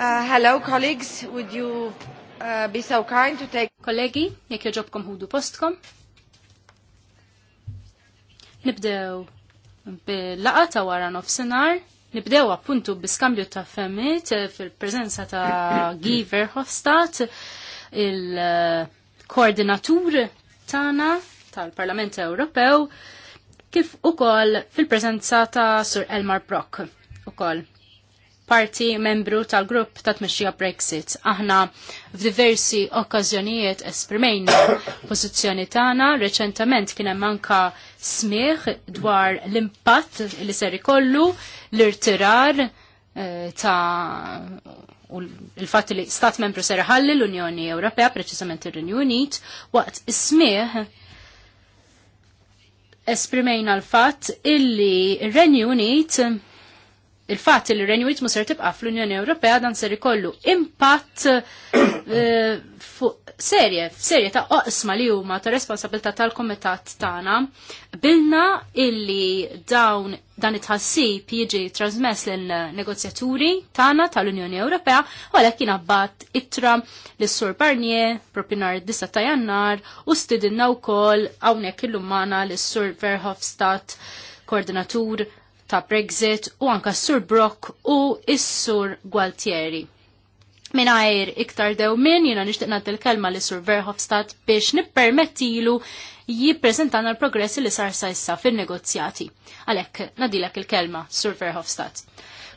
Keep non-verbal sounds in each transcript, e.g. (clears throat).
Uh, hello, colleagues. Would you uh, be so kind to take... Kollegi, jek joġobkom hudu postkom. Nibdew bil laqgħa ta' wara nofsinhar, Nibdew appuntu biskambju ta' femmit eh, fil-prezenza ta' (coughs) Guy Verhofstadt, il-koordinatur eh, tana tal-Parlament Ewropew, kif ukoll fil-prezenza ta' Sur Elmar Brock ukoll parti membru tal-grupp ta' tmexxija Brexit. Aħna f'diversi okkażjonijiet esprimejna (coughs) pożizzjoni tagħna, reċentament kien hemm anka smih dwar l-impatt li ser ikollu l-irtirar eh, ta' u il-fat li stat membru ser ħalli l-Unjoni Ewropea, preċisament ir-Renju Unit, waqt smih esprimejna l-fat illi il renju Unit il fat li l-Renju jitmu ser tibqa' fl-Unjoni Ewropea dan ser ikollu impatt eh, serje, serje ta' oqsma li huma ta' responsabilità tal-Komitat tagħna. Bilna illi dawn dan it-ħassib jiġi trasmess lil negozjaturi tagħna tal-Unjoni Ewropea u għalhekk kien abbat ittra lis sur Barnier propinar disa ta' Jannar u stidinna wkoll hawnhekk illum magħna lis sur Verhofstadt koordinatur ta' Brexit u anka s-sur Brock u s-sur Gualtieri. għajr iktar dew min jina nishtiqna t il-kelma li sur Verhofstadt biex nippermettilu jippreżentana l-progressi li sar sa fil fin-negozjati. Għalhekk nadilek il-kelma, Sur Verhofstadt.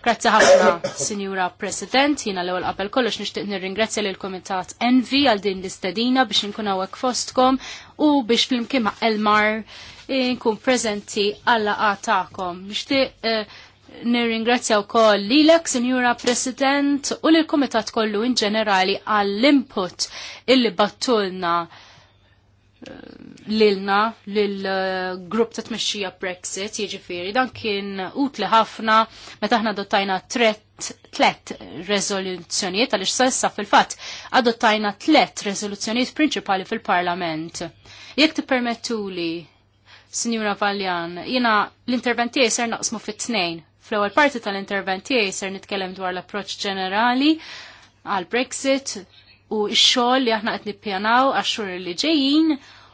Grazzi ħafna, Sinjura President, jina l ewwel qabel kollox nixtieq nirringrazzja lil kumitat Envi għal din l-istedina biex nkun hawnhekk fostkom u biex flimkien ma' Elmar nkun preżenti għalla għatakom. Nixtieq eh, nirringrazzja wkoll lilek, Sinjura President, u lil kumitat kollu in ġenerali għall-input illi battulna eh, lilna lil grupp ta' tmexxija Brexit, jiġifieri dan kien utli ħafna meta aħna adottajna tret tlet rezoluzzjonijiet għaliex issa fil-fatt adottajna tlet rezoluzzjonijiet prinċipali fil-Parlament. Jekk tippermettuli, Sinjura Valjan, jiena l-intervent tiegħi ser naqsmu fit-tnejn. Fl-ewwel parti tal-intervent tiegħi ser nitkellem dwar l-approċċ ġenerali għal Brexit u x-xogħol li aħna qed nippjanaw għax-xhur li ġejjin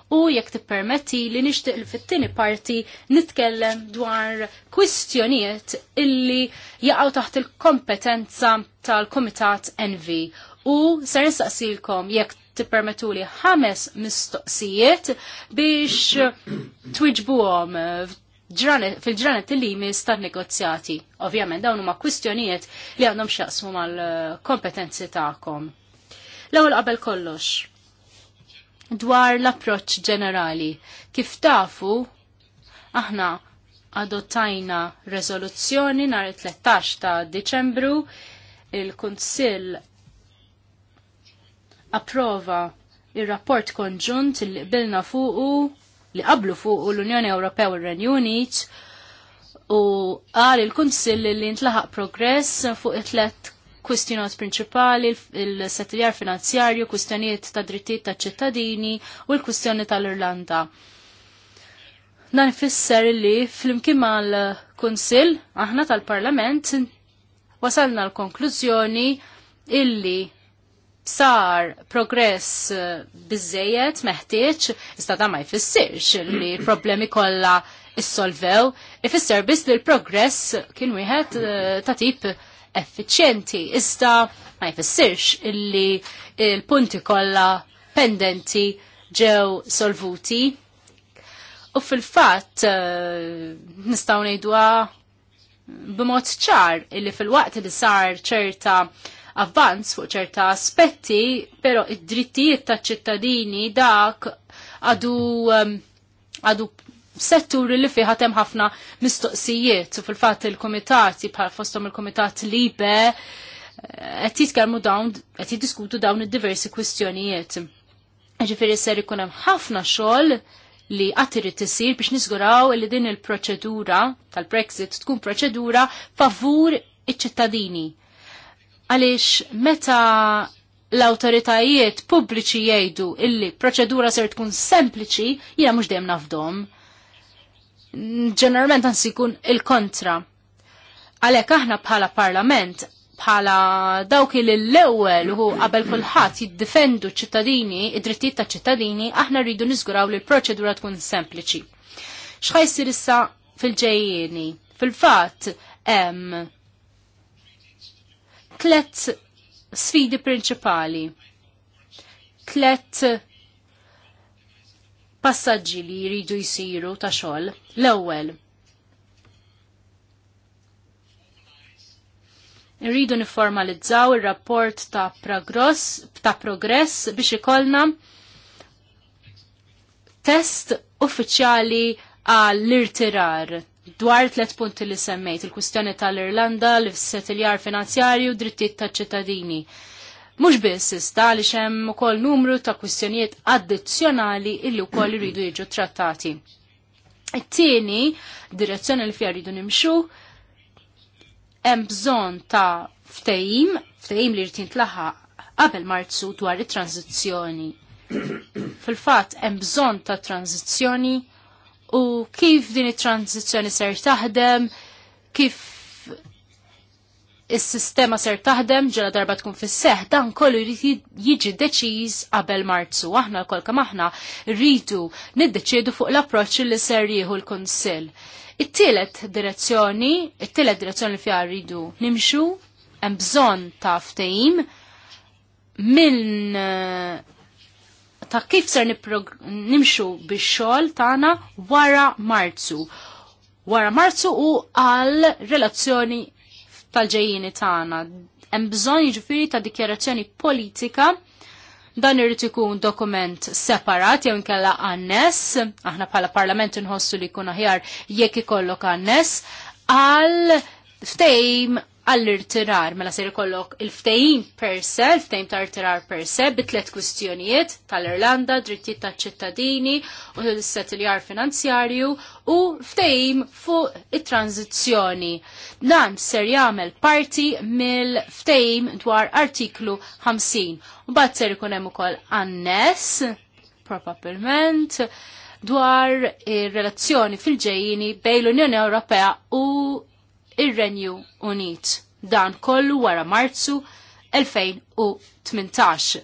u jekk tippermetti li nixtieq fit-tieni parti nitkellem dwar kwistjonijiet illi jaqgħu taħt il-kompetenza tal-Kumitat NV u ser nistaqsilkom jekk tippermettu li ħames mistoqsijiet biex twiġbuhom fil-ġranet li jmiss tal negozjati. Ovvjament dawn huma kwistjonijiet li għandhom x'jaqsmu mal-kompetenzi tagħkom. L-ewwel qabel kollox dwar l-approċ ġenerali. Kif tafu, aħna adottajna rezoluzzjoni nhar 13 ta' Diċembru, il-Kunsill approva il-rapport konġunt li qbilna fuqu li qablu fuqu l-Unjoni Ewropew u r-Renju Unit u għal il-Kunsill li ntlaħaq progress fuq it-tlet kwistjonat prinċipali, il-settiljar finanzjarju, kwistjoniet ta' drittijiet ta' ċittadini u l-kwistjoni tal-Irlanda. Dan ifisser li fl-imkien mal-Kunsill aħna tal-Parlament wasalna l-konklużjoni illi sar progress bizzejet meħtieġ iżda ta ma jfissirx li problemi kollha issolvew, ifisser biss li l-progress kien wieħed eh, ta' tip effiċjenti. Iżda ma jfissirx illi il-punti kollha pendenti ġew solvuti. U fil-fatt eh, nistgħu ngħidwa b'mod ċar illi fil-waqt li sar ċerta avvanz fuq ċerta aspetti, però id-drittijiet taċ ċittadini dak għadu eh, għadu setturi li fiħa hemm ħafna mistoqsijiet u fil-fatt il-komitati bħal fostom il-komitat libe eh, qed jitkellmu dawn qed jiddiskutu dawn id-diversi kwistjonijiet. Ġifiri ser ikun hemm ħafna xogħol li għattiri sir biex nizguraw li din il-proċedura tal-Brexit tkun proċedura favur iċ-ċittadini. Għaliex meta l-autoritajiet pubbliċi jgħidu illi proċedura ser tkun sempliċi, jina mux dem nafdom ġeneralment għan jkun il-kontra. Għalek aħna bħala parlament, bħala dawk li l-ewel u qabel kulħadd jiddifendu ċittadini, id-drittijiet ta' ċittadini, aħna rridu niżguraw li l-proċedura tkun sempliċi. Xħaj issa fil-ġejjieni? Fil-fatt hemm tlet sfidi prinċipali. Tlet passaġġi li jridu jisiru ta' xogħol. L-ewwel. Irridu niformalizzaw ir-rapport ta' progress, ta' progress biex ikollna test uffiċjali għall-irtirar dwar tlet punti li semmejt, il kwistjoni tal-Irlanda, l-settiljar finanzjarju, drittijiet ta' ċittadini. Mhux biss ista li hemm ukoll numru ta' kwistjonijiet addizzjonali illi wkoll rridu jiġu trattati. It-tieni direzzjoni li fija rridu nimxu hemm bżonn ta' ftehim, ftehim li rritin tlaħaq qabel Marzu dwar it-tranzizzjoni. (coughs) Fil-fatt hemm bżonn ta' tranzizzjoni u kif din it-tranzizzjoni ser taħdem, kif is-sistema ser taħdem ġela darba tkun fis-seħ dan kollu jiġi deċiż qabel Marzu. Aħna l-kol kemm aħna rridu niddeċiedu fuq l-approċċ li ser jieħu l-Kunsill. It-tielet direzzjoni, it-tielet direzzjoni li fiha rridu nimxu hemm bżonn ta' ftehim minn ta' kif ser nimxu bix-xogħol tagħna wara Marzu. Wara Marzu u għal relazzjoni tal-ġejjini tagħna. Hemm bżonn jiġifieri ta' dikjarazzjoni politika dan irrid ikun dokument separat jew inkella annes, aħna bħala parlament inħossu li jkun aħjar jekk ikollok annes, għal ftejm għall-irtirar, mela se jkollok il-ftejim per se, il-ftejim ta' irtirar per se, bitlet kwistjonijiet tal-Irlanda, drittijiet ta' ċittadini u l-settiljar finanzjarju u ftejim fuq it-tranzizzjoni. Dan ser jagħmel parti mill-ftejim dwar artiklu 50. Mbagħad ser ikun hemm ukoll annes, probabbilment, dwar ir-relazzjoni fil-ġejjini bejn l-Unjoni Ewropea u ir-Renju Unit. Dan kollu wara Marzu 2018.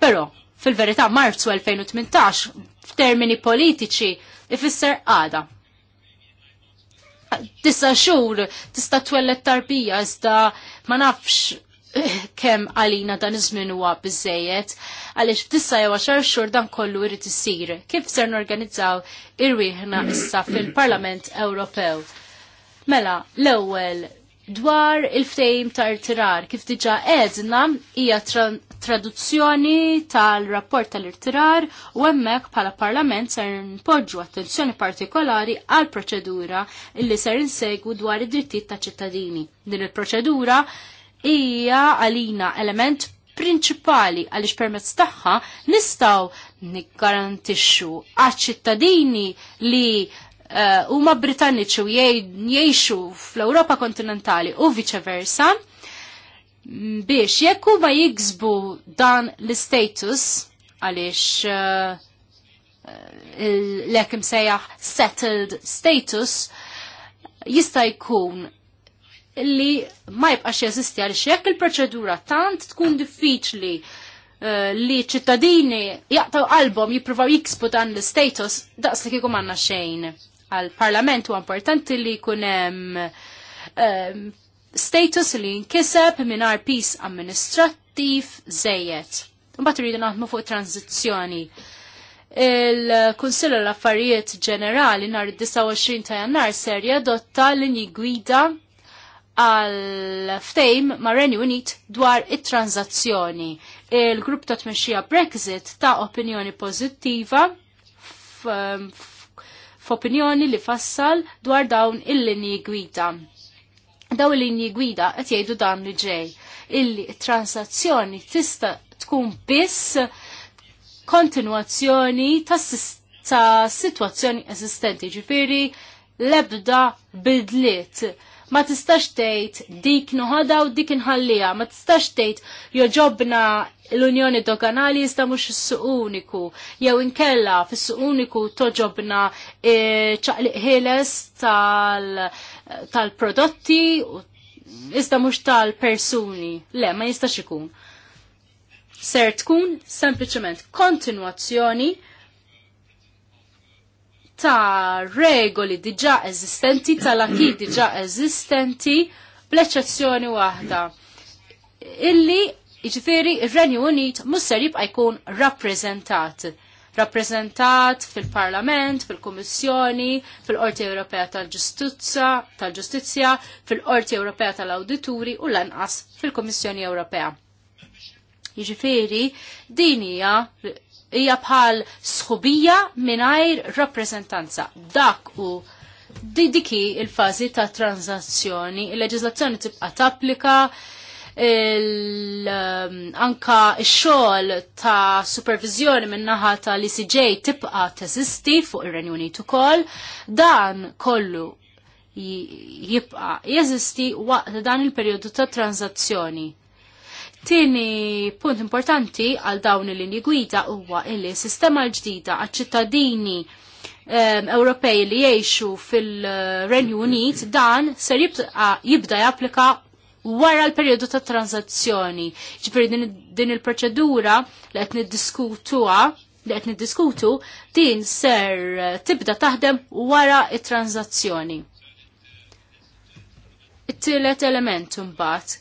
Però, fil-verità Marzu 2018 f'termini politiċi ifisser għada. Tisa xhur tista' twellet tarbija iżda ma nafx (laughs) kemm għalina dan iż-żmien huwa biżejjed għaliex tista' jew għaxar xhur dan kollu jrid isir. Kif ser norganizzaw irwieħna issa fil-Parlament Ewropew? Mela, l-ewwel dwar il-ftejm ta' irtirar, kif diġa edna hija tra traduzzjoni tal-rapport tal-irtirar u hemmhekk bħala parlament ser npoġġu attenzjoni partikolari għal proċedura illi ser insegwu dwar id-drittijiet ta' ċittadini. Din il-proċedura hija għalina element prinċipali għaliex permezz tagħha nistgħu nikgarantixxu għaċ-ċittadini li Eh, huma ma Britanniċi u jgħixu fl-Ewropa kontinentali u versa, mm, biex jekk huma jiksbu dan l-status għaliex uh, eh, l-ekim sejjaħ settled status jista' jkun li ma jibqax jeżisti għaliex jekk il-proċedura tant tkun diffiċli eh, li ċittadini jaqtaw qalbhom jippruvaw jiksbu dan l-status daqs li kieku manna xejn għal-parlament importanti li kunem ehm, status li nkiseb minar pis amministrattiv zejet. Mbagħad rridu naħdmu fuq tranzizzjoni. Il-Kunsillu l-Affarijiet Ġenerali nhar id-29 ta' Jannar ser jadotta inji gwida għal ftejm ma' Renju Unit dwar it-tranzazzjoni. Il-grupp ta' tmexxija Brexit ta' opinjoni pożittiva f'opinjoni li fassal dwar dawn il-linji gwida. Daw il-linji gwida qed jgħidu dan li ġej illi transazzjoni tista' tkun biss kontinuazzjoni ta' situazzjoni esistenti ġifiri lebda bidliet ma tistax tgħid dik noħodha u dik inħallija, ma tistax tgħid joġobna l-Unjoni Doganali jista mhux is-suq uniku. Jew inkella fis-suq uniku toġobna e, ċaqliq ħieles tal-prodotti iżda mhux tal-persuni. Le, ma jistax ikun. Ser tkun sempliċement kontinwazzjoni ta' regoli diġa eżistenti, tal-aki diġa eżistenti, bl-eċezzjoni waħda. Illi Iġifiri, il-Renju Unit musser jibqa' jkun rappresentat. Rappresentat fil-Parlament, fil-Kommissjoni, fil-Qorti Ewropea tal ġustizja fil-Qorti Ewropea tal-Awdituri u l l-anqas fil-Kommissjoni Ewropea. Jiġifieri, din hija hija bħal sħubija mingħajr rappreżentanza. Dak u didiki il-fażi ta' transazzjoni il leġislazzjoni tibqa' tapplika, Um, anka xogħol ta' supervizjoni min-naħa tal-ICJ tibqa' teżisti fuq ir-Renju Unit ukoll, dan kollu jibqa' jeżisti waqt dan il periodu ta' tranzazzjoni. Tini punt importanti għal dawn il-linji gwida huwa illi sistema l-ġdida għal ċittadini um, Ewropej li jgħixu fil-Renju Unit dan ser jibda japplika wara l-periodu ta' tranzazzjoni. Ġifieri din, il-proċedura li qed niddiskutuha li qed niddiskutu din ser tibda taħdem wara it-tranzazzjoni. It-tielet element imbagħad.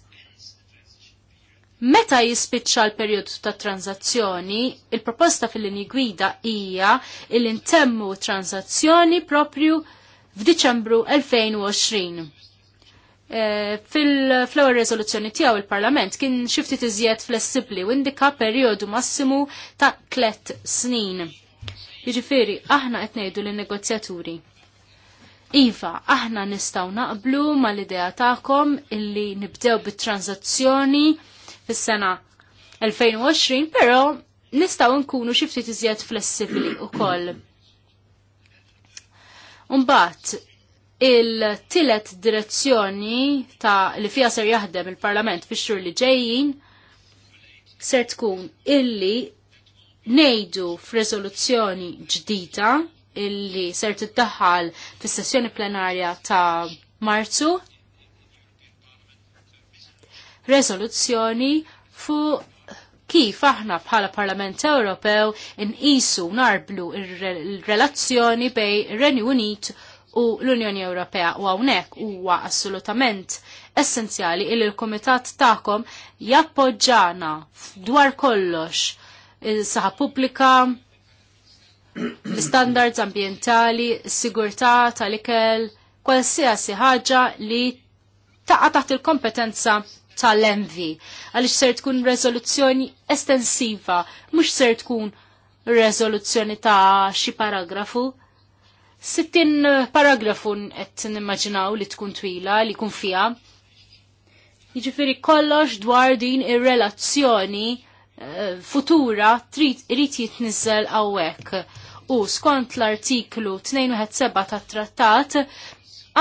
Meta jispiċċa l-perjodu ta' tranzazzjoni, il-proposta fil-linji gwida hija il intemmu tranzazzjoni propju f'Diċembru 2020 Eh, fil-flower resoluzzjoni tiegħu il-Parlament kien xifti iżjed flessibbli u indika perjodu massimu ta' tlet snin. Jiġifieri aħna qed ngħidu lin-negozjaturi. Iva, aħna nistgħu naqblu mal-idea tagħkom illi nibdew bit-tranzazzjoni fis-sena 2020, però nistgħu nkunu xi ftit iżjed flessibbli wkoll. Mbagħad il-tilet direzzjoni ta' li fija ser jaħdem il-Parlament fi xhur li ġejjin ser tkun illi nejdu f'riżoluzzjoni ġdida illi ser tiddaħħal fis-sessjoni plenarja ta' Marzu rezoluzzjoni fu kif aħna bħala Parlament Ewropew inqisu narblu il-relazzjoni bej Renju Unit u u l-Unjoni Ewropea u hawnhekk huwa assolutament essenzjali il l kumitat tagħkom jappoġġana dwar kollox il-saħa pubblika, l-standards ambientali, s-sigurtà tal-ikel, kwalsiasi ħaġa li taqa' taħt il-kompetenza tal-envi, għalix ser tkun rezoluzzjoni estensiva, mux ser tkun rezoluzzjoni ta' xi paragrafu, Sittin eh, paragrafu qed nimmaġinaw li tkun twila li kun fija. Jiġifieri kollox dwar din ir-relazzjoni uh, futura trid irid jitniżel hawnhekk. U skont l-artiklu 217 tat-trattat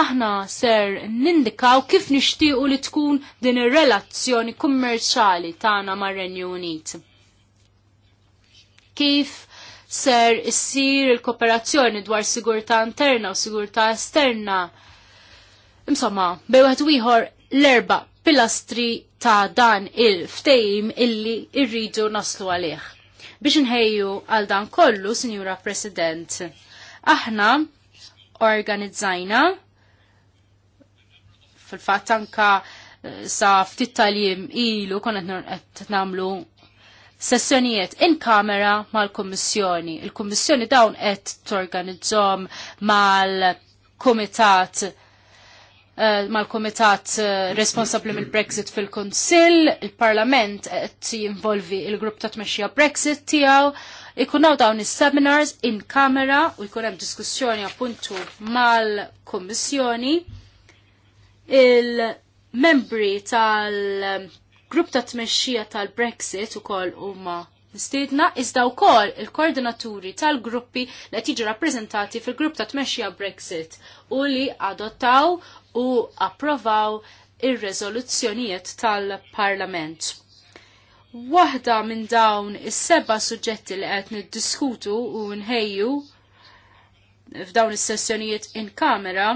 aħna ser nindikaw kif nixtiequ li tkun din ir-relazzjoni kummerċali tagħna mar-Renju Unit. Kif ser issir il-kooperazzjoni dwar sigurtà interna u sigurtà esterna. Insomma, bejwaħed wieħor l-erba pilastri ta' dan il-ftejim illi irridu naslu għalih. Biex nħejju għal dan kollu, Sinjura President, aħna organizzajna fil-fatt anka eh, sa ftit tal ilu konet qed namlu sessjonijiet in kamera mal-Kummissjoni. Il-Kummissjoni dawn qed torganizzom mal-Kumitat eh, mal-komitat eh, responsabli mill-Brexit fil-Konsil, il-Parlament qed jinvolvi il-grupp ta' tmexxija Brexit tiegħu, ikunaw dawn is-seminars in kamera u jkun hemm diskussjoni appuntu mal kommissjoni Il-membri tal- Grupp ta' tmexxija tal-Brexit ukoll huma mistiedna iżda wkoll il-koordinaturi tal-gruppi li tiġi rappresentati rappreżentati fil-grupp ta' tmexxija Brexit u li adottaw u approvaw ir-reżoluzzjonijiet tal-Parlament. Waħda minn dawn is-seba' suġġetti li qed niddiskutu u nħejju f'dawn is-sessjonijiet in kamera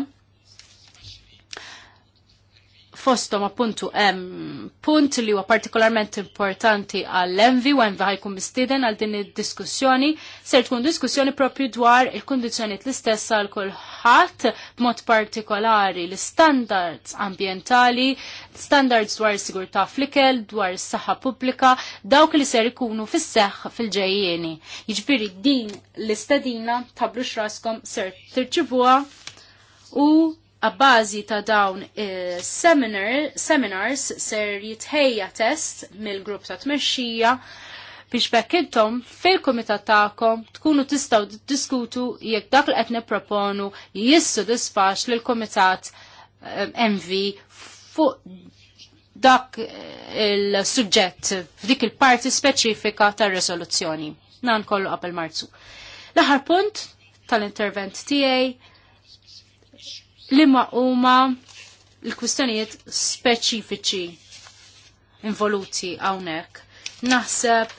fostom appuntu hemm punt li huwa partikolarment importanti għall-envi u envi ħajkun mistieden għal din id-diskussjoni ser tkun diskussjoni propju dwar il-kundizzjonijiet l-istess għal kulħadd b'mod partikolari l-standards ambjentali, standards dwar sigurtà fl-ikel, dwar is-saħħa pubblika, dawk li ser ikunu fis-seħħ fil-ġejjieni. Jiġifieri din l-istedina tablux raskom ser tirċivuha u għabbażi ta' dawn eh, seminar, seminars ser jitħejja test mill-grupp ta' tmexxija biex bekkintom fil-komitat ta'kom tkunu tistaw diskutu jekk dak li qed nipproponu disfax lil komitat eh, MV fuq dak eh, il-suġġett f'dik il-parti speċifika tar-resoluzzjoni. Nan kollu qabel Marzu. L-aħħar punt tal-intervent tiegħi li ma huma l-kwistjonijiet speċifiċi involuti hawnhekk. Naħseb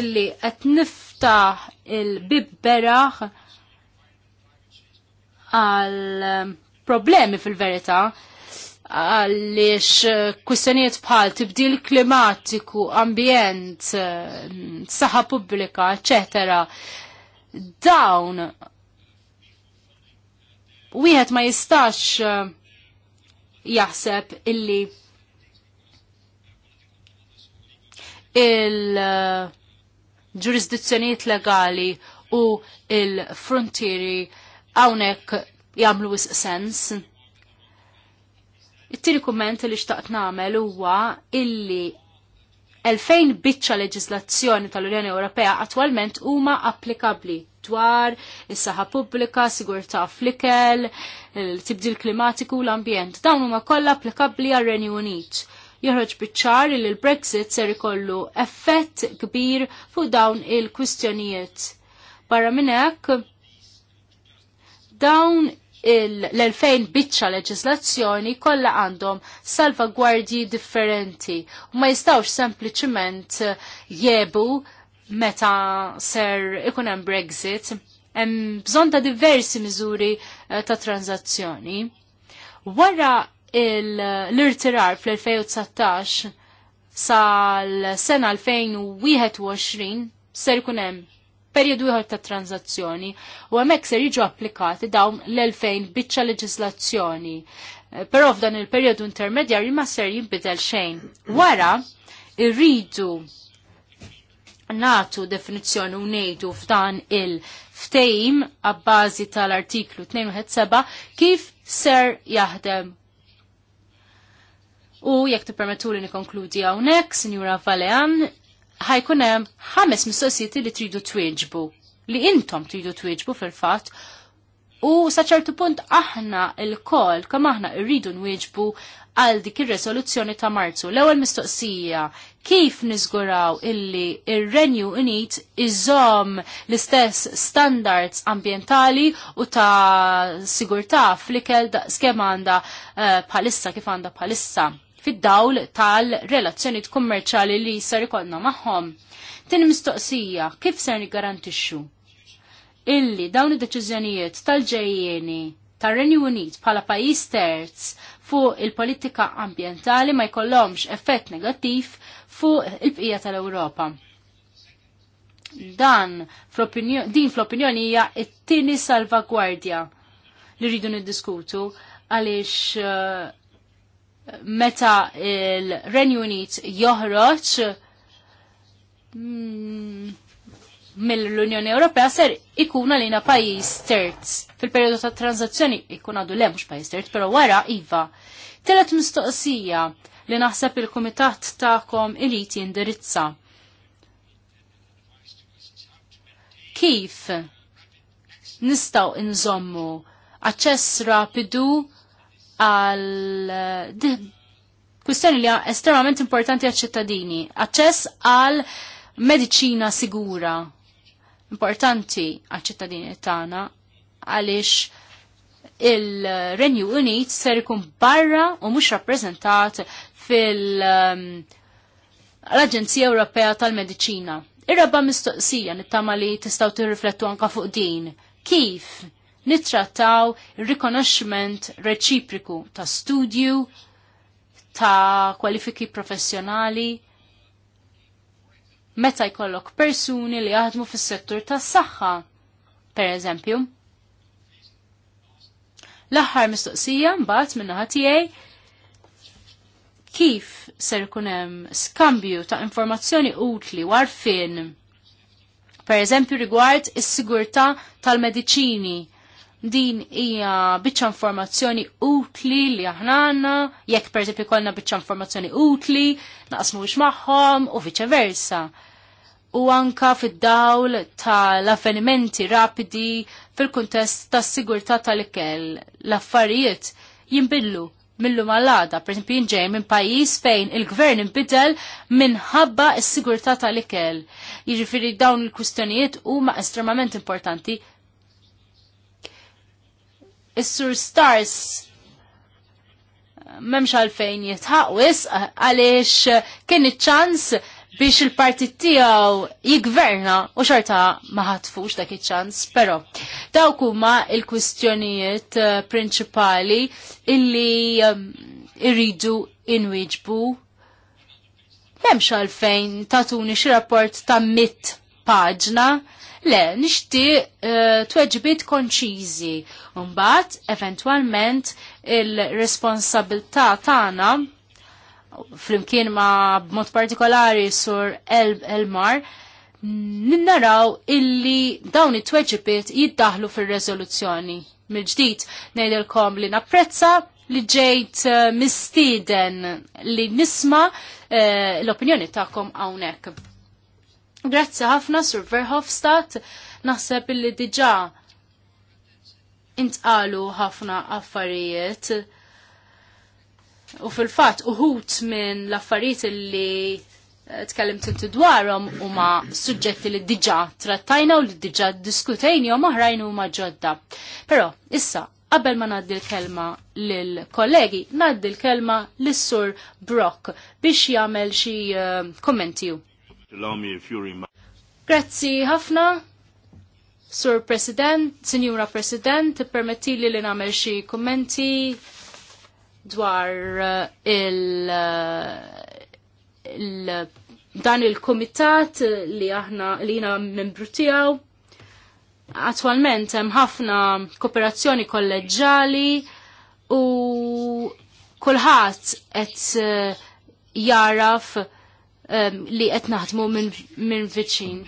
illi qed niftaħ il-bib beraħ għal problemi fil-verità għaliex kwistjonijiet bħal tibdil klimatiku, ambjent, saħħa pubblika, eċetera. Dawn wieħed ma jistax eh, jaħseb illi il-ġurisdizzjoniet eh, legali u il-frontieri għawnek jamlu sens. It-tiri kumment li xtaqt namel huwa illi 2000 biċċa leġislazzjoni tal-Unjoni Ewropea attwalment huma applikabbli dwar is-saħħa pubblika, sigurtà fl-ikel, il-tibdil klimatiku u l-ambjent. Dawn huma kollha applikabbli għar-Renju Unit. Jeħroġ biċċar li l-Brexit ser ikollu effett kbir fuq dawn il-kwistjonijiet. Barra minn hekk, dawn l-2000 bitċa leġislazzjoni kollha għandhom salvagwardji differenti u ma jistawx sempliciment jiebu meta ser ikun hemm Brexit hemm bżonn ta' diversi miżuri eh, ta' tranzazzjoni. Wara l-irtirar fl-2019 sal-sena 2021 ser ikun hemm periodu ieħor ta' tranzazzjoni u hemmhekk ser jiġu applikati dawn l-2000 biċċa leġislazzjoni. Eh, però f'dan il-perjodu intermedjarju ma ser jinbidel xejn. Wara irridu natu definizzjoni u nejdu f'dan il-ftejm għabbażi tal-artiklu 27 kif ser jaħdem. U jekk tippermettu li nikonkludi hawnhekk, Sinjura Valean, ħajkun hemm ħames mistoqsijiet li tridu twieġbu, li intom tridu twieġbu fil-fatt, u saċertu punt aħna il-kol kam aħna irridu nwieġbu għal dik ir-resoluzzjoni ta' Marzu. L-ewwel mistoqsija kif niżguraw illi ir-Renju Unit iżom l-istess standards ambientali u ta' sigurtà fl-ikel skemanda eh, bħalissa kif għandha bħalissa fid-dawl tal-relazzjonijiet kummerċali li jisar ikollna magħhom. Tin mistoqsija, kif ser nigarantixxu illi dawn id-deċiżjonijiet tal-ġejjieni tar-Renju Unit bħala pajjiż terz fuq il-politika ambjentali ma jkollhomx effett negattiv fuq il-bqija tal-Ewropa. Dan din fl-opinjoni hija t-tieni salvagwardja li rridu niddiskutu għaliex eh, meta il-Renju Unit joħroġ mm, mill-Unjoni Ewropea ser ikun għalina pajis terz. Fil-periodu ta' tranzazzjoni ikun għadu lemux pajis terz, pero wara iva. Telet mistoqsija li naħseb il-komitat ta'kom ilit jindirizza. Kif nistaw inżommu aċċess rapidu għal eh, kwistjoni li estremament importanti għal ċittadini. Aċċess għal medicina sigura importanti għal ċittadini tagħna għaliex il-Renju Unit ser ikun barra u mhux rappreżentat fil- ehm, aġenzija Ewropea tal-Mediċina. Ir-raba mistoqsija nittama li tistgħu tirriflettu anka fuq din. Kif nittrattaw il-rikonoxximent reċipriku ta' studju, ta' kwalifiki professjonali, meta jkollok persuni li jaħdmu fis-settur tas-saħħa, per eżempju. L-aħħar mistoqsija mbagħad minnaħa naħa tiegħi kif ser ikun hemm skambju ta' informazzjoni utli warfin. Per eżempju rigward is-sigurtà tal-mediċini din hija biċċa informazzjoni utli li aħna għandna, jekk pereżempju kollna biċċa informazzjoni utli, naqsmux magħhom u viċeversa. U anka fid-dawl tal-avvenimenti rapidi fil-kuntest tas-sigurtà tal-ikel l-affarijiet jinbillu millu għada per esempio jinġej minn pajis fejn il-gvern imbidel minħabba s-sigurtà tal-ikel. Jiġifieri dawn il-kustjonijiet huma estremament importanti Is-Sur Stars memx għalfejn jitħaqwis għaliex eh, kien iċ-ċans biex il-partit tijaw jigverna u xorta maħatfux dak iċ-ċans, pero dawk huma il-kwistjonijiet eh, prinċipali illi eh, irridu inwiġbu memx għalfejn tatuni xi rapport ta' mit paġna, le, nixti uh, tweġbit konċizi. mbagħad eventualment, il-responsabilta tagħna flimkien ma b'mod partikolari sur El Elmar, ninnaraw illi dawn it-tweġibiet jiddaħlu fil-rezoluzzjoni. Mil-ġdid, ngħidilkom li napprezza li ġejt eh, mistieden li nisma eh, l-opinjoni ta'kom għawnek. Grazzi ħafna Sur Verhofstadt, naħseb illi diġà intqalu ħafna affarijiet u fil-fatt uħut minn l-affarijiet illi eh, tkellimt inti dwarhom huma suġġetti li diġà trattajna u li diġà diskutejni u maħrajn huma ġodda. Però issa qabel ma ngħaddi l-kelma lil kollegi ngħaddi l-kelma lis sur Brock biex jagħmel xi uh, eh, kommentiju. Grazzi ħafna. Sur President, Sinjura President, permetti li li namel xie kommenti dwar uh, il, uh, il dan il-komitat li aħna li jina membru tijaw. Attualment hemm ħafna kooperazzjoni kolleġġali u kulħadd qed uh, jaraf uh, Um, li qed naħdmu minn viċin.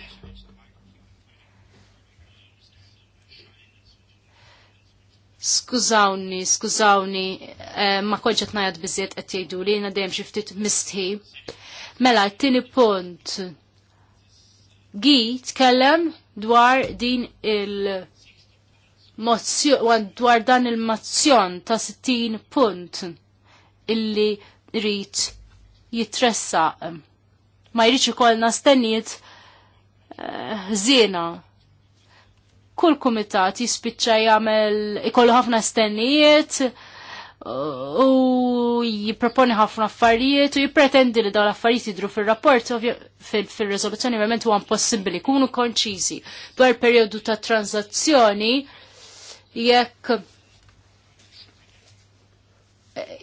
Skużawni, skużawni, eh, ma konċet najad bizziet qed jgħidu li jiena dejjem xi ftit mistħi. Mela, t-tieni punt. Gi tkellem dwar din il- mozzjon, dwar dan il-mozzjon ta' 60 punt illi rrit jitressaq ma jridx ikollna stennijiet zina. Eh, żiena. Kull kumitat jispiċċa jagħmel ikollu ħafna stennijiet u jipproponi ħafna affarijiet u jippretendi li dawn l-affarijiet jidru fil-rapport fil-rezoluzzjoni fil verament huwa impossibbli kunu konċiżi dwar perjodu ta' tranzazzjoni jekk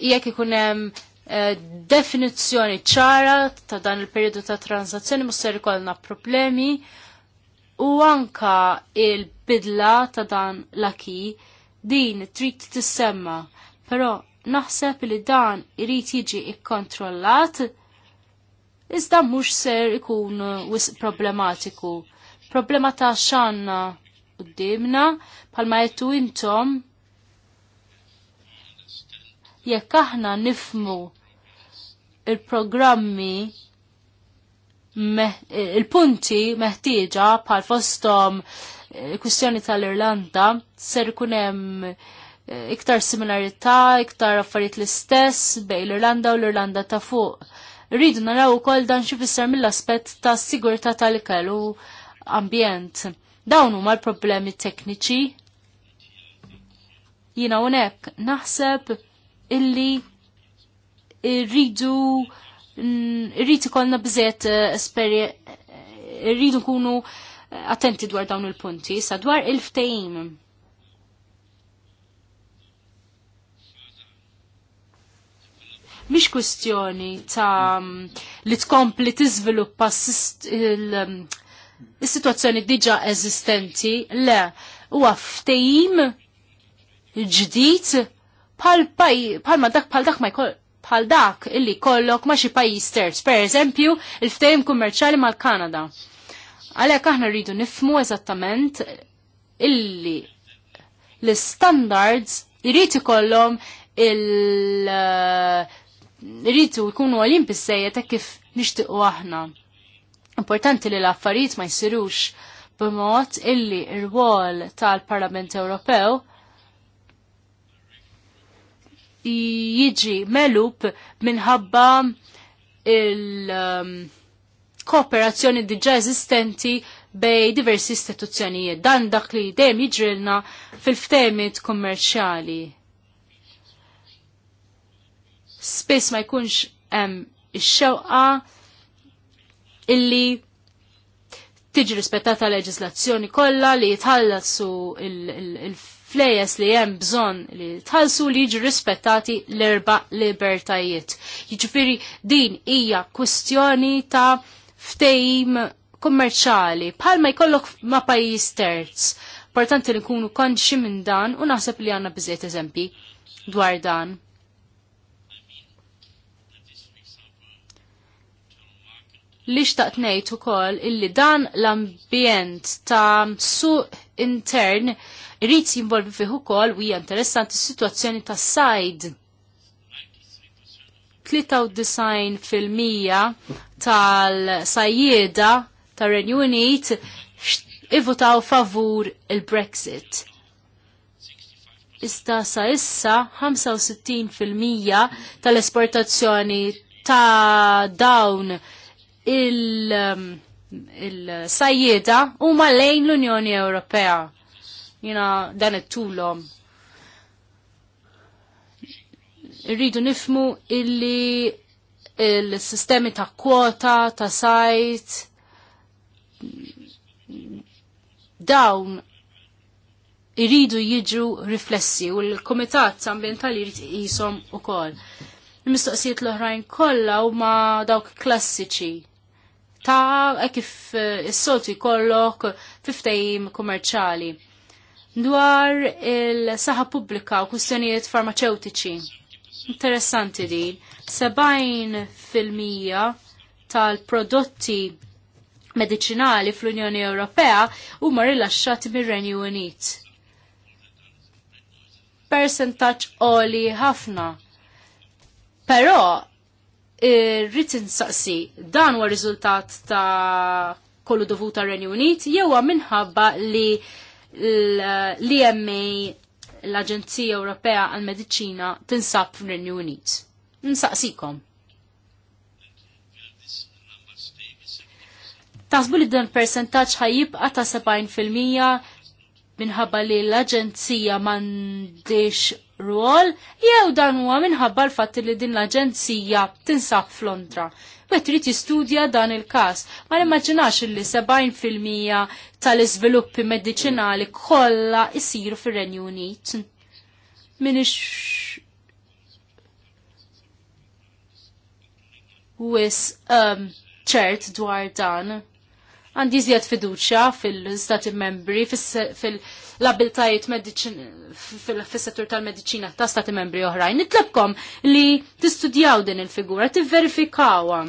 jekk ikun hemm Eh, definizzjoni ċara ta' dan il-periodu ta' tranzazzjoni musser ikollna problemi u anka il-bidla ta' dan l-aki din trid tissemma, però naħseb li dan irid jiġi ikkontrollat iżda mhux ser ikun wisq problematiku. Problema ta' xanna qudiemna palma jettu intom jekk aħna nifmu il-programmi il-punti meħtieġa bħal fostom eh, kwistjoni tal-Irlanda ser ikun hemm eh, iktar similarità, iktar affarijiet l-istess bej l-Irlanda u l-Irlanda ta' fuq. Rridu naraw ukoll dan xi mill-aspett ta' sigurtà tal-ikel u ambjent. Dawn huma l-problemi tekniċi. Jina hawnhekk naħseb illi irridu mm, irrid ikollna bżiet eh, eh, irridu nkunu eh, attenti dwar dawn il-punti, sa dwar il-ftejim. Mish kwestjoni ta' mm, li tkompli tiżviluppa mm, is-sitwazzjoni diġà eżistenti, le, huwa ftehim ġdid bħal dak bħal dak ma jkoll bħal dak illi kollok ma xi pajjiż terz, pereżempju il-ftehim kummerċjali mal-Kanada. Għalhekk aħna rridu nifmu eżattament illi l-standards irid ikollhom il- eh, irridu jkunu għalim bissejja ta' kif nixtiqu aħna. Importanti li l-affarijiet ma jsirux b'mod illi r wol tal-Parlament Ewropew jiġi melub minħabba il-kooperazzjoni um, diġa eżistenti bej diversi istituzzjonijiet. Dan dak li dejjem jiġrilna fil-ftemit kommerċjali. Spiss ma jkunx hemm ix-xewqa illi tiġi rispettata leġislazzjoni kollha li jitħallassu il-, il, il il-flejes li hemm bżonn li tħallsu li jġi rispettati l-erba libertajiet. Jiġifieri din hija kustjoni ta' ftejim kummerċali bħalma jkollok ma' pajjiż terz. Importanti li nkunu konxi minn dan u naħseb li għandna bżiet eżempji dwar dan. li xtaqt ngħid ukoll illi dan l-ambjent ta' suq intern Irrid jinvolvi fih ukoll u hija interessanti s-sitwazzjoni tas-sajd. 93% tal-sajjieda tar-Renju Unit ivvotaw favur il-Brexit. Ista sa issa 65% tal-esportazzjoni ta' dawn il- um, il-sajjeda u lejn l-Unjoni Ewropea jina dan it-tulom. Irridu nifmu illi il-sistemi ta' kwota, ta' sajt, dawn irridu jiġu riflessi u l-Komitat Ambientali jrid jisom u koll. Il-mistoqsijiet l-oħrajn kollha huma dawk klassiċi ta' e kif eh, is-soltu jkollok fiftejim kummerċali dwar il-saħa pubblika u kustjonijiet farmaceutiċi. Interessanti din. 70% tal-prodotti medicinali fl-Unjoni Ewropea huma rilaxxati mir-Renju Unit. Percentaċ oli ħafna. Però irrid eh, insaqsi dan huwa riżultat ta' kollu dovuta Renju Unit jew minħabba li l-EMA l-Aġenzija Ewropea għal mediċina tinsab f'Renew Unit. Nsaqsikom. Taħsbu li dan percentaċ ħajjibqa ta' 70% minħabba li l-aġenzija mandiex ruol, jew dan huwa minħabba l-fatt li din l-aġenzija tinsab flondra. U trid jistudja dan il-każ. Ma nimmaġinax li 70% tal-iżviluppi mediċinali kollha isiru fir-Renju Unit. Minix wis um, ċert dwar dan għandi iżjed fiduċja fil-Stati membri, fil labiltajiet fil-settur tal-medicina ta' Stati membri oħrajn. Nitlebkom li tistudjaw din il-figura, tivverifikawa.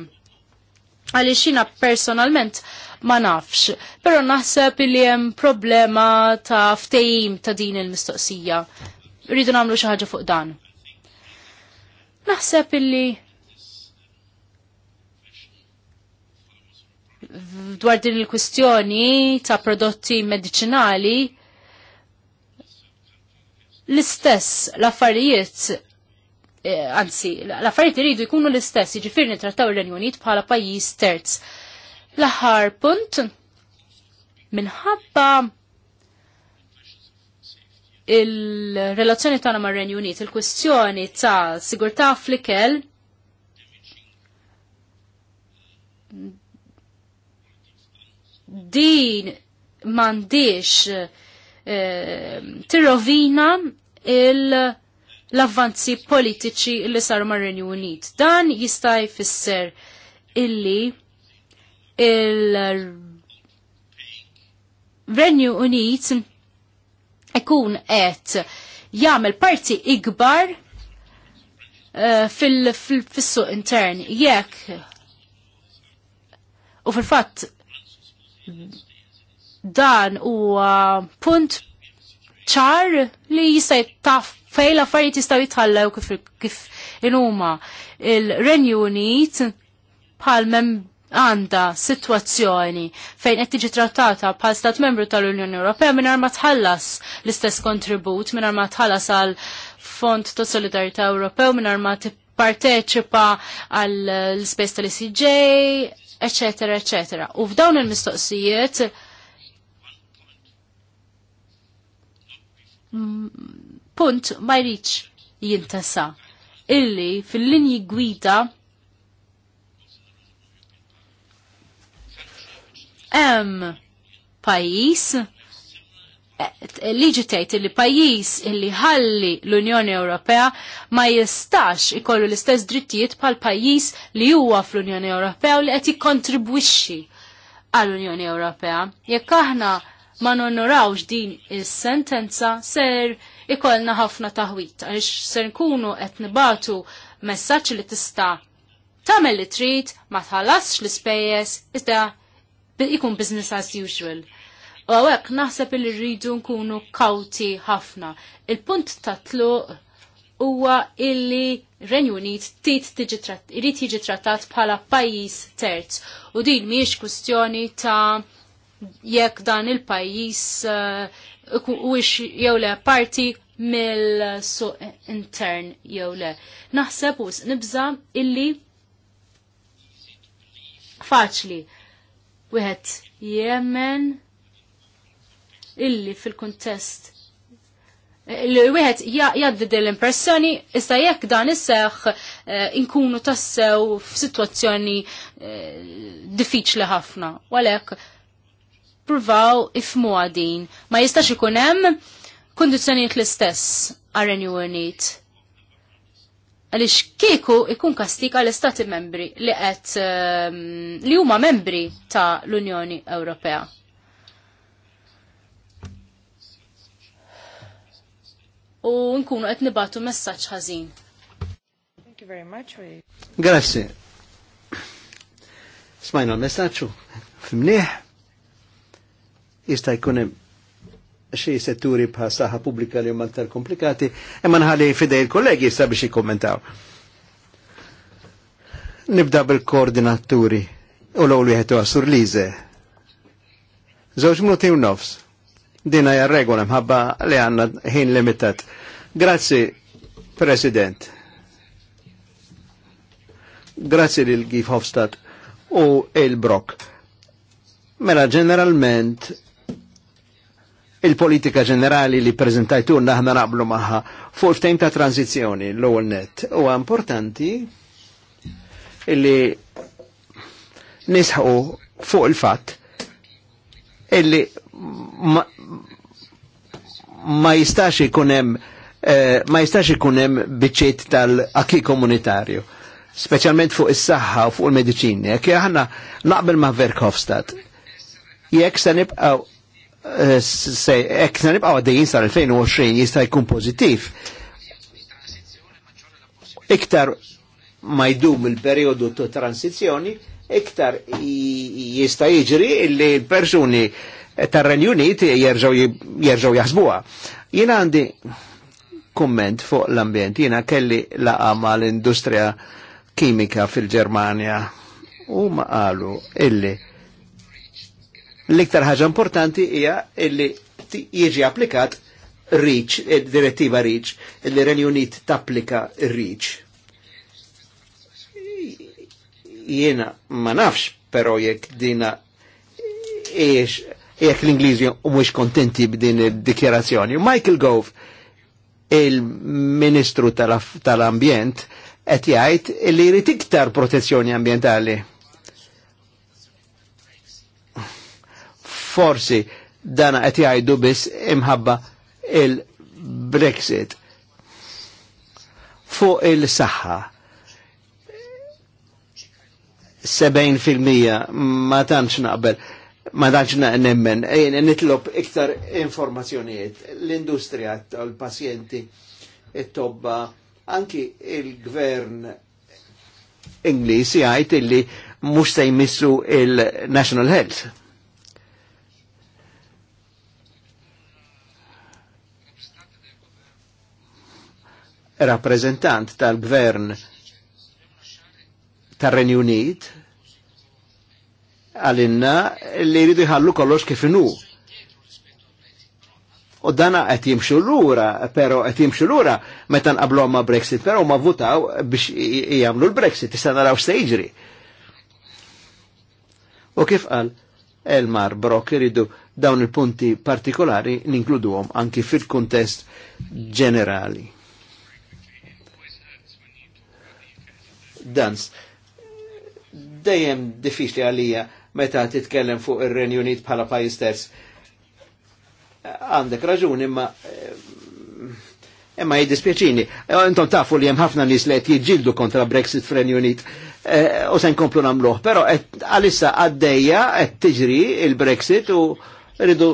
Għalli xina personalment ma nafx, pero naħseb li hemm problema ta' ftejim ta' din il-mistoqsija. Rridu namlu xi ħaġa fuq dan. Naħseb illi dwar din il-kwistjoni ta' prodotti medicinali l-istess l-affarijiet eh, anzi, l-affarijiet iridu jkunu l-istess, jiġifieri nittrattaw ir Unit bħala pajjiż terz. L-aħħar punt minħabba il-relazzjoni tagħna mar renju Unit, il-kwestjoni ta' sigurtà fl-ikel din mandiex eh, tirrovina l-avvanzi politiċi li saru mar-Renju Unit. Dan jista' jfisser illi il-Renju Unit ikun qed jagħmel parti ikbar eh, fil-suq intern jekk u fil-fatt Dan huwa punt ċar li jista' taf fej l-affarijiet jistaw jitħallew kif, kif inhuma il renjunit Unit bħal mem għanda situazzjoni fejn qed tiġi trattata bħal stat membru tal-Unjoni Ewropea mingħajr ma tħallas l-istess kontribut mingħajr ma tħallas għal Fond ta' Solidarità Ewropew mingħajr ma tipparteċipa għal l-ispejs tal-ICJ Eċetera eċetera. U f'dawn il-mistoqsijiet mm, punt ma jridx jintesa illi fil-linji gwida hemm pajjiż liġi tgħid li pajjiż illi ħalli l-Unjoni Ewropea ma jistax ikollu l-istess drittijiet bħal pajjiż li huwa fl-Unjoni Ewropea u li qed jikkontribwixxi għall-Unjoni Ewropea. Jekk aħna ma nonorawx din is-sentenza ser ikollna ħafna taħwit għaliex ser nkunu qed nibatu messaġġ li tista' tagħmel li trid ma tħallasx l-ispejjeż iżda ikun business as usual U għawek naħseb il rridu nkunu kawti ħafna. Il-punt ta' tluq huwa illi Renju Unit irid jiġi trattat bħala pajjiż terz. U din mhijiex kwistjoni ta' jekk dan il-pajjiż huwiex uh, jew le parti mill-suq intern jew le. Naħseb us nibża illi faċli. Wieħed Yemen illi fil-kuntest li wieħed jgħaddi din l-impressjoni issa jekk dan isseħ eh, inkunu tassew f'sitwazzjoni eh, diffiċli ħafna. Walek pruvaw ifmu għadin. Ma jistax ikun hemm kondizzjonijiet l-istess għar-Renew Unit għalix kieku ikun kastik għal istati membri li għet ehm, li huma membri ta' l-Unjoni Ewropea. u nkunu qed nibatu messaġġ ħażin. Thank you very much. Grazzi. Smajna l-messaġġu f'mnieħ jista' jkun hemm xi setturi bħal saħħa pubblika li huma aktar komplikati, imma nħalli fidej il-kollegi jista' biex jikkommentaw. Nibda bil-koordinaturi u l-għol jħetu għasur lize. Zawġ minuti u nofs. Dina hija regola mħabba li għanna ħin limitat. Grazzi, President. Grazzi lil Gif Hofstad u il-Brok. Mela ġeneralment il-politika ġenerali li prezentajtu naħna naqblu maħħa fuq ftejn ta' tranzizjoni l-ewwel net. Huwa importanti illi nisħu fuq il-fatt illi ma, jistax ikunem eh, ma jistax ikunem biċċiet tal-aki komunitarju specialment fuq is-saħħa u fuq il-mediċini jekk aħna naqbel ma' Verkhofstadt jekk se nibqgħu eh, jekk se nibqgħu għaddejjin sar 2020 jista' jkun pożittiv iktar ma jdum il perjodu ta' transizjoni iktar jista' jiġri li l-persuni tar-Renju jerġgħu jaħsbuha. Jiena għandi kumment fuq l-ambjent, jiena kelli laqa mal-industrija kimika fil-Ġermanja u ma qalu illi l-iktar ħaġa importanti hija illi jiġi applikat reach, eh, direttiva reach, illi Renju Unit tapplika reach. Jiena ma nafx però jekk dina iex jekk l-Ingliżi mhux kontenti b'din id-dikjarazzjoni. Michael Gove, il-Ministru tal-Ambjent, qed jgħid li jrid iktar protezzjoni ambientali. Forsi dana qed jgħidu biss imħabba il-Brexit fuq il-saħħa. 70% ma tantx naqbel ma daċna nemmen, eh, nitlob iktar informazzjonijiet, l-industrija tal-pazjenti, it-tobba, anki il-gvern Inglisi għajt illi mhux se jmissu il-National Health. Rappresentant tal-gvern tal renju Unit għalinna li jridu jħallu kollox kif inu. U dana qed jimxu lura, però qed jimxu lura meta nqablhom ma' Brexit, però ma votaw biex jagħmlu l-Brexit, issa naraw se jiġri. U kif qal Elmar Brock iridu dawn il-punti partikolari ninkluduhom anki fil-kuntest ġenerali. Dans, dejjem diffiċli għalija meta titkellem fuq ir-Renju Unit bħala pajjiż terz. Għandek raġun imma eh, imma jiddispjaċini. Eh, intom tafu li hemm ħafna nies li qed jiġġieldu kontra Brexit f'Renju Unit eh, u se nkomplu nagħmluh, però għalissa għaddejja qed tiġri il-Brexit u rridu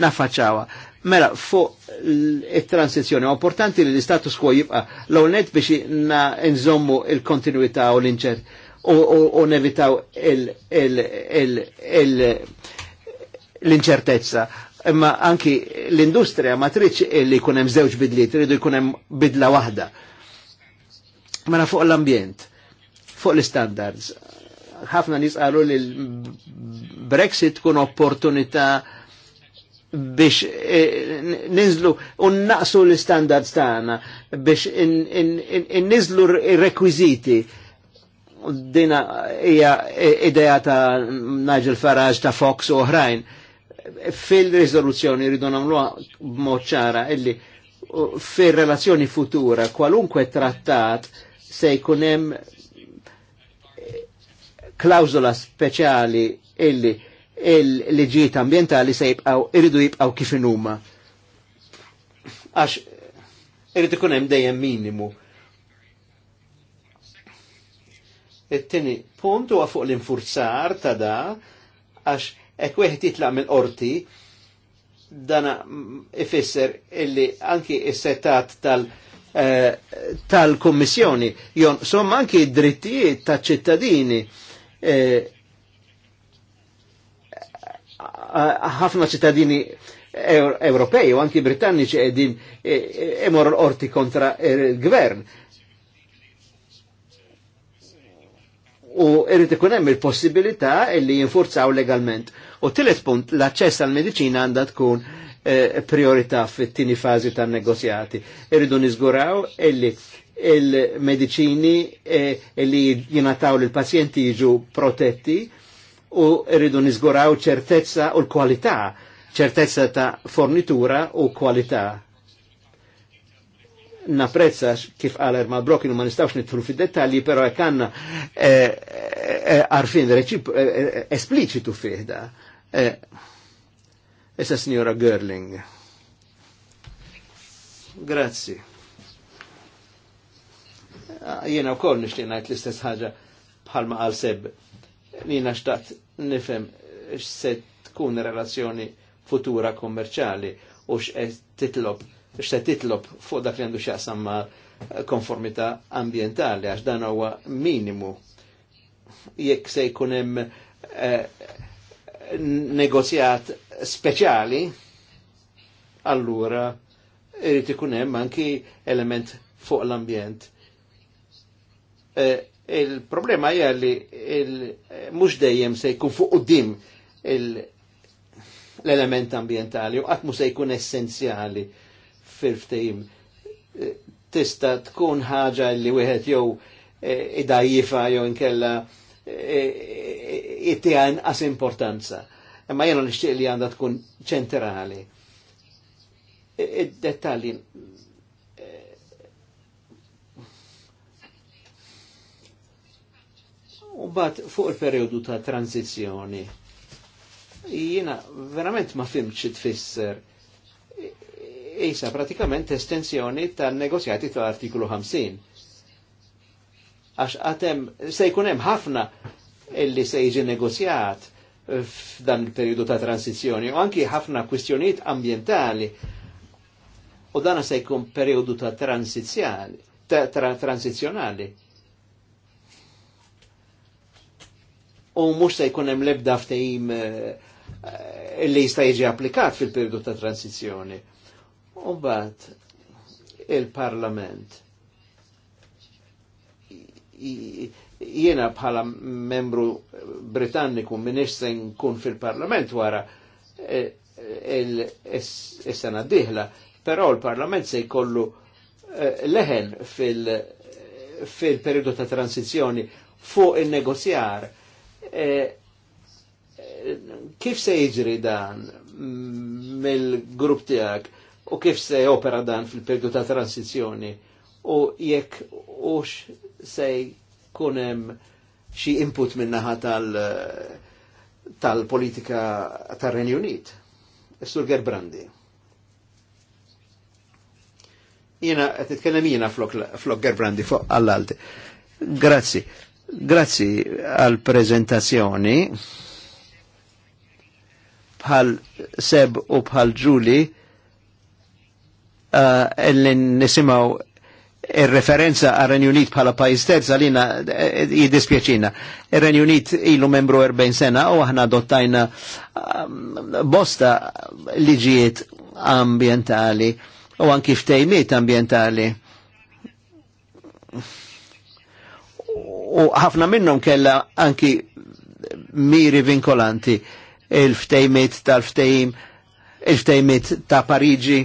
naffaċċawha. Mela, fuq il-transizjoni, importanti li l-status quo jibqa l-għolnet biex nżommu il-kontinuità u l-inċert u nevitaw l-inċertezza. Imma anki l-industrija ma tridx li jkun hemm żewġ bidli, tridu jkun hemm bidla waħda. Mela fuq l-ambjent, fuq l-standards. Ħafna nies qalu li l-Brexit tkun opportunità biex e, ninżlu u naqsu l-standards tagħna biex ninżlu r-rekwiżiti dina hija ideja ta' Nigel Farage ta' Fox u oħrajn. Fil-rizoluzzjoni rridu nagħmluha b'mod ċara illi fil-relazzjoni futura kwalunkwe trattat se jkun hemm klawzola speċjali illi il-liġijiet ambientali se jibqaw irridu jibqaw kif inhuma. Għax irrid ikun hemm dejjem minimu it tini punt huwa fuq l-infurzar ta' da għax hekk wieħed jitlaq mill-qorti dana ifisser illi anki is-setat tal- eh, tal-Kommissjoni jon somma anki id-drittijiet ta' ċittadini eh, ħafna ċittadini Ewropej u anki Britanniċi edin eh, imor l-orti kontra il-gvern. u irrit ikun hemm il-possibilità li jinfurzaw legalment. U tielet punt, l-aċċess għall mediċina għandha tkun eh, priorità fit-tieni fażi tan-negozjati. Irridu niżguraw illi il-mediċini eh, li jinataw lil pazjenti jiġu protetti u irridu niżguraw ċertezza u l-kwalità, ċertezza ta' fornitura u kwalità naprezza kif għal Erma Brokin u ma nistawx nidħlu fid-dettalji, però jekk għandna eh, eh, eh, għarfien espliċitu fiħda. da. Issa signora Görling. Grazzi. Ah, Jena u koll nishtiq najt l-istess ħagġa bħalma għal seb. Nina xtaqt nifem x'se tkun relazzjoni futura kommerċali u x'qed titlob x'se titlob fuq dak li għandu xaqsam ma' konformità ambientali għax dan huwa minimu jekk se jkun hemm eh, negozjat speċjali, allura irid ikun hemm anki element fuq l-ambjent. Eh, il-problema hija li il mhux dejjem se jkun fuq qudiem l-element ambientali u qatt mu se jkun essenzjali fil-ftim eh, tista tkun ħaġa li wieħed jew eh, idajjifa jew inkella eh, ittiha as importanza. Imma jena nixtieq li għandha tkun ċentrali. Id-dettalji U bat fuq il-periodu ta' tranzizjoni, jina verament ma fimx tfisser isa pratikament estensjoni tan negozjati ta' artiklu 50. Għax għatem, se jkunem ħafna illi se jġi negozjat f'dan il-periodu ta' transizjoni u anki ħafna kwistjoniet ambientali u dan se jkun periodu ta' transizjoni, ta' tra transizjonali. U mux se jkun hemm lebda f'tejim eh, li jista' jiġi applikat fil-periodu ta' transizjoni. Umbat, il-parlament jiena bħala membru britanniku minix nkun fil-parlament wara e, il-sena diħla, però l-parlament se jkollu e, leħen fil-periodu ta' transizjoni fuq il-negozjar. E, kif se jiġri dan mill-grupp tijak? u kif se opera dan fil-periodu ta' transizjoni u jekk ux se kunem xi input minnaħa tal-politika tal tal-Renju Unit. Sur Gerbrandi. Jena, għet itkellem jena flok, flok Gerbrandi fuq għall-alt. Grazzi. Grazzi għal-prezentazzjoni bħal Seb u bħal Ġuli Eh, li nisimaw il-referenza għal Unit bħala pajis terz għalina eh, jidispjaċina. Il-Renjunit ilu membru 40 sena u aħna dottajna eh, bosta liġijiet ambientali u anki ftejmiet ambientali. U ħafna minnhom kella anki miri vinkolanti il-ftejmiet tal ftejm il-ftejmiet ta' Pariġi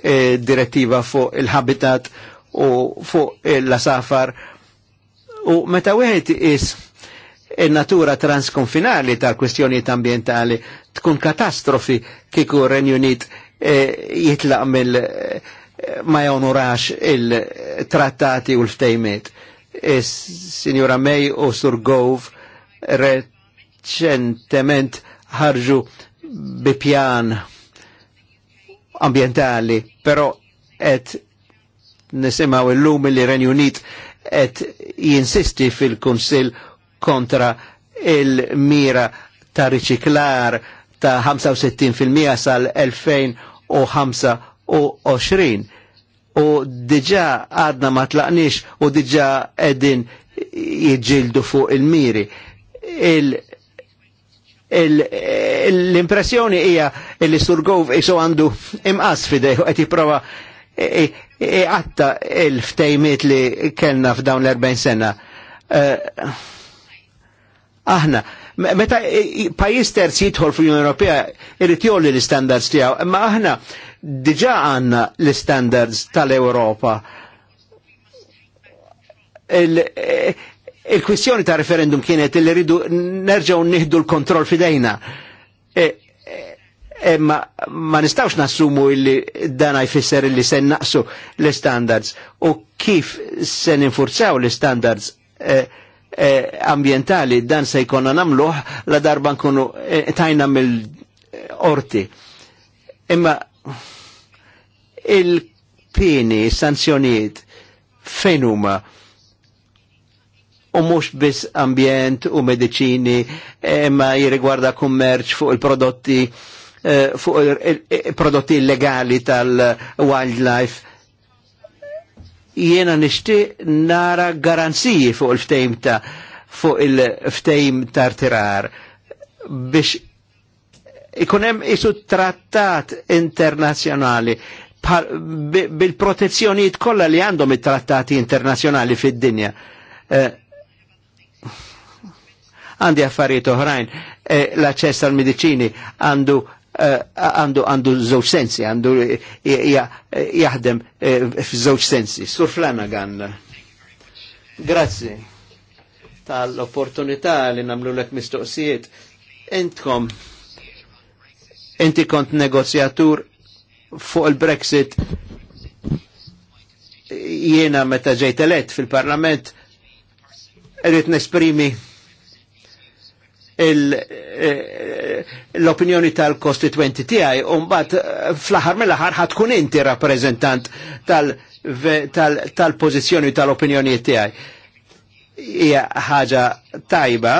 eh, direttiva fuq il-habitat u fuq il-lasafar. U meta wieħed is il-natura transkonfinali ta' kwestjonijiet ambientali tkun katastrofi kieku Renju Unit eh, jitlaq mill eh, ma jonurax il-trattati u l-ftejmet. Eh, Signora May u Sur Gove reċentement ħarġu bi pjan ambientali, però et nisimaw il-lum li renjunit et jinsisti fil-Kunsil kontra il-mira ta' riċiklar ta' 65% sal-2025 u diġa għadna ma tlaqnix u diġa edin jġildu fuq il-miri. il miri l-impressjoni hija li Surgov iso għandu imqas u qed jipprova iqatta il-ftejmiet li kellna f'dawn l-40 sena. Eh, aħna, meta pajis terz jidħol fl-Unjoni Ewropea irrid jolli l-istandards tiegħu, Ma aħna diġà għandna l-istandards tal-Ewropa eh, Il-kwistjoni ta' referendum kienet li rridu nerġaw nieħdu l-kontroll fidejna. Imma e, e, e, ma nistawx nassumu illi dan jfisser illi se naqsu l-standards u kif se ninfurzaw l-standards ambientali dan se jkonna namluħ la darba nkunu tajna mill-orti. Imma il-pini, sanzjoniet, fenuma. huma? u mhux biss ambjent u medicini, eh, ma jirrigwarda kummerċ fuq il-prodotti eh, fuq il-prodotti illegali tal-wildlife. Jiena nishti nara garanziji fuq il-ftejm ta' fuq il-ftejm tartirar biex ikunem isu trattat internazjonali bil protezzjoniet kollha li għandhom il trattati internazjonali fid-dinja. Eh, għandi affarijiet oħrajn, e, l-aċċess għal medicini għandu e, għandu għandu żewġ sensi, għandu e, jaħdem f'żewġ sensi. Sur għan. Grazzi tal-opportunità li namlu lek mistoqsijiet. Intkom, inti kont negozjatur fuq il-Brexit jiena meta ġejt elett fil-parlament rrit nesprimi Eh, l-opinjoni tal-kostituenti tiegħi u mbagħad eh, fl-aħħar mill-aħħar ħatkun inti rappreżentant tal-pożizzjoni tal-opinjonijiet tiegħi. Hija ħaġa tajba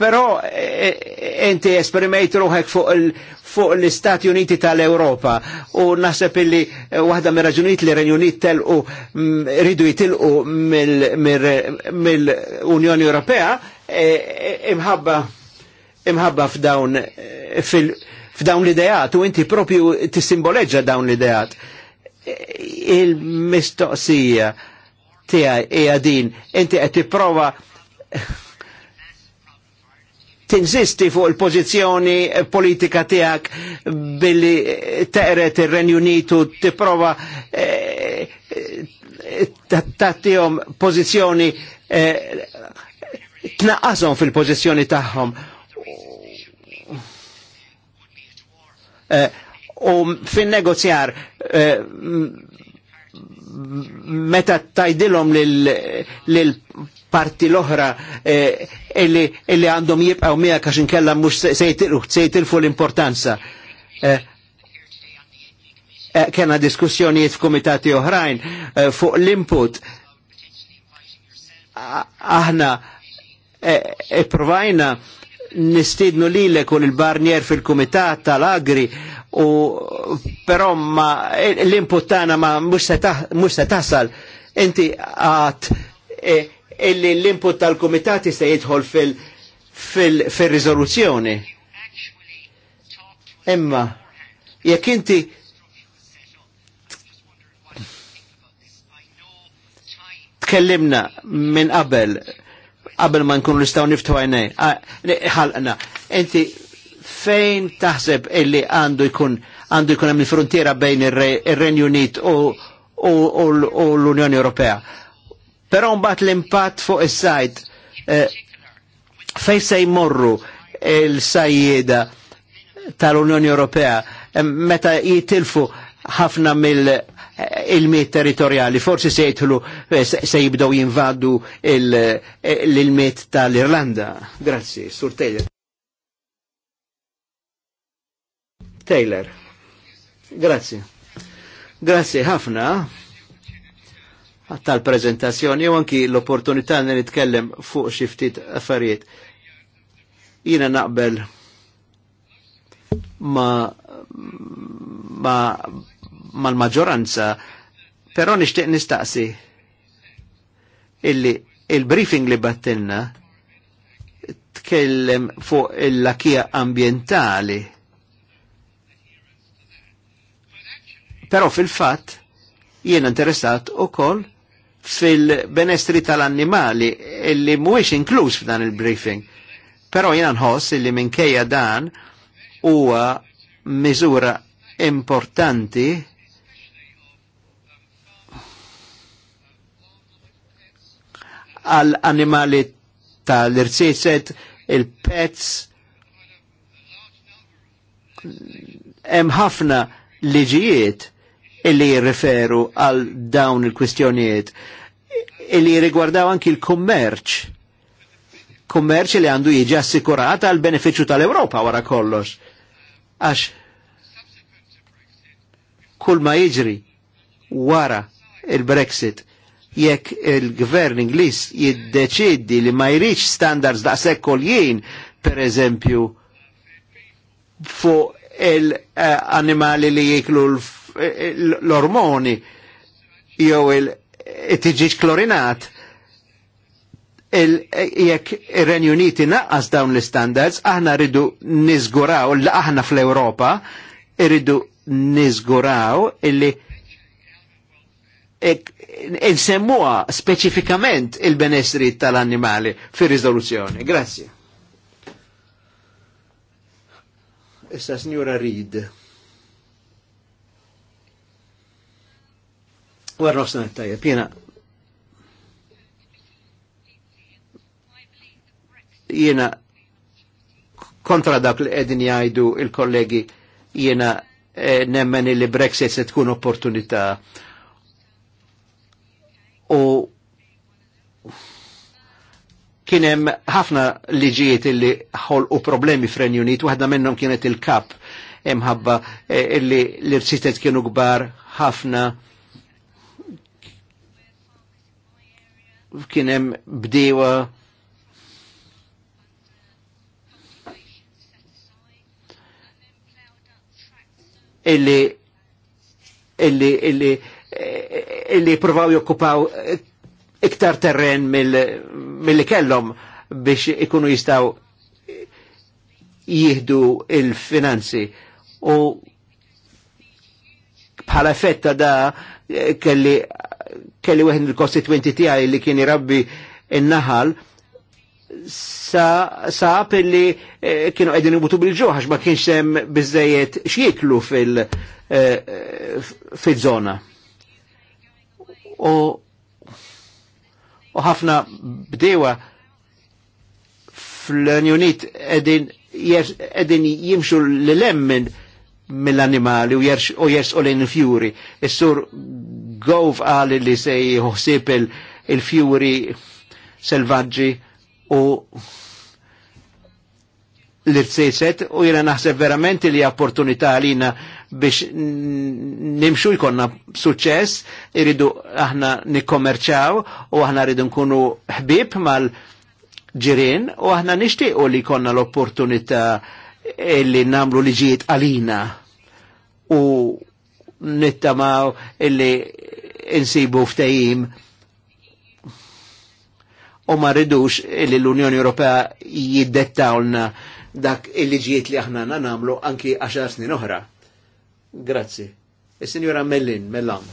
Però eh, eh, enti esperimejt ruħek fuq il- fuq l-Istati Uniti tal-Europa u nasab illi eh, waħda mir raġunijiet li Renju telqu mm, ridu jitilqu mill-Unjoni Ewropea imħabba imħabba f'dawn f'dawn l-idejat u inti propju tissimboleġġa dawn l-idejat. Il-mistoqsija tiegħi hija din, inti qed tipprova tinsisti fuq il-pożizzjoni politika tiegħek billi teqret ir-Renju Unitu tipprova eh, eh, tattihom pożizzjoni eh, tnaqqashom fil-pożizzjoni tagħhom. U fin-negozjar meta tajdilhom lil parti l-oħra eh, illi għandhom jibqaw mija għax inkella mux se jitilfu l-importanza. Eh, eh, kena diskussjonijiet f'kumitati oħrajn fuq l-input. Aħna provajna nistidnu li u il barnier fil komitat tal-agri u però ma l-input tagħna ma mhux se taħsal. Inti għat illi l-input tal-komitati se jidħol fil-rizoluzzjoni. Fil, Imma, jekk inti tkellimna minn qabel, qabel ma nkunu nistgħu niftħu għajnej, ħalqna, inti fejn taħseb illi għandu jkun għandu jkun hemm il-frontiera bejn ir-Renju Unit u l-Unjoni Ewropea Però mbagħad l-impatt fuq is-sajt eh, fejn se jmorru il-sajjieda tal-Unjoni Ewropea eh, meta jitilfu ħafna mill eh, il-miet territoriali, forsi se jitlu se jibdow jinvadu l-miet tal-Irlanda. Grazie, Sur Taylor. Taylor. Grazie. Grazie, ħafna tal-prezentazzjoni u anki l-opportunità li nitkellem fuq xi ftit affarijiet. Jiena naqbel ma ma mal-maġġoranza, però nixtieq nistaqsi illi il-briefing li battilna tkellem fuq il-lakija ambientali. Però fil-fatt jiena interessat u koll fil-benestri tal-annimali illi mhuwiex inkluż f'dan il-briefing. Però jiena nħoss illi minkejja dan huwa miżura importanti għal animali tal-irsiset, il-pets, hemm ħafna liġijiet illi jirreferu għal dawn il kwistjoniet illi riguardaw anki il kommerċ kommerċ li għandu jiġi assikurata għal beneficju tal-Europa wara kollox. Għax kull ma jiġri wara il-Brexit jekk il-gvern Ingliż jiddeċiddi li ma jriċ standards da' sekkoljien, per eżempju, fuq il-animali eh, li jiklu l Eh, eh, l-ormoni jew il-tiġiġ eh, klorinat jekk ir-Renju Uniti naqqas dawn l-standards, aħna rridu nizguraw, l aħna fl-Europa, rridu nizguraw illi insemmuha speċifikament il-benessri tal-annimali fir-riżoluzzjoni. Grazie. Issa signora Reed. U tajjeb, jena. Jena kontra dak li edin jajdu il-kollegi jena eh, nemmen li Brexit se tkun opportunità. U kienem ħafna liġijiet li ħol u problemi fren unit, waħda minnhom kienet il-kap imħabba eh, illi l-irsitet kienu gbar ħafna kienem bdewa illi illi illi illi provaw jokkupaw iktar terren mill-li kellhom biex ikunu jistaw jihdu il-finanzi u bħala fetta da eh, kelli kelli weħn il-kostituenti tijaj li kien irabbi in-naħal saħab li eh, kienu qegħdin ibutu bil ġuħax ma kienx hemm biżejjed x'jieklu fil eh, zona żona U ħafna bdewa fl-Unit qegħdin edin jimxu l-lemmen mill-animali u jers u l il-fjuri. Is-sur Gov għal li se jħosib il-fjuri il selvaġġi u l-irtsejset u jena naħseb verament li opportunità għalina biex nimxu jkonna suċess, irridu aħna nikkommerċaw u aħna rridu nkunu ħbib mal-ġirin u aħna u li konna l-opportunità illi namlu liġijiet għalina u nittamaw illi insibu ftejim u ma rridux li l-Unjoni Ewropea jiddettawlna dak il-liġijiet li aħna nagħmlu anki 10 snin oħra. Grazzi. Is-Sinjora Mellin, Mellam.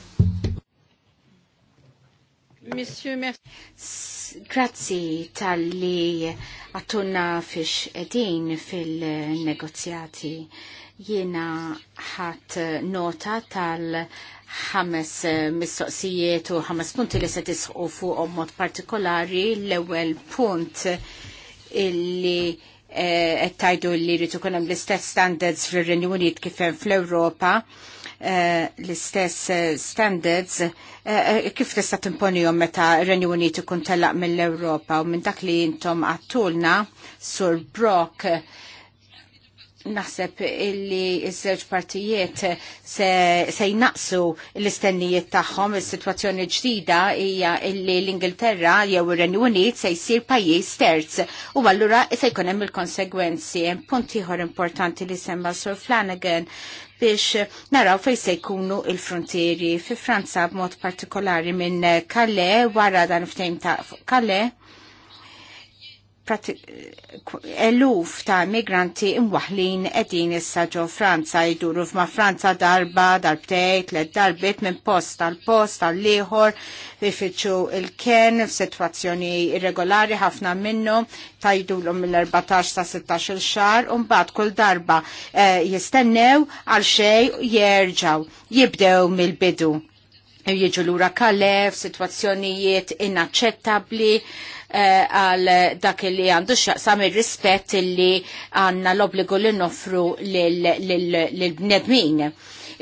Monsieur, Grazzi tal-li għattunna fiex edin fil-negozjati jiena ħat nota tal ħames eh, mistoqsijiet u ħames punti li se tisħu fuq mod partikolari l-ewwel punt illi eh, qed tajdu li rrid ikun hemm l-istess standards fir-Renju Unit kif hemm fl-Ewropa eh, l-istess standards kif tista' timponihom meta r-Renju Unit ikun tellaq mill-Ewropa u minn dak li intom għattulna sur Brock naħseb illi iż-żewġ partijiet se, jnaqsu l-istennijiet tagħhom is-sitwazzjoni ġdida hija illi l-Ingilterra jew ir-Renju Unit se jsir pajjiż terz u allura se jkun hemm il-konsegwenzi. Hemm punt ieħor importanti li semma Sur Flanagan biex naraw fej se jkunu il-frontieri fi Franza b'mod partikolari minn Calais wara dan ftejm ta' Calais eluf ta' migranti imwahlin edin issa ġo Franza jduru f'ma Franza darba, darbtejt, let darbit minn post tal post tal liħor bifiċu il-ken f'sitwazzjoni irregolari ħafna minnu ta l mill-14 ta' 16 xar un bat kull darba e, jistennew għal xej jerġaw jibdew mill-bidu jiġu l-ura kallef, situazzjonijiet inaċċettabli, Eh, għal dak li għandu xaqsam il-rispett li għanna l-obligu li nofru l-bnedmin.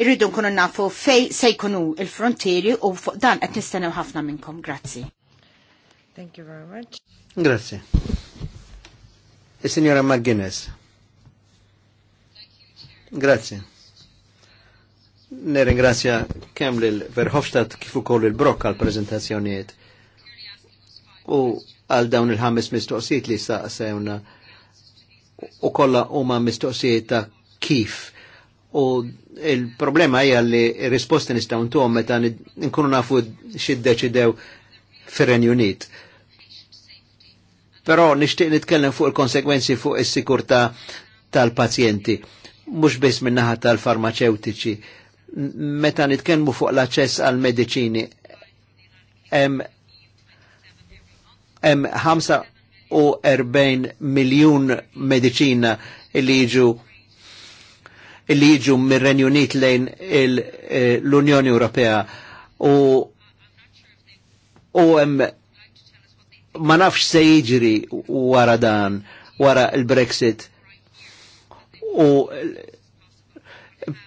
Irridu nkunu nafu fej se jkunu il-frontieri u fuq dan qed nistennew ħafna minnkom. Grazzi. Thank you very much. Grazie. Il-Signora e McGuinness. Grazie. Nirringrazzja kemm l Verhofstadt kif ukoll il-Brok għal preżentazzjonijiet. U għal dawn il-ħames mistoqsijiet li saqsewna u kollha huma mistoqsijiet ta' kif. U il-problema hija li risposti nistgħu ntuhom meta nkunu nafu x'iddeċidew fir-Renju Unit. Però nixtieq nitkellem fuq il-konsekwenzi fuq is-sikurtà tal-pazjenti, mhux biss min-naħa tal-farmaceutiċi. Meta nitkellmu fuq l-aċċess għal mediċini hemm hemm 45 miljun medicina li jiġu li jiġu mir-Renju Unit lejn eh, l-Unjoni Ewropea u u hemm ma nafx se jiġri wara dan wara l-Brexit u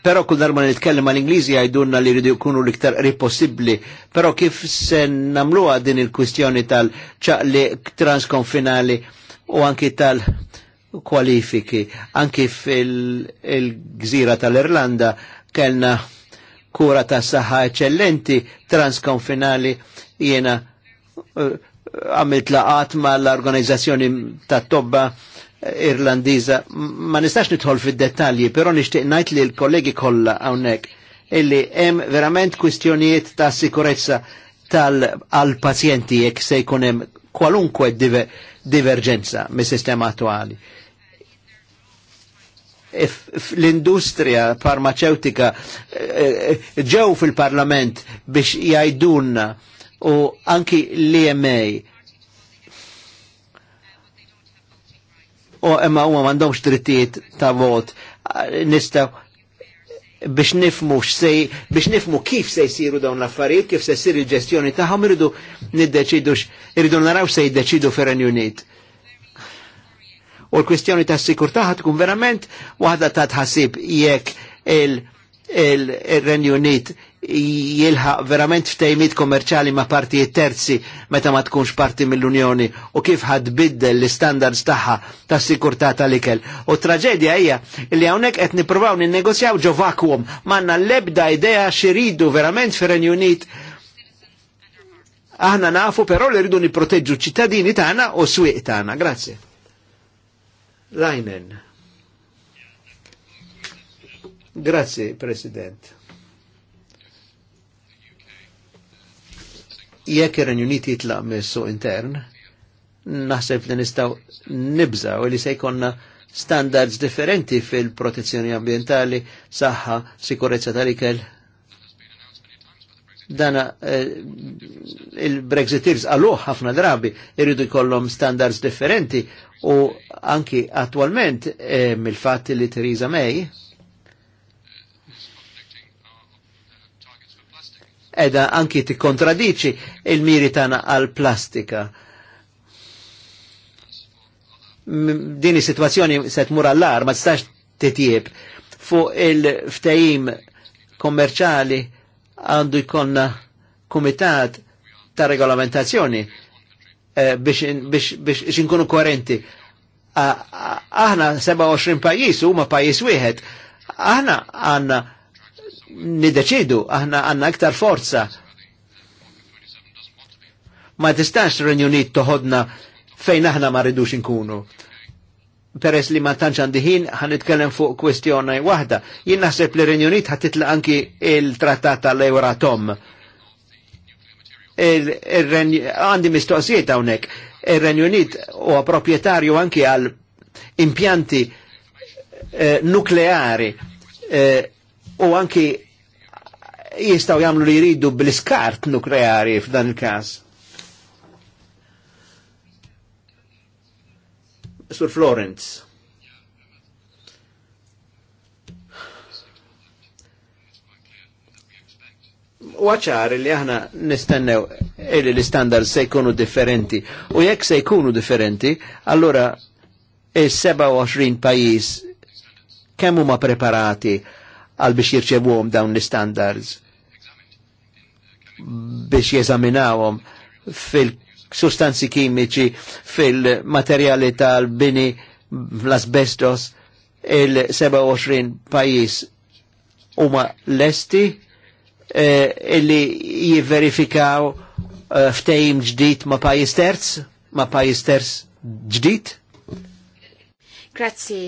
Pero kull darba nitkellem għal ingliżi għajdunna li rridu jkunu l-iktar qrib possibbli, però kif se namluha din il-kwistjoni tal-ċaqli transkonfinali u anki tal-kwalifiki. Anki fil-gżira tal-Irlanda kellna kura ta' saħħa eccellenti transkonfinali jiena eh, għamilt laqat ma l-organizzazzjoni ta' tobba Irlandiża. Ma nistax nidħol fid-dettalji, però nixtieq ngħid li l-kollegi kollha hawnhekk illi hemm verament kwistjonijiet ta' sikurezza tal-pazjenti jekk se jkun hemm kwalunkwe diver, divergenza mis-sistema attuali. L-industrija farmaceutika eh, eh, ġew fil-parlament biex jajdunna u anki l-EMA u imma huma m'għandhomx drittijiet ta' vot nistgħu biex nifmu xsej, biex nifmu kif se jisiru dawn l-affarijiet, kif se jsir il-ġestjoni tagħhom irridu niddeċidu irridu naraw se jiddeċidu fir-Ren Unit. U l-kwistjoni ta' sikurtà tkun verament waħda ta' tħassib jekk il-Ren Unit jilħaq verament ftejmit kommerċali ma' partijiet terzi meta ma tkunx parti mill-Unjoni u kif ħad biddel l-standards tagħha ta' sikurtà tal-ikel. U traġedja hija li hawnhekk qed nippruvaw ninnegozjaw ġo vakuum m'għandna l-ebda idea xiridu verament fir-Renju Unit aħna nafu però li rridu nipproteġġu ċittadini tagħna u swieq tagħna. Grazzi. Lajnen. Grazie, President. jekk ir-Renju Uniti jitlaq suq intern, naħseb li nistaw u li se standards differenti fil-protezzjoni ambientali, saħħa, sikurezza tal-ikel. Dana eh, il-Brexiteers għaluħ ħafna drabi irridu jkollhom standards differenti u anki attualment eh, mill-fatt li Theresa May edha anki ti kontradiċi il-miri tana għal-plastika. Din is-sitwazzjoni se tmur ar ma stax titjib fuq il-ftehim kommerċali għandu jkonna komitat ta' regolamentazzjoni eh, biex inkunu koerenti. Aħna 27 pajis, huma pajis wieħed. Aħna għanna nideċidu, aħna għanna iktar forza. Ma tistax Renjunit toħodna fejn aħna ma rridux inkunu. Peress li ma tantx għandi ħin ħan nitkellem fuq kwestjoni waħda. Jien naħseb li Renjunit ħad titla anki il-trattat tal-Euratom. Għandi mistoqsijiet hawnhekk. Ir-Renjunit huwa proprjetarju anki għal impjanti eh, nukleari eh, u anki jistaw jamlu li jridu bil-skart nukleari f'dan il-kas. Sur Florence. Waċar li aħna nistennew illi li standard se jkunu differenti. U jekk se jkunu differenti, allora il-27 pajis kemmu ma preparati għal biex jirċevuhom dawn l-standards biex jeżaminawhom fil-sustanzi kimiċi, fil-materjali tal-bini, l-asbestos, il-27 pajis huma lesti eh, illi jiverifikaw eh, ftejim ġdid ma pajis terz, ma pajis terz ġdid. Grazzi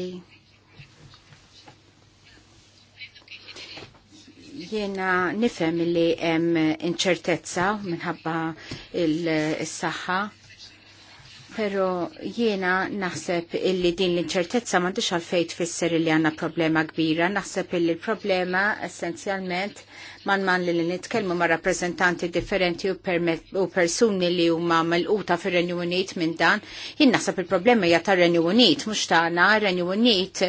Jena nifem li hemm inċertezza minħabba il-saħħa, pero jiena naħseb illi din l-inċertezza m'għandix għalfej tfisser li għandna problema kbira, naħseb illi l-problema essenzjalment man man li nitkellmu ma' rappresentanti differenti u, u persuni li huma melquta fir renju Unit minn dan, jien naħseb il-problema hija tar renju Unit, mhux tagħna, Renju Unit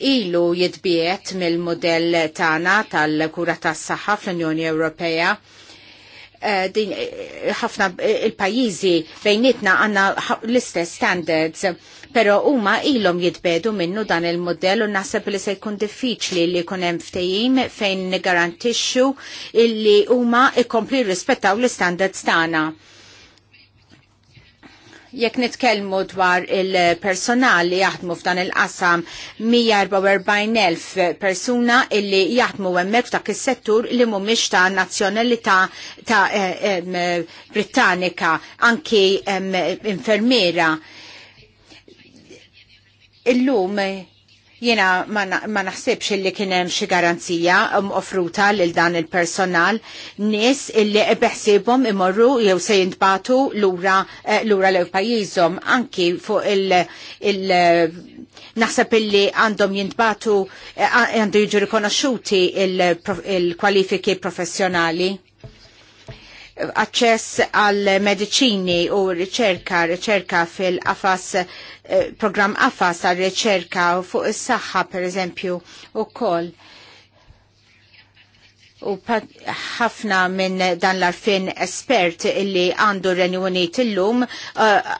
ilu jitbiet mill-modell tagħna tal-kura tas-saħħa fl-Unjoni Ewropea eh, din eh, ħafna eh, il-pajizi bejnietna għanna l-istess standards, pero huma ilhom jitbedu minnu dan il-modell u naħseb li se jkun diffiċli li jkun hemm ftehim fejn garantixxu illi huma ikompli rispettaw l-standards tagħna jekk nitkellmu dwar il-personal li jaħdmu f'dan il-qasam 144.000 persuna illi jaħdmu hemmhekk f'dak is-settur li mhumiex ta' nazzjonalità ta' eh, Brittanika, anki infermiera. Illum Jena ma naħsibx illi kienem xi garanzija um, offruta lil dan il-personal nies illi beħsibhom imorru jew se jintbatu lura eh, lura l pajjiżhom anki fuq il-, il naħseb illi għandhom jintbatu eh, għandu jiġu rikonoxxuti il-kwalifiki il professjonali aċċess għal medicini u riċerka, riċerka fil-qafas, eh, program qafas għal riċerka fuq is-saħħa per eżempju u koll u ħafna minn dan l-arfin espert illi għandu renjoniet illum u uh,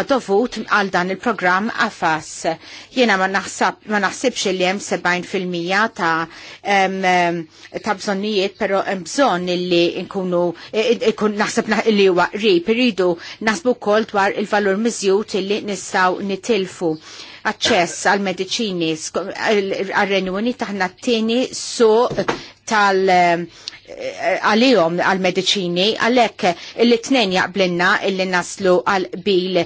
għadovut għal dan il-program għafas. Jena ma naħsibx li jem 70% ta' ta' bżonnijiet, pero bżon illi nkunu, naħseb illi huwa qrib, irridu kol dwar il-valur mizjut illi nistaw nitilfu aċċess għal mediċini għal-Renju taħna t-tieni su tal eh, għalihom għal-mediċini għalhekk il-tnejn jaqblinna illi naslu għal bil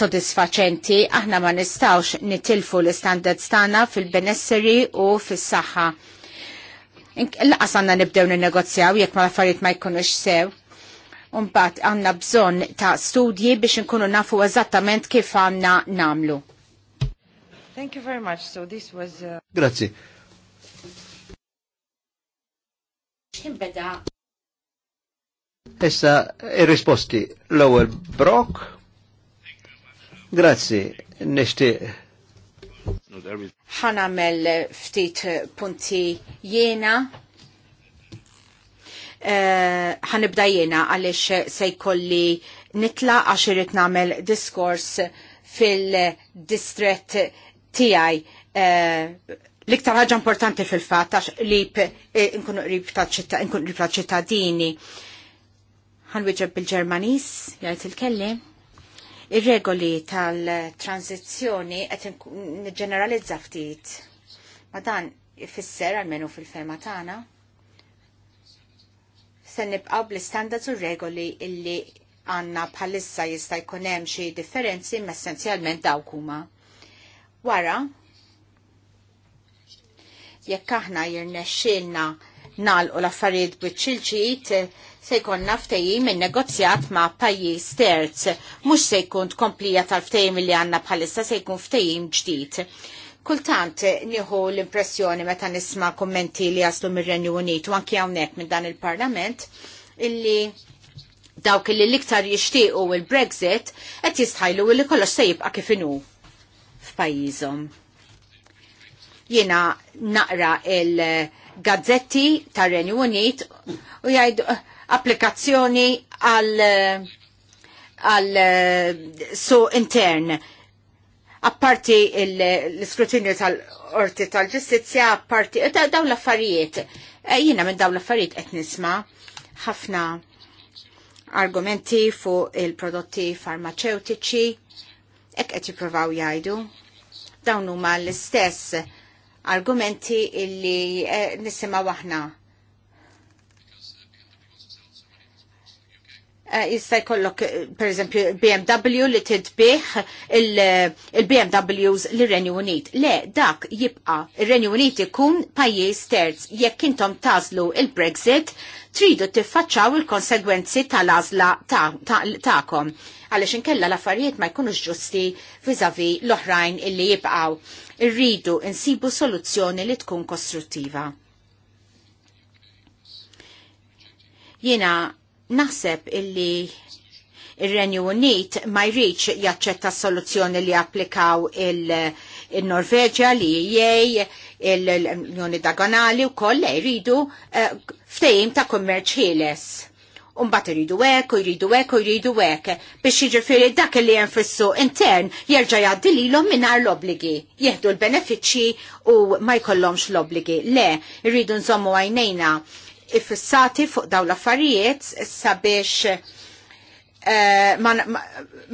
sodisfaċenti aħna ma nistawx nitilfu l standard tagħna fil-benesseri u fis-saħħa. Laqas għandna nibdew ninnegozjaw jekk ma l-affarijiet ma jkunux sew. Umbat għanna bżon ta' studji biex nkunu nafu eżattament kif għanna namlu. Thank you very much. So this was... Uh... Grazie. Essa Issa, e risposti l-ewel Brock. Grazie, nishtiq ħanamel ftit punti jena. Eh, ħanibda uh, jena għalix se jkolli nitla għax namel diskors fil-distret tijaj eh, l-iktar ħaġa importanti fil fat għax li eh, nkun qrib ta' ċittadini. Ħanwieġeb bil-Ġermanis, jgħid il-kelli. Ir-regoli tal għet qed niġġeneralizza ftit. Ma dan għal menu fil-fema tagħna se nibqaw bl-standards u regoli illi għanna bħalissa jista' jkun hemm xi differenzi ma essenzjalment dawkuma. Wara, jekk aħna jirnexxilna nalqu l-affarijiet biċ se jkollna ftehim minn negozjat ma' pajjiż terz. Mhux se jkun tkomplija tal-ftehim li għandna bħalissa se jkun ftehim ġdid. Kultant nieħu l-impressjoni meta nisma' kommenti li jaslu mir-Renju Unit u anki hawnhekk minn dan il-Parlament illi dawk li l-iktar jixtiequ il-Brexit qed jistħajlu li kollox se jibqa' kif inhu pajizom. Jiena naqra il-gazzetti tar-Renju Unit u jgħidu applikazzjoni għal għal su intern. Apparti l-iskrutinju tal-orti tal-ġustizja, apparti eh, dawn l-affarijiet. Eh, jiena minn dawn l-affarijiet qed nisma' ħafna argumenti fuq il-prodotti farmaceutiċi, ek qed jippruvaw jgħidu Dawn huma l-istess argumenti illi eh, waħna. Eh, jista jkollok, eh, per eżempju, BMW li tidbiħ il-BMWs il l-Renju Unit. Le, dak jibqa il-Renju Unit ikun pajjiż terz. Jekk intom tażlu il-Brexit, tridu tiffaċċaw il-konsegwenzi tal-azla ta'kom. Ta ta għaliex inkella l-affarijiet ma jkunux ġusti vizavi l-oħrajn illi jibqaw. Irridu insibu soluzzjoni li tkun kostruttiva. Jiena naħseb illi il renju Unit ma jriċ jaċċetta soluzzjoni li applikaw il-Norveġa li jiej e l-Unjoni Dagonali u koll jridu eh, ftejim ta' kummerċ ħieles bat iridu hekk u jridu hekk u jridu hekk biex jiġifieri dak li hemm fis-suq intern jerġa' jgħaddi lilhom mingħajr l-obligi. Jieħdu l-benefiċċji u ma jkollhomx l-obligi. Le, jridu nżommu għajnejna ifissati fuq dawn l-affarijiet sabiex eh, ma, ma,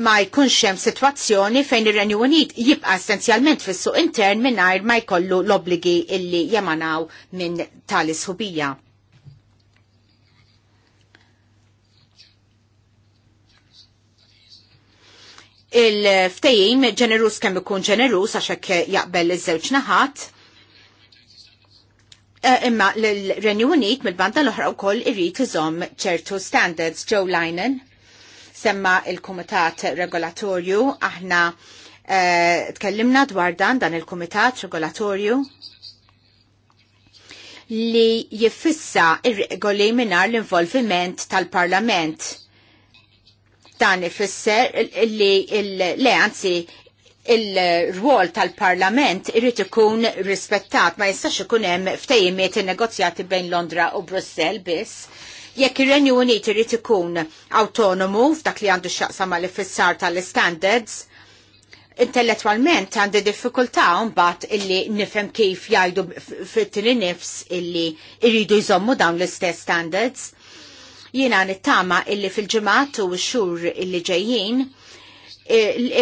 ma jkunx hemm sitwazzjoni fejn ir-Renju Unit jibqa' essenzjalment fis-suq intern mingħajr ma jkollu l-obligi illi jemanaw minn tali sħubija. il-ftejim ġenerus kemm ikun ġenerus għaxek jaqbel iż-żewġ naħat. Eh, imma l-Renju Unit mill-banda l-oħra wkoll irrit iżomm ċertu standards Joe Linen semma il-Kumitat Regolatorju aħna eh, tkellimna dwar dan dan il-Kumitat Regolatorju li jiffissa ir-regoli minar l-involviment tal-Parlament Dan ifisser li le anzi il-rwol tal-parlament irrit ikun rispettat, ma jistax ikun hemm ftejimiet innegozjati bejn Londra u Brussell biss. Jekk ir-Renju Unit irrid ikun autonomu f'dak li għandu x'aqsa mal-ifissar tal-standards, intellettwalment għandi diffikultà mbagħad illi nifhem kif jgħidu fit-tieni nifs illi jridu jżommu dawn l-istess standards Jiena nittama illi fil-ġimgħat u x-xhur illi ġejjin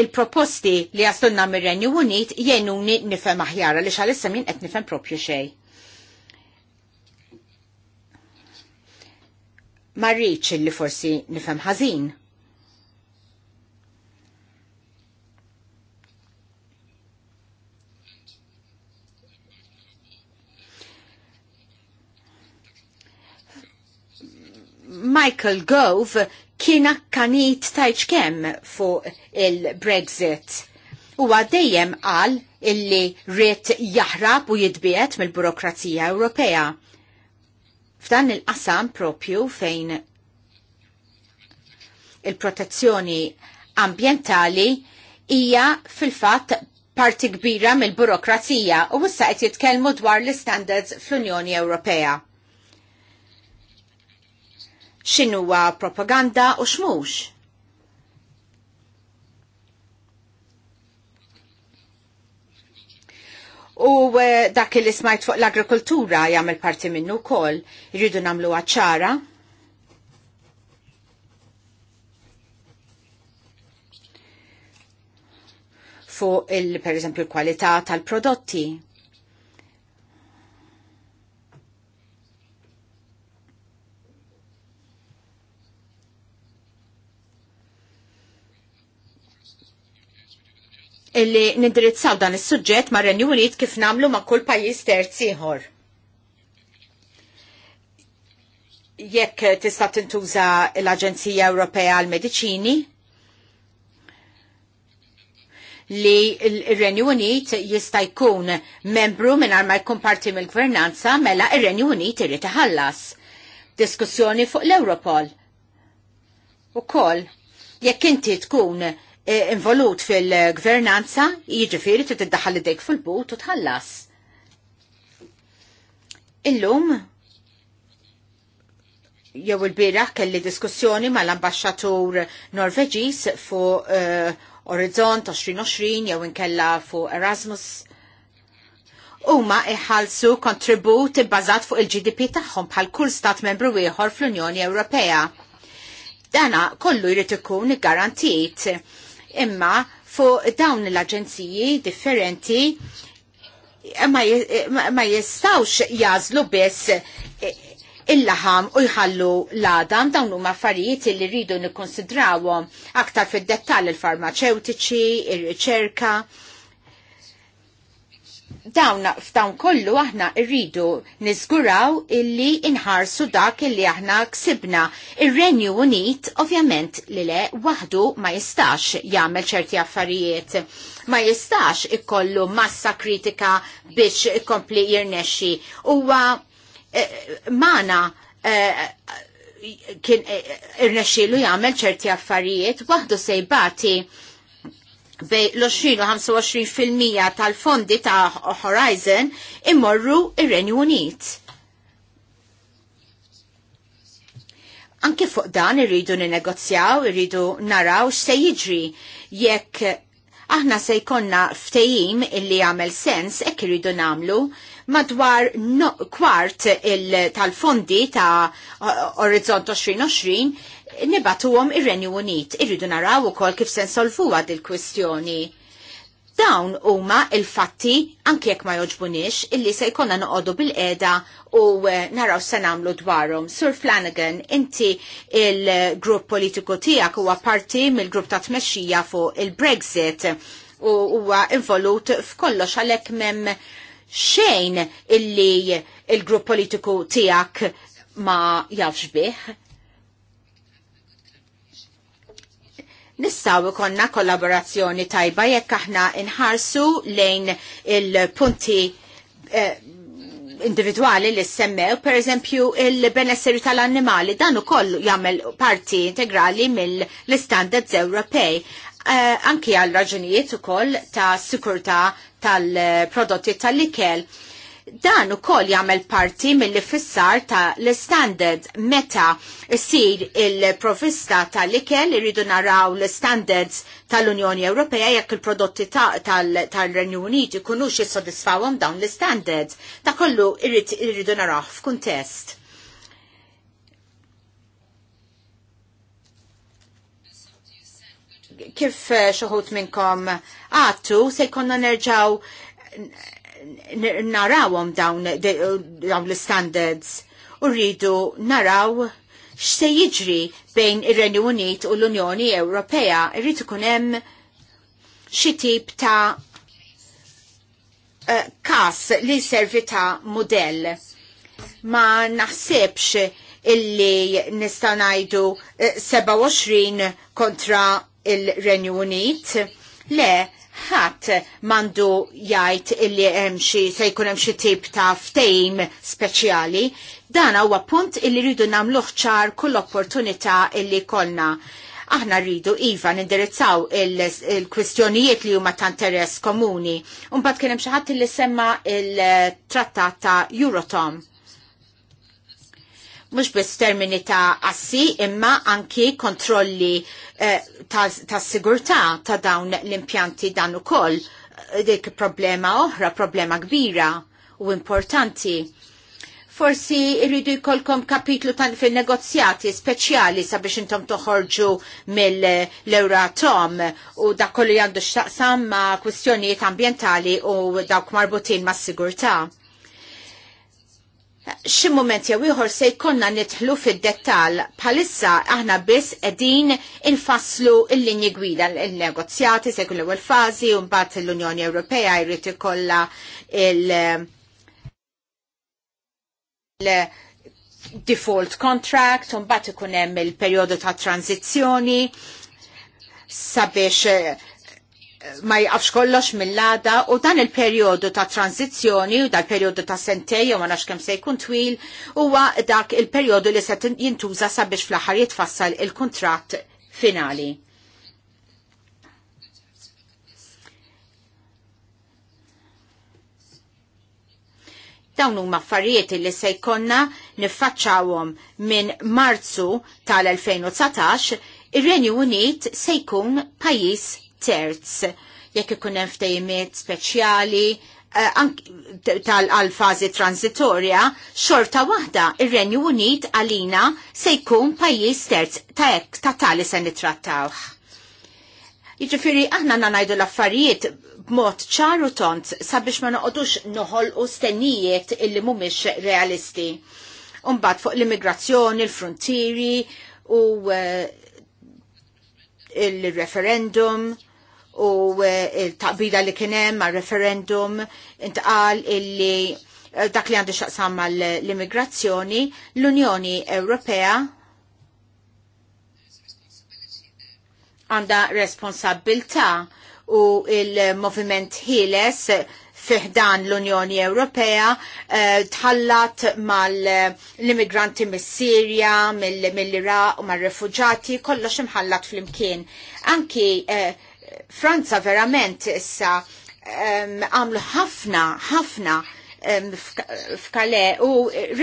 il-proposti li jastunna mir-Renju Unit jenuni nifhem aħjar li xalissa min qed nifhem propju xejn. Ma rridx illi forsi nifhem ħażin Michael Gove kien akkanit tajċ kemm fuq il-Brexit. U għaddejjem għal illi rrit jahrab u jitbiet mill-burokrazija Ewropea. F'dan il-qasam propju fejn il-protezzjoni ambientali hija fil-fatt parti kbira mill-burokrazija u issa qed jitkellmu dwar l-standards fl-Unjoni Ewropea x'inhuwa propaganda u xmux. U eh, dak li smajt fuq l-agrikoltura jagħmel parti minnu wkoll jridu namlu ċara. Fuq il per eżempju l-kwalità tal-prodotti. li nindirizzaw dan is-suġġett ma' Renju Unit kif namlu ma' kull pajjiż terz ieħor. Jekk tista' tintuża l-Aġenzija Ewropea għal mediċini li l renju Unit jista' jkun membru mingħajr ma jkun parti mill-gvernanza mela l renju Unit irid iħallas. Diskussjoni fuq l-Europol. Ukoll jekk inti tkun E, involut fil-gvernanza, jiġifieri trid tiddaħħal idejk fil-but u tħallas. Illum jew il-biraħ kelli diskussjoni mal-ambasċatur Norveġis fu uh, Orizzont 2020 jew inkella fu Erasmus. Huma iħalsu kontribut ibbażat fuq il-GDP tagħhom bħal kull stat membru ieħor fl-Unjoni Ewropea. Dana kollu jrid ikun garantit imma fuq dawn l-aġenziji differenti ma jistawx jazlu biss il-laħam u jħallu l-adam dawn huma affarijiet li rridu nikkonsidrawhom aktar fid-dettall il-farmaceutiċi, ir-riċerka, il dawn f'dawn kollu aħna rridu niżguraw illi inħarsu dak illi aħna ksibna. Ir-Renju Unit ovvjament li le waħdu ma jistax jagħmel ċerti affarijiet. Ma jistax ikollu massa kritika biex ikompli jirnexxi. Huwa eh, mana eh, kien eh, irnexxielu jagħmel ċerti affarijiet waħdu sejbati bej l-20 u 25% tal-fondi ta' Horizon immorru ir-Renju Unit. Anke fuq dan irridu ninegozjaw, irridu naraw x'se jiġri jekk aħna se jkonna ftejim illi għamel sens ek irridu namlu madwar no, kwart tal-fondi ta' Orizzont 2020 għom ir-Renju Unit. Irridu naraw ukoll kif se nsolvuha il kwistjoni Dawn huma il-fatti anke jekk ma joġbunix illi se jkollna noqogħdu bil-qeda u eh, naraw se nagħmlu dwarhom. Sur Flanagan, inti il-grupp politiku tiegħek huwa parti mill-grupp ta' tmexxija fuq il-Brexit u huwa involut f'kollox għalhekk m'hemm xejn illi il-grupp politiku tiegħek ma jafx bih Nistaw ikonna kollaborazzjoni tajba jekk aħna inħarsu lejn il-punti eh, individuali li semmew, per eżempju, il-benesseri tal-annimali, dan ukoll jagħmel parti integrali mill-standards Ewropej. Uh, anki għal raġunijiet ukoll ta' sikurta tal-prodotti tal-ikel. tal prodotti tal ikel Dan u koll jagħmel parti mill fissar ta' l-standard meta sir il-provista tal-ikel irridu naraw l-standards tal-Unjoni Ewropea jekk il-prodotti tal-Renju Unit ikunux jissodisfawhom dawn l-standards. Ta' kollu irridu naraw f'kuntest. kif eh, xoħut minnkom għattu, se jkonna nerġaw narawhom dawn dawn l-standards u rridu naraw x'se jiġri bejn ir-Renju Unit u l-Unjoni Ewropea irrid ikun hemm xi tip ta' eh, kas li servi ta' modell. Ma naħsibx illi nista' ngħidu 27 eh, kontra il-Renju Unit. Le, ħadd mandu jgħid illi hemm xi se jkun hemm xi tip ta' ftejm speċjali. Dan huwa punt illi rridu nagħmluh ċar kull opportunità illi kollna. Aħna rridu iva nindirizzaw il-kwistjonijiet il li huma ta' interess komuni. Imbagħad kien hemm xi ħadd illi semma il-trattat ta' Eurotom mux biss termini ta' assi imma anki kontrolli eh, ta', sigurta sigurtà ta' dawn l-impjanti dan ukoll dik problema oħra, problema kbira u importanti. Forsi irridu jkollkom kapitlu tan fil-negozjati speċjali sabiex intom toħorġu mill-Euratom u da kollu jandu xtaqsam ma' kwistjonijiet ambientali u dawk marbutin ma' sigurtà xi mument jew ieħor se jkollna nidħlu fid-dettall bħalissa aħna biss qegħdin infasslu l-linji gwida l-negozjati se jkun l-ewwel fażi u mbagħad l-Unjoni Ewropea jrid ikollha il- default contract, un bat ikun hemm il-perjodu ta' tranzizzjoni sabiex ma jaqafx kollox mill-lada u dan il-periodu ta' tranzizjoni u dal-periodu ta' sentej u ma nafx kemm se jkun twil huwa dak il-periodu li se jintuża sabiex fl-aħħar jitfassal il-kuntratt finali. dawn huma affarijiet li se jkollna niffaċċawhom minn Marzu tal-2019 ir-Renju Unit se jkun pajjiż terz jekk ikun hemm ftejmiet speċjali eh, tal-fazi transitorja, xorta waħda ir-Renju Unit għalina se jkun pajjiż terz ta' hekk ta' tali se nittrattawh. Jiġifieri aħna ngħidu l-affarijiet b'mod ċaru tont sabiex ma noqogħdux noħolqu stennijiet illi mhumiex realisti. Umbagħad fuq l-immigrazzjoni, l-frontieri u eh, il-referendum u eh, il-taqbida li kienem ma' referendum intqal illi eh, dak li għandu xaqsam mal l-immigrazzjoni, l-Unjoni Ewropea għanda responsabilta u il-moviment Hiles fiħdan l-Unjoni Ewropea eh, tħallat mal-immigranti mis-Sirja, mill-Iraq u mal refuġati kollox imħallat fl-imkien. Anki Franza verament issa għamlu ħafna, ħafna f'kale u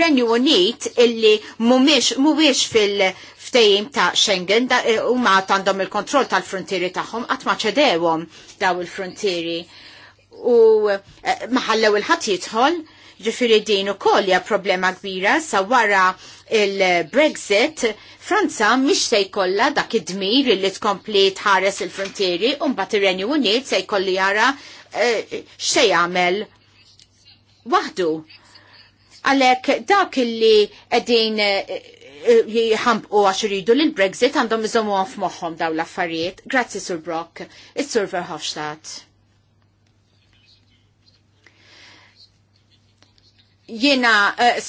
Renju Unit illi mumiex, fil-ftejim ta' Schengen eh, u ma' tandom il-kontroll tal-frontieri tagħhom qatt ma ċedewhom daw il-frontieri u eh, maħallew il-ħadd jidħol Ġifiri din u kolja problema kbira sa wara il-Brexit, Franza mix se jkolla dak id-dmir li tkompli tħares il-frontieri un bat ir-Renju Unit se jkolli jara eh, xej jagħmel waħdu. Għalek dak illi qegħdin eh, eh, u għax iridu l brexit għandhom iżommu għaf moħħom daw l-affarijiet. Grazzi Sur Brock, is-Sur Verhofstadt. Jiena eh,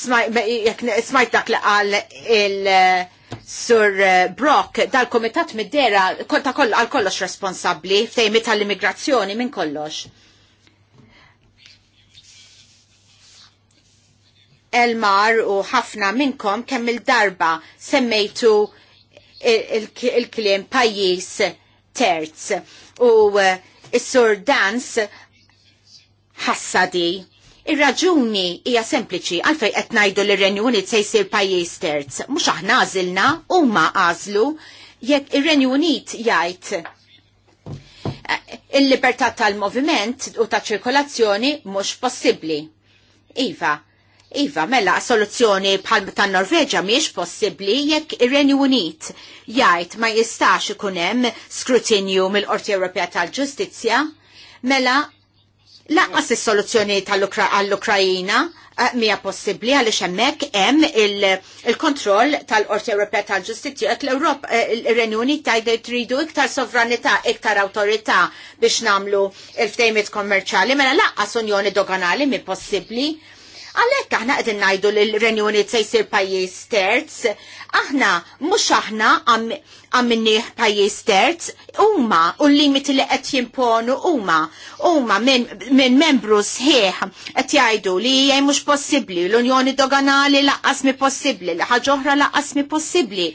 smajt dak li qal il- eh, Sur eh, Brock, dal-komitat mid-dera, konta għal kollox responsabli, fejmi tal-immigrazzjoni minn kollox. Elmar u ħafna minnkom kemm il-darba semmejtu il-kliem pajis terz u s-sur dans ħassadi Ir-raġuni hija sempliċi għalfej qed ngħidu li r-Renju Unit se jsir pajjiż terz. Mhux aħna għażilna, huma għażlu jekk ir-Renju Unit jgħid eh, il-libertà tal-moviment u ta' ċirkolazzjoni mhux possibbli. Iva, Iva, mela soluzzjoni bħal tan Norveġa miex possibbli jekk ir-Renju Unit jgħid ma jistax ikun hemm skrutinju mill-Qorti Ewropea tal-Ġustizzja, mela Laqas is-soluzzjoni għall-Ukrajina eh, mija possibbli għaliex hemmhekk hemm il-kontroll tal-Qorti Ewropea tal-Ġustizzja għet l-Ewropa eh, ir-Renju tajde tridu iktar sovranità, iktar awtorità biex nagħmlu il-ftejmiet kommerċali, mela laqqas unjoni doganali mi possibbli Għalhekk aħna għedin ngħidu li l renjoni t se jsir pajjiż terz, aħna mhux aħna għamminnieh pajjiż terz, huma u l-limiti li qed jimponu huma huma minn membru sħiħ qed jgħidu li hija mhux possibbli, l-Unjoni Doganali laqqas mi possibbli, l ħaġa oħra laqqas possibbli.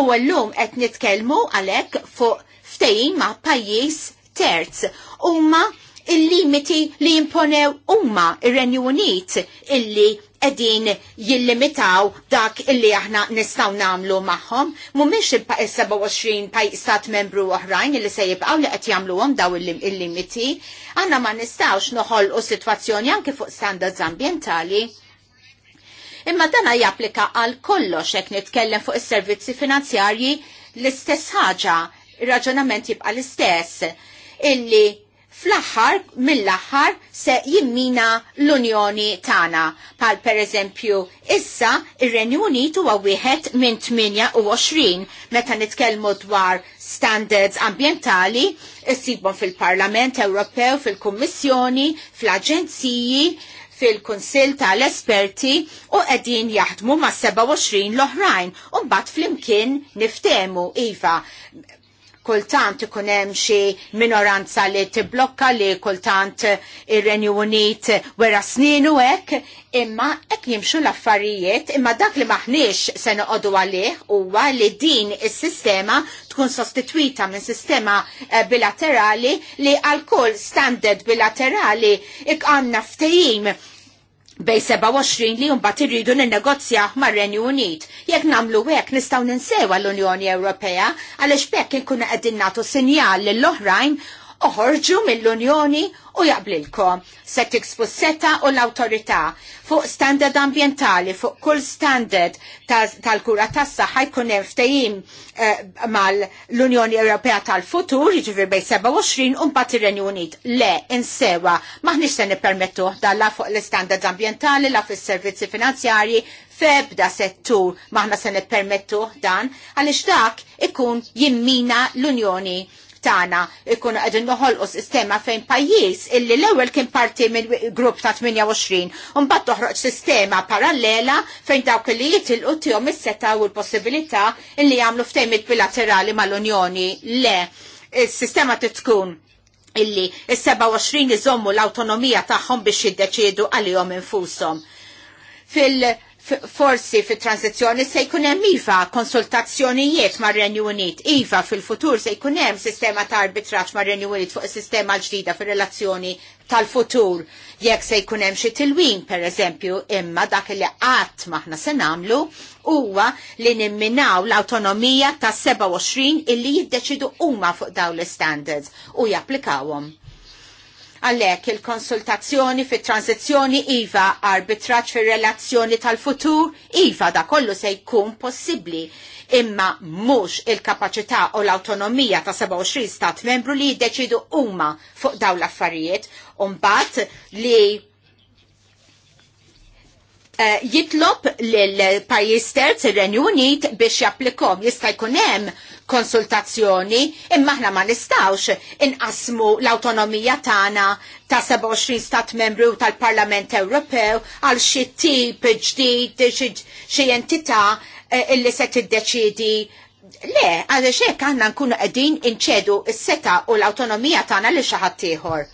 U llum qed nitkellmu għalhekk fuq ftehim ma' pajjiż terz. Huma il-limiti li imponew umma ir-Renju Unit illi edin jillimitaw dak illi aħna nistaw namlu maħħom, mumiex il-27 paj stat membru oħrajn illi se jibqaw li qed jagħmluhom daw il-limiti, aħna ma nistawx noħol u sitwazzjoni anke fuq standards ambientali. Imma dana japplika għal kollox jekk nitkellem fuq is-servizzi finanzjarji l-istess ħaġa, ir-raġunament jibqa' l-istess illi fl axar mill axar se jimmina l-Unjoni tagħna. Pal per eżempju, issa ir-Renju Unitu huwa wieħed minn 28 meta nitkellmu dwar standards ambjentali issibhom fil-Parlament Ewropew, fil-Kummissjoni, fl-Aġenziji, fil-Kunsil tal-Esperti u qegħdin jaħdmu ma' 27 l-oħrajn u mbagħad flimkien niftemu iva kultant ikun hemm xi minoranza li tibblokka li kultant ir-Renju Unit wera u hekk, imma hekk jimxu l-affarijiet, imma dak li maħniex se noqogħdu għalih huwa li din is-sistema tkun sostitwita minn sistema eh, bilaterali li għal kull standard bilaterali ik ftehim bej 27 li jumbat irridu n-negozja mar-Renju Unit. Jekk namlu hekk nistgħu ninsewa l-Unjoni Ewropea għaliex bekk inkunu qegħdin nagħtu sinjal lill-oħrajn oħorġu mill-Unjoni u jaqblilkom se tiksbu seta u l-autorità fuq standard ambientali, fuq kull standard tal-kura tas saħħa jkun hemm ftehim eh, mal-Unjoni Ewropea tal-futur, jiġifieri bej 27 u mbagħad ir-Renju Unit. Le, insewa, maħniex se nippermettu dalla fuq l standard ambientali, la fis-servizzi finanzjarji, febda settur maħna se nippermettu dan għaliex dak ikun jimmina l-Unjoni Tana ikunu qegħdin noħolqu sistema fejn pajjiż illi l-ewwel kien parti minn grupp ta' 28 u mbagħad toħroċ sistema parallela fejn dawk li jitilqu tihom is-seta u l-possibilità illi jagħmlu il bilaterali mal-Unjoni. Le, is-sistema titkun illi is-27 iżommu l-awtonomija tagħhom biex jiddeċiedu għalihom infushom fil- forsi fit transizzjoni se jkun hemm iva konsultazzjonijiet mar-Renju Unit, iva fil-futur se jkun hemm sistema ta' arbitraġġ mar-Renju Unit fuq is-sistema l-ġdida fir-relazzjoni tal-futur. Jekk se jkun hemm xi tilwin pereżempju, imma dak li qatt maħna se nagħmlu huwa li nimminaw l-awtonomija ta' 27 illi jiddeċidu huma fuq dawn l-standards u japplikawhom Għalhekk il-konsultazzjoni fit tranzizzjoni iva arbitraġġ fir relazzjoni tal-futur iva da kollu se jkun possibbli imma mhux il-kapaċità u l-awtonomija ta' 27 stat membru li jiddeċidu huma fuq dawn l-affarijiet u mbagħad li Eh, jitlob l-pajis terz il-Renju Unit biex japplikom. Jista' jkun hemm konsultazzjoni imma aħna ma nistawx inqasmu l-autonomija tagħna ta' 27 stat membru tal-Parlament Ewropew għal xi tip ġdid xi entità eh, illi se tiddeċiedi Le, għal xek għanna nkunu qegħdin inċedu s-seta u l-autonomija tagħna li xi ħadd ieħor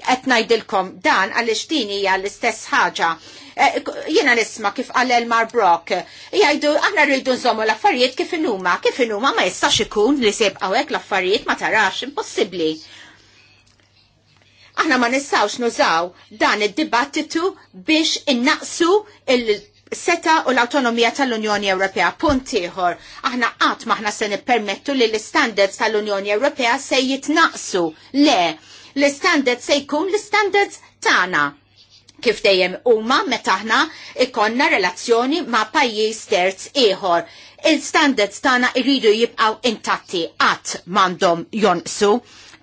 qed ngħidilkom dan għaliex din hija l-istess ħaġa. Eh, jiena nisma kif qal Elmar Brock, jgħidu aħna rridu nżomu l-affarijiet kif inhuma, kif inhuma ma jistax ikun li sejb għawek l-affarijiet ma tarax, impossibbli. Aħna ma nistgħux nużaw dan id-dibattitu biex innaqsu il- seta u l-autonomija tal-Unjoni Ewropea punt ieħor. Aħna qatt maħna se nippermettu li l-standards tal-Unjoni Ewropea se jitnaqsu. Le, L-standards se jkun l-standards tagħna kif dejjem huma meta aħna ikonna relazzjoni ma' pajjiż terz ieħor. Il-standards tagħna jridu jibqgħu intatti qatt m'għandhom jonqsu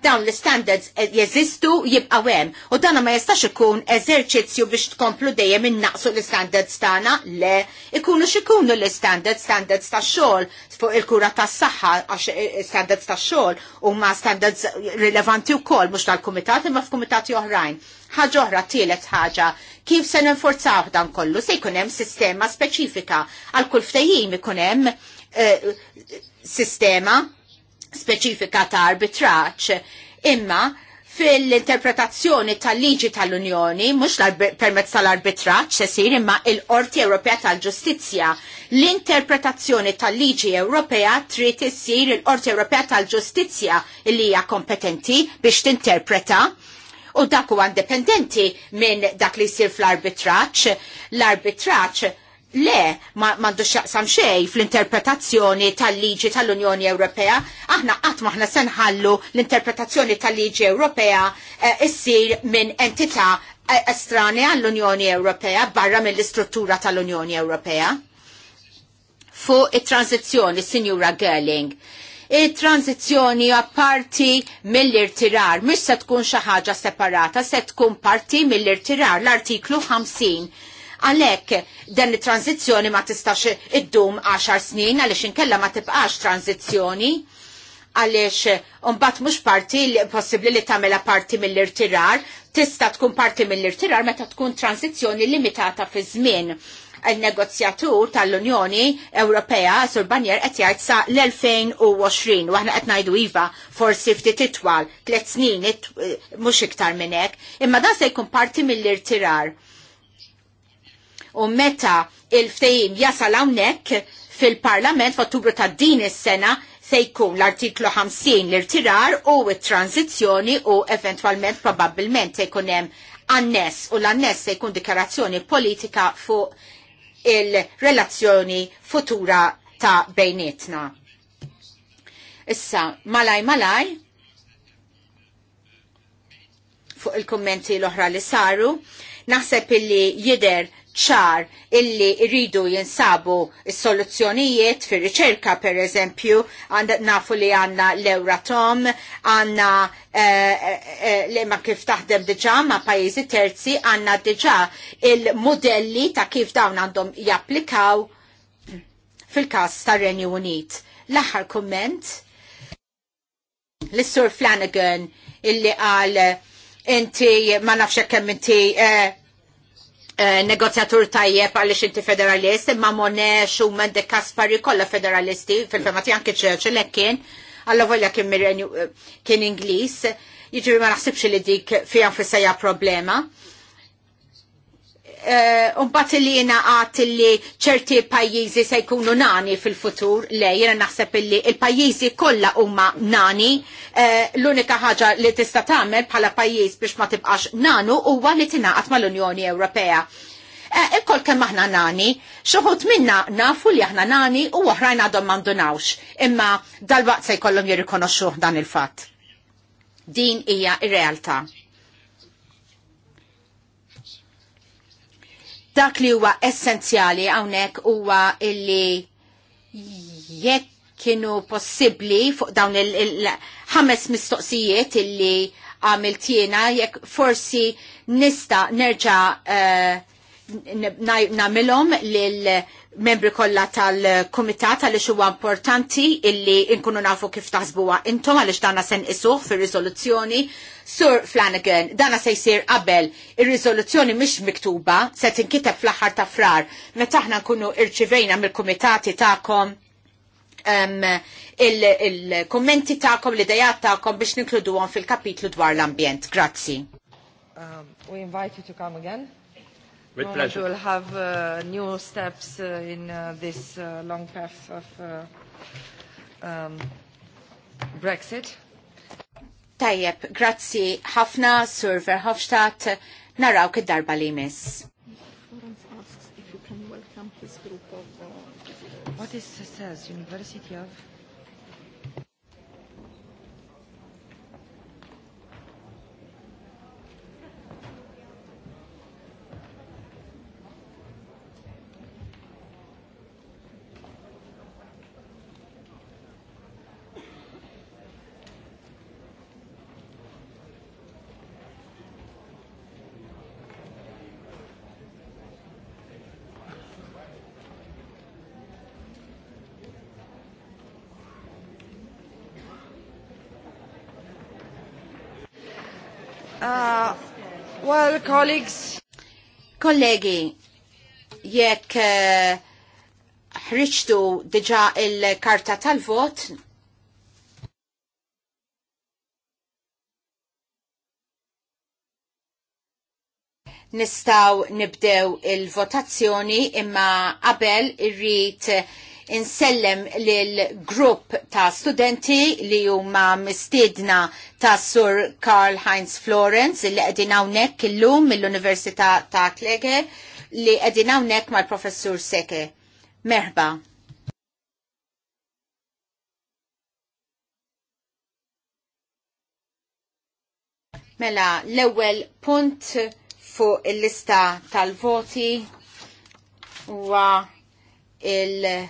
dawn l-standards jeżistu jibqaw hemm u dana ma jistax ikun eżerċizzju biex tkomplu dejjem innaqsu l-standards tagħna le ikunu x'ikunu l-standards standards tax-xogħol fuq il-kura tas-saħħa għax eh, eh, standards tax-xogħol huma standards rilevanti wkoll mhux tal-kumitat imma f'kumitati oħrajn. Ħaġa oħra tielet ħaġa kif se ninforzaw dan kollu se jkun hemm sistema speċifika għal kull ftehim ikun hemm eh, sistema speċifika ta' arbitraċ, imma fil-interpretazzjoni tal-liġi tal-Unjoni, mux permezz tal-arbitraċ se sir imma il-Qorti Ewropea tal-Ġustizzja. L-interpretazzjoni tal-liġi Ewropea trid issir il-Qorti Ewropea tal-Ġustizzja li hija kompetenti biex tinterpreta u dak huwa indipendenti minn dak li jsir fl-arbitraċ. L-arbitraċ Le, ma mandu xaqsam xej fl-interpretazzjoni tal-liġi tal-Unjoni Ewropea, aħna qatt maħna senħallu l-interpretazzjoni tal-liġi Ewropea eh, issir minn entità eh, estranea għall unjoni Ewropea barra mill-istruttura tal-Unjoni Ewropea. Fu it-tranzizzjoni, Sinjura Gerling, il-tranzizjoni parti mill-irtirar, mis se tkun xi ħaġa separata, se tkun parti mill-irtirar l-artiklu 50 Għalhekk dan it-tranzizzjoni ma tistax iddum 10 snin għaliex inkella ma tibqax tranzizzjoni għaliex unbat mux parti li possibli li tamela parti mill-irtirar, tista tkun parti mill-irtirar meta tkun transizzjoni limitata fi żmien. Il-negozjatur tal-Unjoni Ewropea Sur Banjer qed jgħid sa l-2020 u aħna qed ngħidu iva forsi ftit itwal tliet snin mhux iktar minn hekk, imma dan se jkun parti mill-irtirar u meta il-ftejim jasal hawnhekk fil-Parlament f'Ottubru ta' din is-sena se jkun l-artiklu 50 l-irtirar u t-tranzizjoni u eventwalment probabbilment se jkun hemm annes u l-annes se jkun dikarazzjoni politika fuq il-relazzjoni futura ta' bejnietna. Issa, malaj malaj, fuq il-kommenti l-oħra li saru, naħseb illi jider ċar illi rridu jinsabu soluzzjonijiet fir riċerka per eżempju, nafu li għanna l-Euratom, għanna eh, eh, eh, li ma kif taħdem diġa ma pajizi terzi, għanna diġa il-modelli ta' kif dawn għandhom japplikaw fil-kas ta' Renju Unit. L-aħħar komment, l-Sur Flanagan illi għal inti ma nafxek kemm inti eh, Eh, negozjatur tajjeb għaliex inti federalist, imma Monex u Mende Kaspari kollha federalisti, fil femati anke Churchill hekk kien, alla volja kien eh, kien Ingliż, jiġri ma naħsibx li dik fija fissajja problema Eh, Unbat li jena għat li ċerti pajjiżi se jkunu nani fil-futur, le jena naħseb li il-pajjiżi kolla huma nani, eh, l-unika ħaġa li tista' tagħmel bħala pajjiż biex ma tibqax nanu huwa li tingħaqad mal-Unjoni Ewropea. Eh, Ikkol kemm aħna nani, xoħut minna nafu li aħna nani u oħrajn għadhom mandunawx, imma dal-waqt se jkollhom jirrikonoxxuh dan il-fatt. Din hija ir-realtà. dak li huwa essenzjali hawnhekk huwa illi jekk kienu possibbli fuq dawn il-ħames mistoqsijiet illi għamiltjena jekk forsi nista nerġa' uh, namilom lill-membri kollha tal-kumitat għaliex huwa importanti illi nkunu nafu kif taħsbuha intom għaliex dana sen isuh fir-riżoluzzjoni. Sur Flanagan, dana se jsir qabel ir-riżoluzzjoni mhix miktuba se tinkiteb fl-aħħar ta' frar meta taħna nkunu irċivejna mill-kumitati tagħkom um, il-kommenti il ta'kom, l-idejat ta'kom biex ninkludu fil-kapitlu dwar l-ambjent. Grazzi. Um, we invite you to come again. With moment pleasure. we'll have uh, new steps uh, in uh, this uh, long path of uh, um, Brexit. Tajjeb, grazzi ħafna, Sur Verhofstadt, naraw kid darba li miss. Uh, What is says University of? Well, colleagues. Kollegi, jekk eh, ħriċtu diġa il-karta tal-vot, nistaw nibdew il-votazzjoni imma qabel irrit insellem lil grupp ta' studenti li huma mistiedna ta' Sur Karl Heinz Florence li qegħdin hawnhekk illum mill-Università ta' Klege li qegħdin hawnhekk mal-Professur Seke. Merba. Mela, l-ewwel punt fuq il-lista tal-voti huwa il-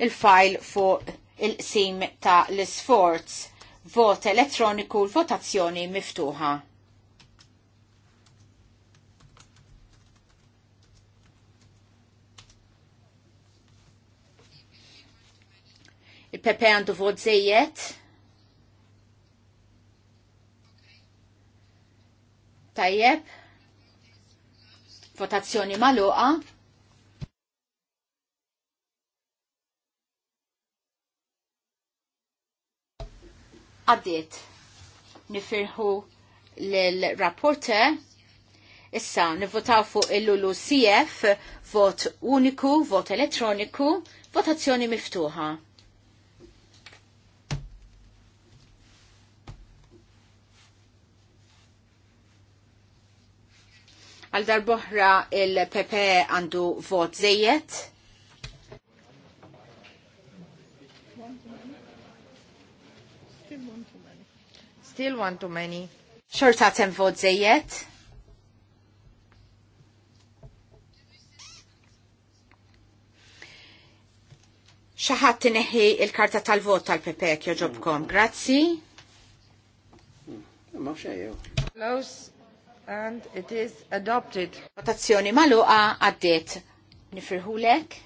il-fajl fuq il sim ta' l-sforz. Vot elettroniku l-votazzjoni miftuħa. il-Pepe għandu vot zejiet. Tajjeb. Votazzjoni maluqa. għaddiet. Nifirħu l rapporte issa nivvotaw fuq il-lulu CF, vot uniku, vot elettroniku, votazzjoni miftuħa. Għal darboħra il-PP għandu vot zejet. still one too many. Xorta tem vot zejiet. Xaħat tineħi il-karta tal-vot tal pepek joġobkom. Grazzi. Hmm. Ma xejjew. Close and it is adopted. Votazzjoni maluqa għaddiet. Nifirħulek.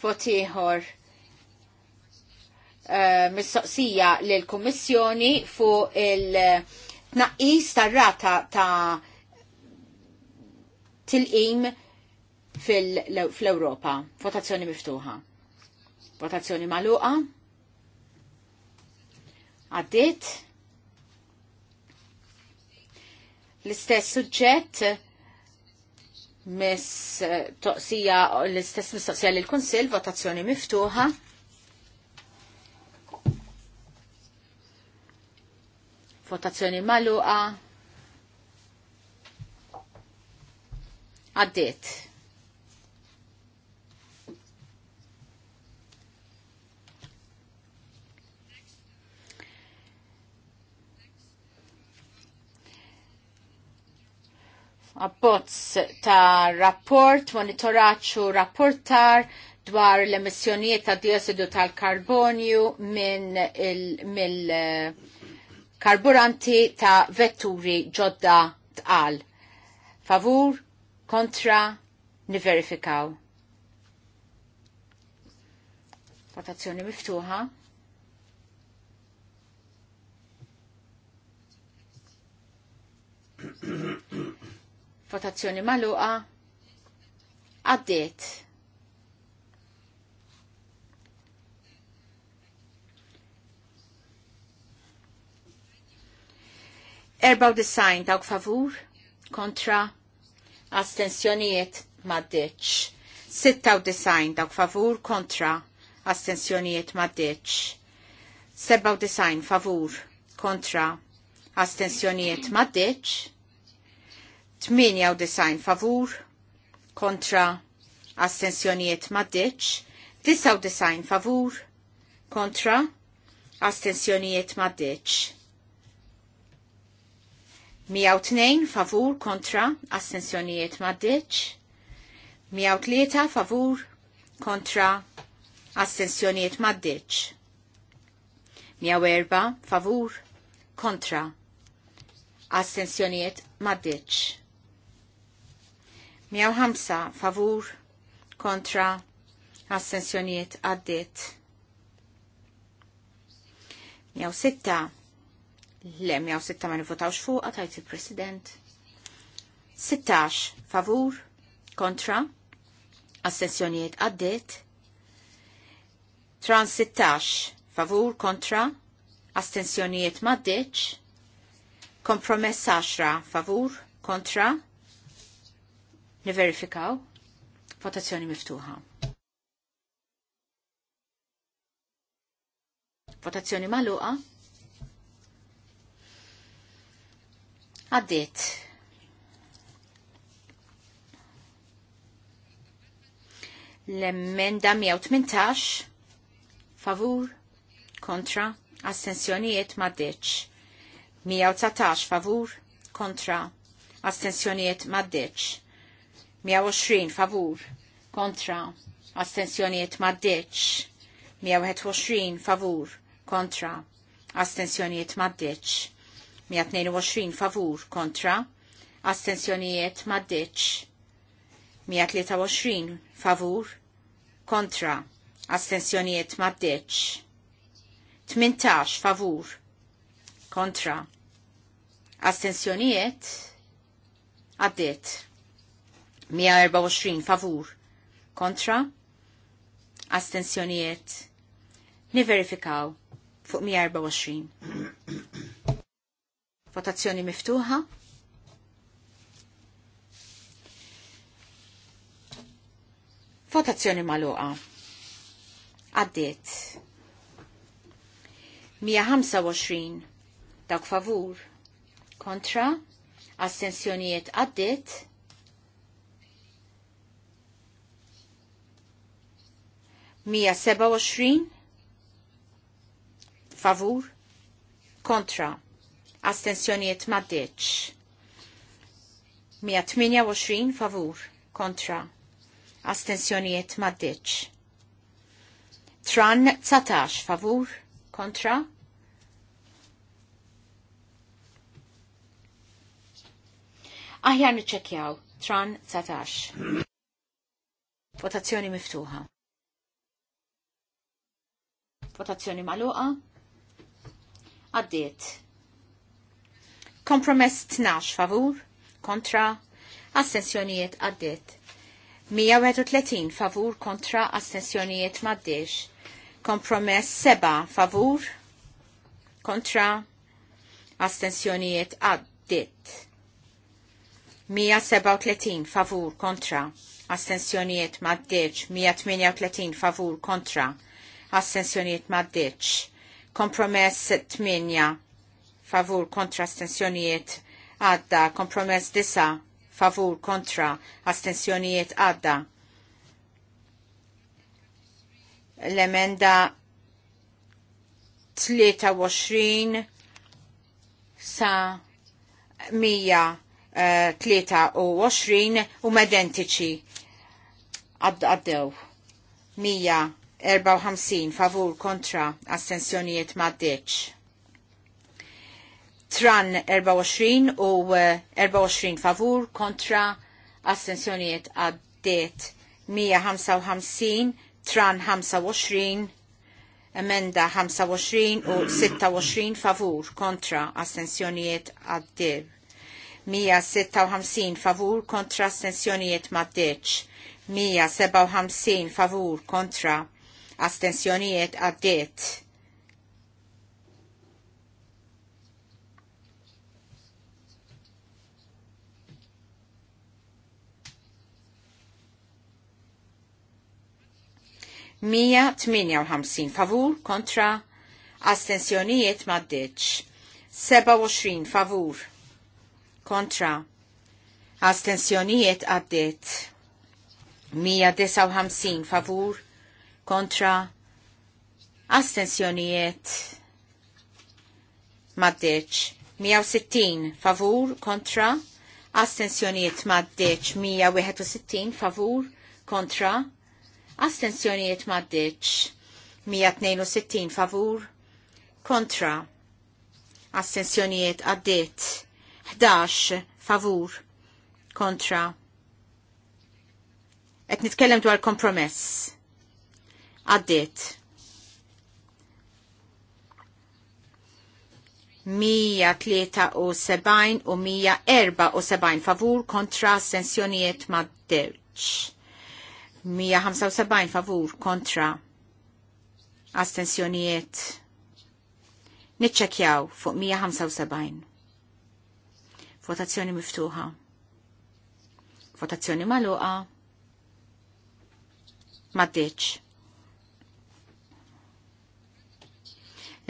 fotiħor mis eh, mistoqsija l-Kommissjoni fuq il-tnaqqis tar-rata ta' tilqim fil-Europa. Votazzjoni miftuħa. Votazzjoni maluqa. Għaddit. L-istess suġġett mis eh, toqsija l-istess mistoqsija lill kunsill votazzjoni miftuħa. Votazzjoni magħluqa. Għaddit. abbozz ta' rapport, monitoraċu rapportar dwar l-emissjonijiet ta' diossidu tal-karbonju minn mill-karburanti eh, ta' vetturi ġodda tqal. Favur, kontra, niverifikaw. Votazzjoni miftuħa. (clears throat) Votazzjoni maluqa. Għaddiet. Erbaw design dawk favur, kontra, astensjonijiet maddeċ. Sittaw design dawk favur, kontra, astensjonijiet maddeċ. Sebaw design favur, kontra, astensjonijiet maddeċ. 98 favur kontra astensjonijiet maddeċ, 99 favur kontra astensjonijiet maddeċ. 102 favur kontra astensjonijiet maddeċ, 103 favur kontra astensjonijiet maddeċ. 104 favur kontra astensjonijiet maddeċ. 105 favur kontra assenzjoniet għaddit. 106 le 106 ma nivotawx fuq għatajt il-President. 16 favur kontra assenzjoniet għaddit. Trans 16 favur kontra astensjonijiet maddeċ. Kompromess 10 favur kontra Niverifikaw. Votazzjoni miftuħa. Votazzjoni maluqa. Għaddit. L-emenda 118 favur kontra astensjonijiet deċ. 119 favur kontra astensjonijiet deċ. 120 favur kontra astensjonijiet maddeċ 121 favur kontra astensjonijiet maddeċ 122 favur kontra astensjonijiet maddeċ 123 favur kontra astensjonijiet maddeċ 18 favur kontra astensjonijiet għaddiet 124 favur kontra astensjonijiet niverifikaw fuq 124. Votazzjoni miftuħa. Votazzjoni maluqa. Għaddiet. 125 dak favur kontra astensjonijiet għaddiet 127 favur kontra astensjoniet maddeċ 128 favur kontra astensjoniet maddeċ Tran 19 favur kontra Aħjar niċċekjaw Tran 19 Votazzjoni miftuħa. Votazzjoni maluqa. Għaddiet. Kompromess 12 favur kontra astensjonijiet għaddiet. 131 favur kontra astensjonijiet maddiex. Kompromess 7 favur kontra astensjonijiet għaddit. 137 favur kontra astensjonijiet maddiex. 138 favur kontra astensjonijiet maddiċ. Kompromess 8 favur kontra astensjonijiet għadda. Kompromess 9 favur kontra astensjonijiet għadda. L-emenda 23 sa 123 eh, u medentiċi għaddew. 100 54 favur kontra astensjonijiet maddeċ. Tran 24 u 24 eh, favur kontra astensjonijiet għaddiet 155, tran 25, emenda 25 u 26 favur kontra astensjonijiet għaddiet. 156 favur kontra astensjonijiet maddeċ. 157 favur kontra astensjonijiet għaddiet. Mija 158 favur kontra astensjonijiet maddeċ. 27 favur kontra astensjonijiet għaddiet. 159 favur kontra astensjonijiet maddeċ 160 favur kontra astensjonijiet maddeċ 161 favur kontra astensjonijiet maddeċ 162 favur kontra astensjonijiet għaddiet 11 favur kontra Et nitkellem dwar kompromess għaddit. tlieta u u sebajn favur kontra sensjonijiet ma' derċ. sebajn favur kontra astensjonijiet. Nitċekjaw fuq sebajn. Votazzjoni miftuħa. Votazzjoni maluqa. derċ.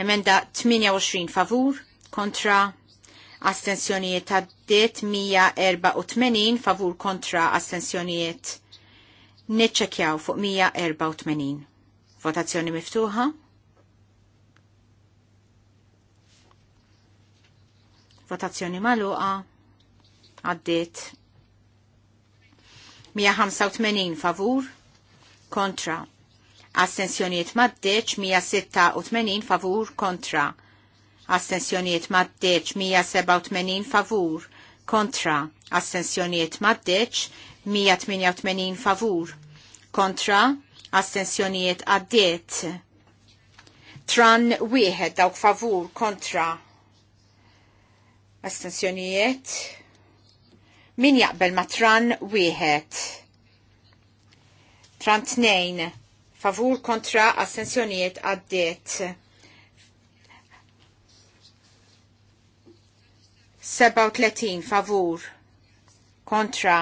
Emenda 28 favur kontra astensjonijiet det 184 favur kontra astensjonijiet neċċekjaw fuq 184. Votazzjoni miftuħa. Votazzjoni maluqa għaddiet 185 favur kontra Astensjoniet maddeċ 186 favur kontra. Astensjoniet maddeċ 187 favur kontra. Astensjoniet maddeċ 188 favur kontra. Astensjoniet addiet. Tran wieħed dawk favur kontra. Astensjonijiet. Min jaqbel ma tran wieħed? Tran tnejn favur kontra assenzjonijiet għaddiet. 37 favur kontra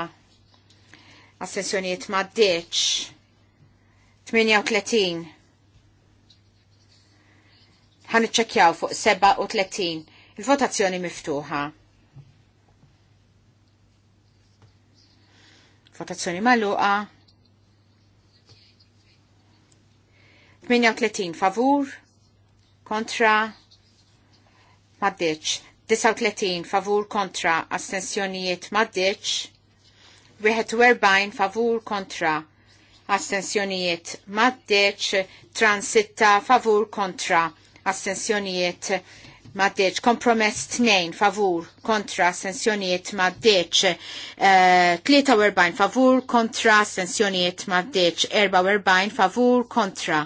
assenzjoniet ma' 38 Għan iċċekjaw fuq 37 il-votazzjoni miftuħa votazzjoni maluqa 38 favur kontra maddeċ. 39 favur kontra astensjonijiet maddeċ. 41 favur kontra astensjonijiet maddeċ. Transitta favur kontra astensjonijiet maddeċ. Kompromess 2 favur kontra astensjonijiet maddeċ. Uh, eh, 43 favur kontra astensjonijiet maddeċ. 44 favur kontra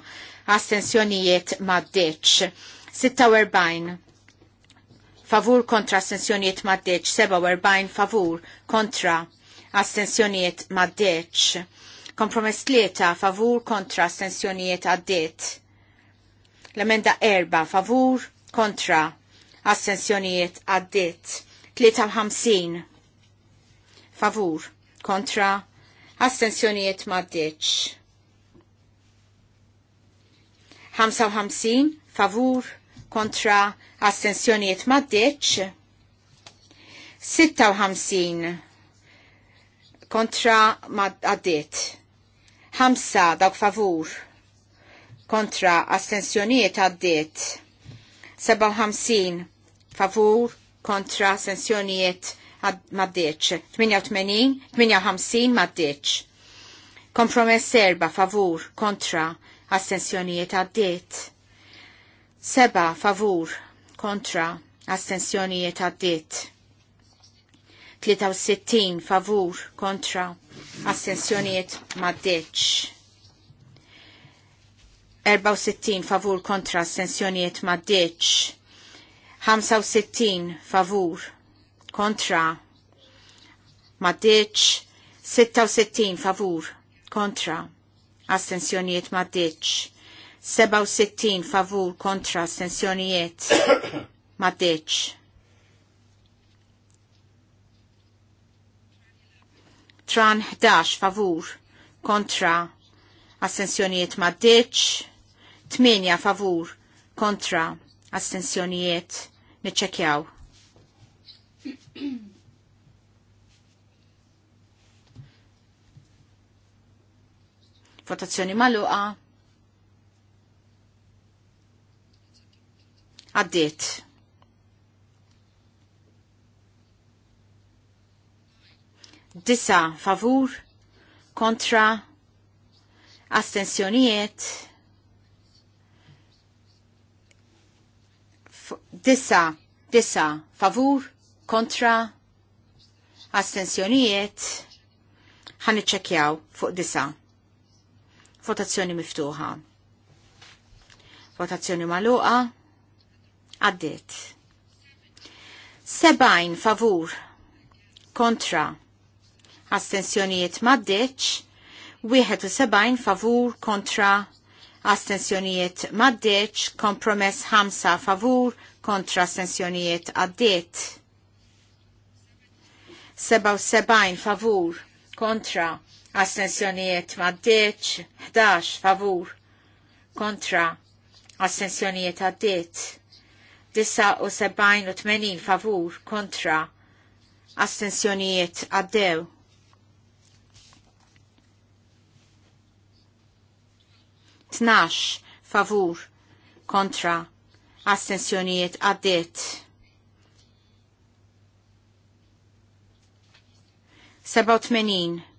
astensjonijiet deċ. 46 favur kontra astensjonijiet deċ. 47 favur kontra astensjonijiet deċ. Kompromess tlieta favur kontra astensjonijiet għaddiet. L-emenda erba favur kontra astensjonijiet għaddiet. 53 favur kontra astensjonijiet deċ. 55 favur kontra astensjoniet maddeċ 56 kontra maddeċ, 5 dawk favur kontra astensjoniet għaddit 57 favur kontra astensjoniet maddeċ 88 58 maddeċ Kompromess serba favur kontra astensjonijiet għaddiet. Seba favur kontra astensjonijiet għaddiet. 63 favur kontra astensjonijiet maddeċ. 64 favur kontra astensjonijiet maddeċ. 65 favur kontra maddeċ. 66 favur kontra astensjonijiet ma ditx. 67 favur kontra astensjonijiet ma ditx. Tran 11 favur kontra astensjonijiet ma ditx. 8 favur kontra astensjonijiet niċċekjaw. Votazzjoni maluqa. Għaddiet. Disa favur kontra astensjonijiet. Disa, disa favur kontra astensjonijiet ħan iċċekjaw fuq disa. Votazzjoni miftuħa. Votazzjoni maluqa. Għaddit. Sebajn favur. Kontra. Astensjonijiet maddeċ. 71 favur kontra astensjonijiet maddeċ, kompromess 5 favur kontra astensjonijiet għaddiet. 77 favur kontra Astensjonijiet deċ 11 favur kontra. Astensjonijiet għaddiet. 79 u 80 favur kontra. Astensjonijiet għaddew. Tnax favur kontra astensjonijiet għaddiet. 87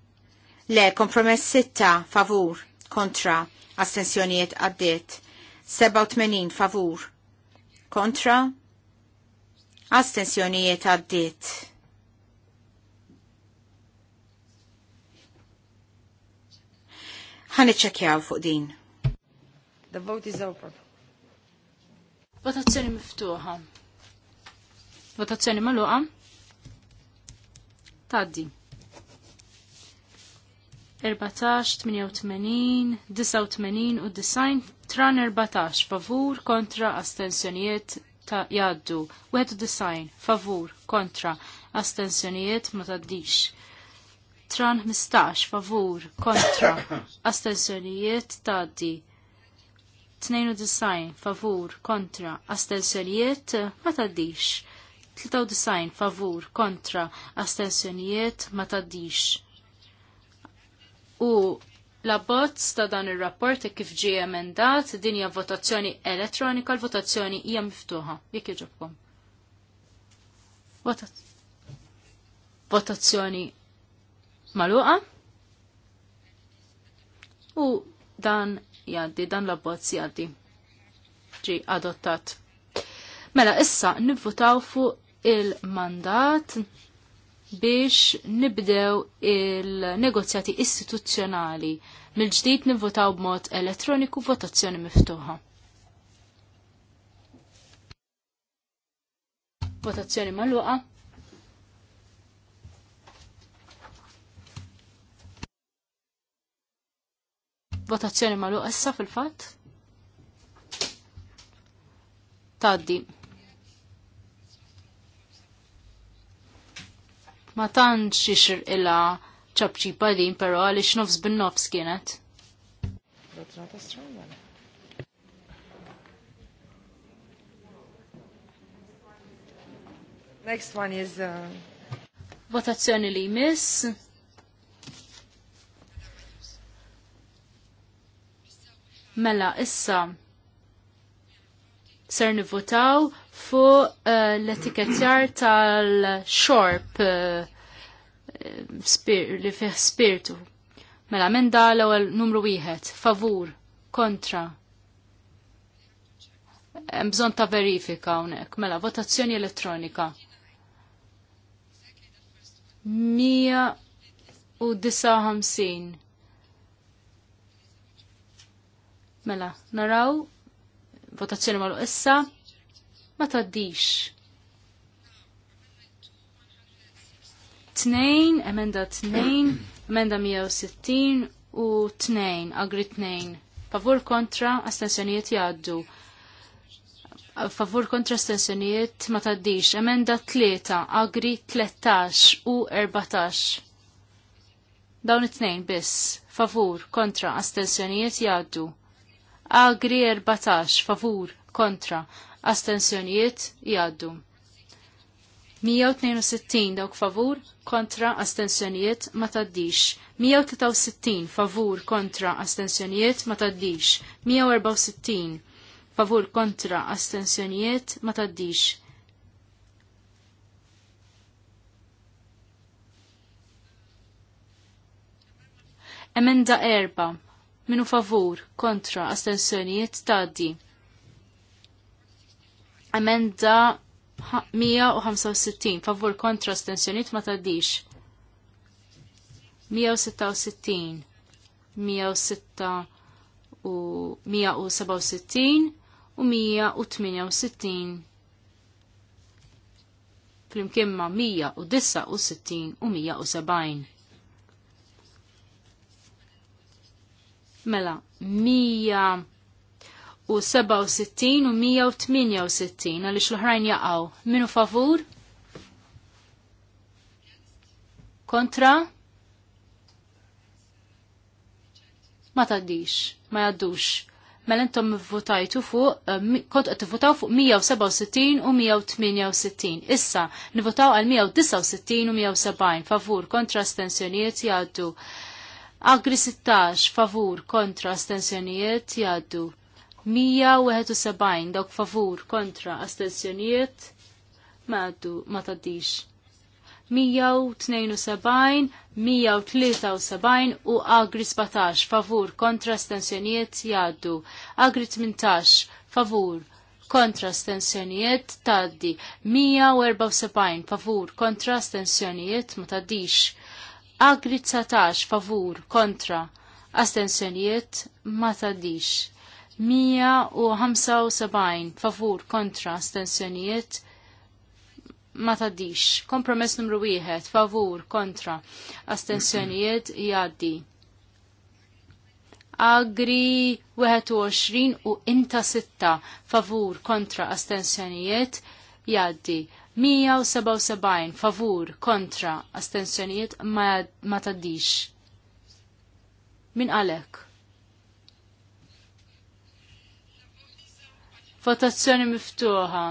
Le, kompromess sitta favur kontra astensjoniet għaddiet. 87 favur kontra astensjonijiet għaddiet. ħaniċċekjaw fuq din. The vote is over. Votazzjoni miftuħa. Votazzjoni maluqa. Taddi. 14, 88, 89 u design tran 14 favur kontra astensjonijiet ta' jaddu. Wedu design favur kontra astensjonijiet ma taddix. Tran 15 favur kontra (coughs) astensjonijiet di. 92 favur kontra astensjonijiet ma taddix. 93 favur kontra astensjonijiet ma taddix. U la bozz ta' dan ir-rapport e kif ġie emendat din hija votazzjoni elettronika, l-votazzjoni hija miftuħa. Jekk jiġobkom. Votazzjoni maluqa. U dan jaddi, dan la bozz jaddi. Ġi adottat. Mela issa nivvutaw fuq il-mandat biex nibdew il-negozjati istituzzjonali mill-ġdid nivvotaw b'mod elettroniku votazzjoni miftuħa. Votazzjoni magħluqa. Votazzjoni magħluqa issa fil-fatt. Taddi. ma tantx ixir ila ċabċi din, pero għalix nofs bin nofs kienet. Next one is... Uh, Votazzjoni li jmiss. Mela, issa ser nivvotaw fuq uh, l-etikettjar tal-xorb uh, eh, li fih spiritu. Mela minn da l-ewwel numru wieħed, favur, kontra. Hemm bżonn ta' verifika hawnhekk, mela votazzjoni elettronika. Mija u disa' Mela, naraw votazzjoni malu issa ma taddix. Tnejn, emenda tnejn, (clears throat) emenda 160 u tnejn, agri tnejn. Favur kontra astensjonijiet jaddu. Favur kontra astensjonijiet ma taddix. Emenda tlieta, agri 13 u 14. Dawn it-tnejn biss. Favur kontra astensjonijiet jaddu. Agri 14 favur kontra astensjonijiet jgħaddu. 162 dawk favur kontra astensjonijiet ma taddix. 163 favur kontra astensjonijiet ma taddix. 164 favur kontra astensjonijiet ma taddix. Emenda erba. Minu favur, kontra, astensjonijiet taddi. Emenda 165, favur, kontra, astensjonijiet ma taddix. 166, u 167 u 168 flimkien ma' 169 u 170. Mela, 167 u 168 għaliex l ħrajn jaqgħu. Minu favur? Kontra? Ma taddix, ma jaddux. Mela intom votajtu fuq, eh, kont qed votaw fuq 167 u 168. Issa, nivotaw għal 169 u 170 favur kontra astensjonijiet jgħaddu. Agri 16 favur kontra astensjonijiet jaddu. 171 dawk favur kontra astensjonijiet ma għaddu ma taddix. 172, 173 u agri 17 favur kontra astensjonijiet jaddu. Agri 18 favur kontra astensjonijiet taddi. 174 favur kontra astensjonijiet ma taddix. Agri tsatax, favur kontra astensjonijiet ma u 175 favur kontra astensjonijiet ma taddix. Kompromess numru 1 favur kontra astensjonijiet jaddi. Agri 21 u inta 6 favur kontra astensjonijiet jaddi. 177 favur kontra astensjoniet ma, ma taddix. Min għalek? Votazzjoni miftuħa.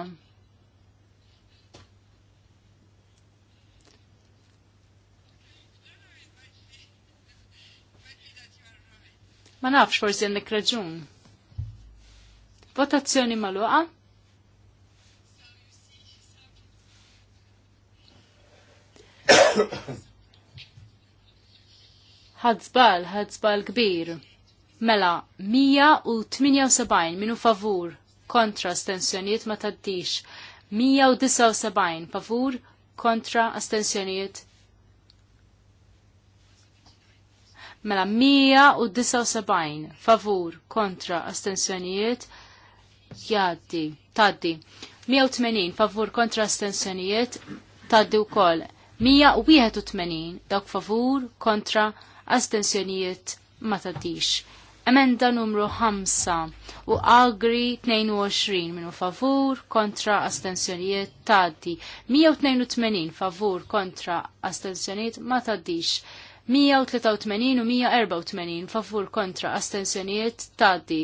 Ma nafx forsi għandek raġun. Votazzjoni maluqa? (coughs) ħadżbal, ħadżbal kbir. Mela, 178 minu favur kontra astensjonijiet ma taddix. 179 favur kontra astensjonijiet mela 179 favur kontra astensjonijiet jaddi, taddi. 180 favur kontra astensjonijiet taddi u koll. 181 dawk favur kontra astensjonijiet ma taddix. Emenda numru 5 u agri 22 minu favur kontra astensjonijiet taddi. 182 favur kontra astensjonijiet ma taddix. 183 u 184 favur kontra astensjonijiet taddi.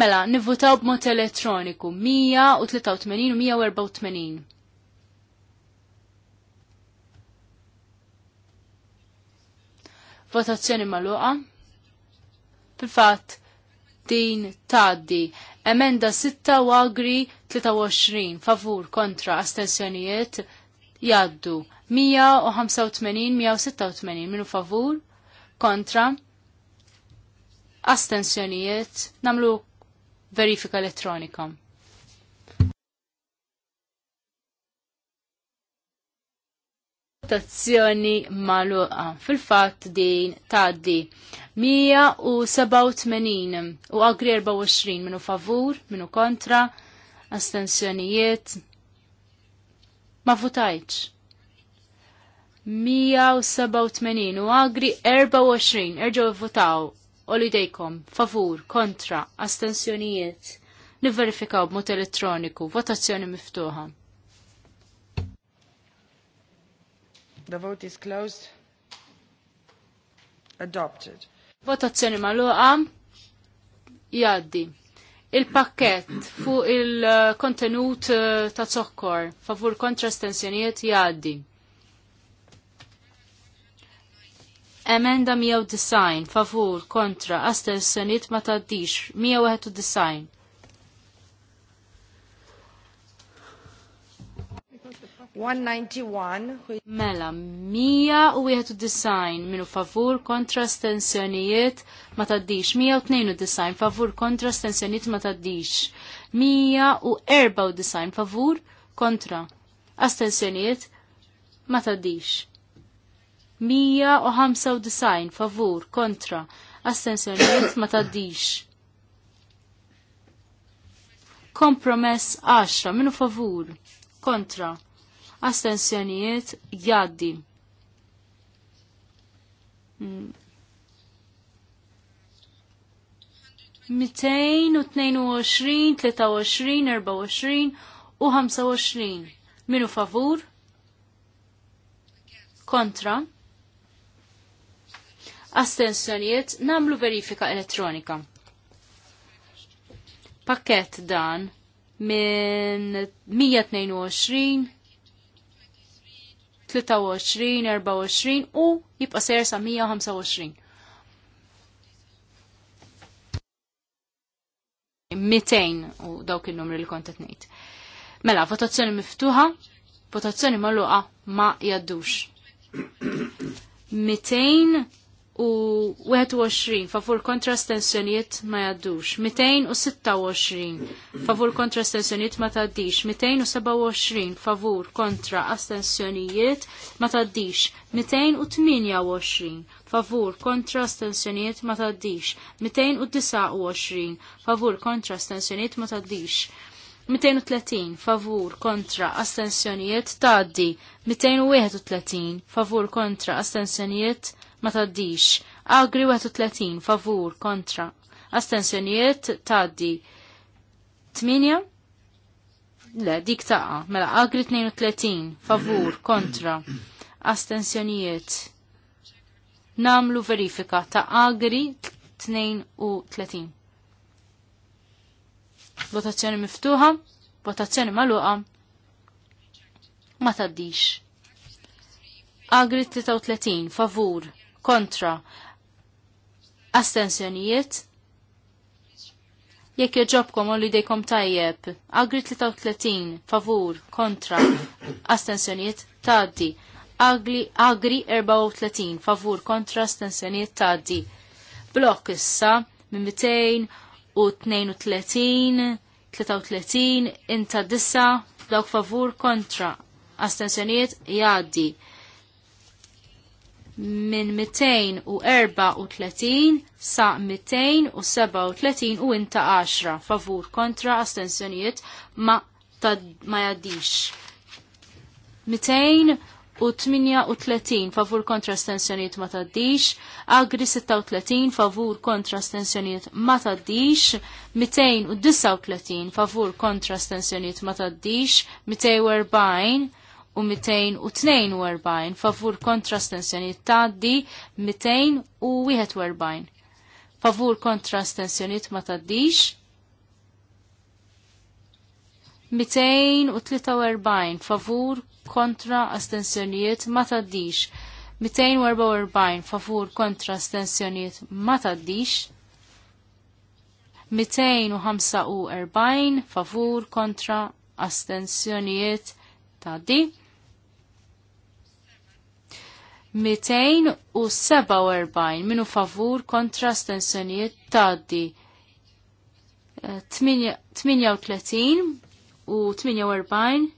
Mela, nivvutaw b'mod elettroniku 183 u 184. Votazzjoni maluqa. Fil-fatt, din taddi. Emenda 6 u agri 23 favur kontra astensjonijiet jaddu 185-186 minu favur kontra astensjonijiet namlu verifika elettronika. Votazzjoni maluqa. Fil-fatt din taddi 187 u agri 24 minu favur, minu kontra, astensjonijiet. Ma votajċ. 187 u agri 24 erġaw votaw olidejkom, favur, kontra, astensjonijiet, niverifikaw b'mod elettroniku, votazzjoni miftuħa. The vote is closed. Adopted. Votazzjoni maluqa jaddi. Il-pakket fuq il-kontenut eh, ta' zokkor favur kontra stensjonijiet jaddi. Emenda 190 favur kontra astensjoniet ma taddix 191. Mela, mija u jħetu design minu favur kontra stensjonijiet ma taddix. Mija u tnejnu design favur kontra stensjonijiet ma taddix. Mija u erba u design favur kontra astensjonijiet ma taddix. 195 favur kontra astensjonijiet ma taddix. Kompromess 10 minu favur kontra astensjonijiet jaddi. Mm. 222, 23, 24 u 25. Minu favur? Kontra? astensjonijiet namlu verifika elettronika. Pakket dan minn 122 23, 24 u jibqa ser sa 125. 200 u dawk il-numri li kontet nejt. Mela, votazzjoni miftuħa, votazzjoni maluqa ma jaddux. 200 u 21 favur kontra stensjoniet ma jaddux, 226 favur kontra stensjoniet ma taddix, 227 favur kontra astensjonijiet ma taddix, 228 favur kontra astensjoniet ma taddix, 229 favur kontra astensjoniet ma taddix. 230 favur kontra astensjonijiet taddi, 231 favur kontra astensjonijiet ma taddix. Agri 31 favur kontra. Astensjonijiet taddi. 8 le dik taqa. Mela agri 32 favur kontra. Astensjonijiet. Namlu verifika ta' agri 32. Votazzjoni miftuħa, votazzjoni maluqa, ma taddix. Agri 33, favur, kontra astensjonijiet jekk joġobkom u dejkom tajjeb agri 33 favur kontra astensjonijiet taddi agri, agri 34 favur kontra astensjonijiet taddi blok issa minn 232 33 inta dissa dawk favur kontra astensjonijiet jaddi minn 234 sa 237 u inta 10 favur kontra astensjonijiet ma, tad, ma jaddix. 238 favur kontra astensjonijiet ma taddix, agri 36 favur kontra astensjonijiet ma taddix, 239 favur kontra astensjonijiet ma taddix, 240 u 242 favur kontra stensjoniet taddi 241 favur kontra stensjoniet ma taddix 243 favur kontra astensjoniet ma taddix 244 favur kontra astensjoniet ma taddix 245 favur kontra ta' di 247 minu favur kontra stensjonijiet taddi 38 eh, u 48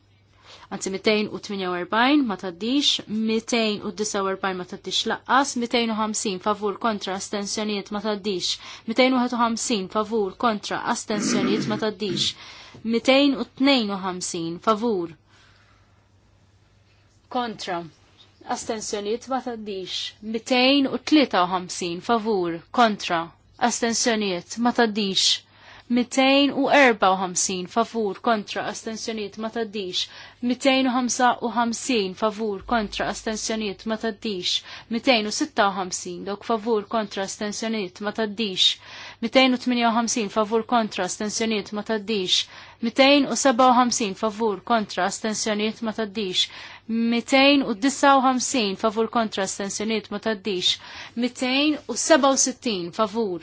Anzi 248 ma taddix, 249 ma taddix laqqas, 250 favur kontra astensjoniet ma taddix, 251 favur kontra astensjoniet ma taddix, 252 favur kontra astensjoniet ma taddix. 253 favur kontra astensjoniet ma taddix. 254 favur kontra astensjoniet ma taddix, 255 favur kontra astensjoniet ma taddix, 256 dok favur kontra astensjoniet ma taddix, 258 favur kontra astensjoniet ma taddix, 257 favur kontra astensjoniet ma taddix. 259 favur kontra astensjoniet ma taddix. 267 favur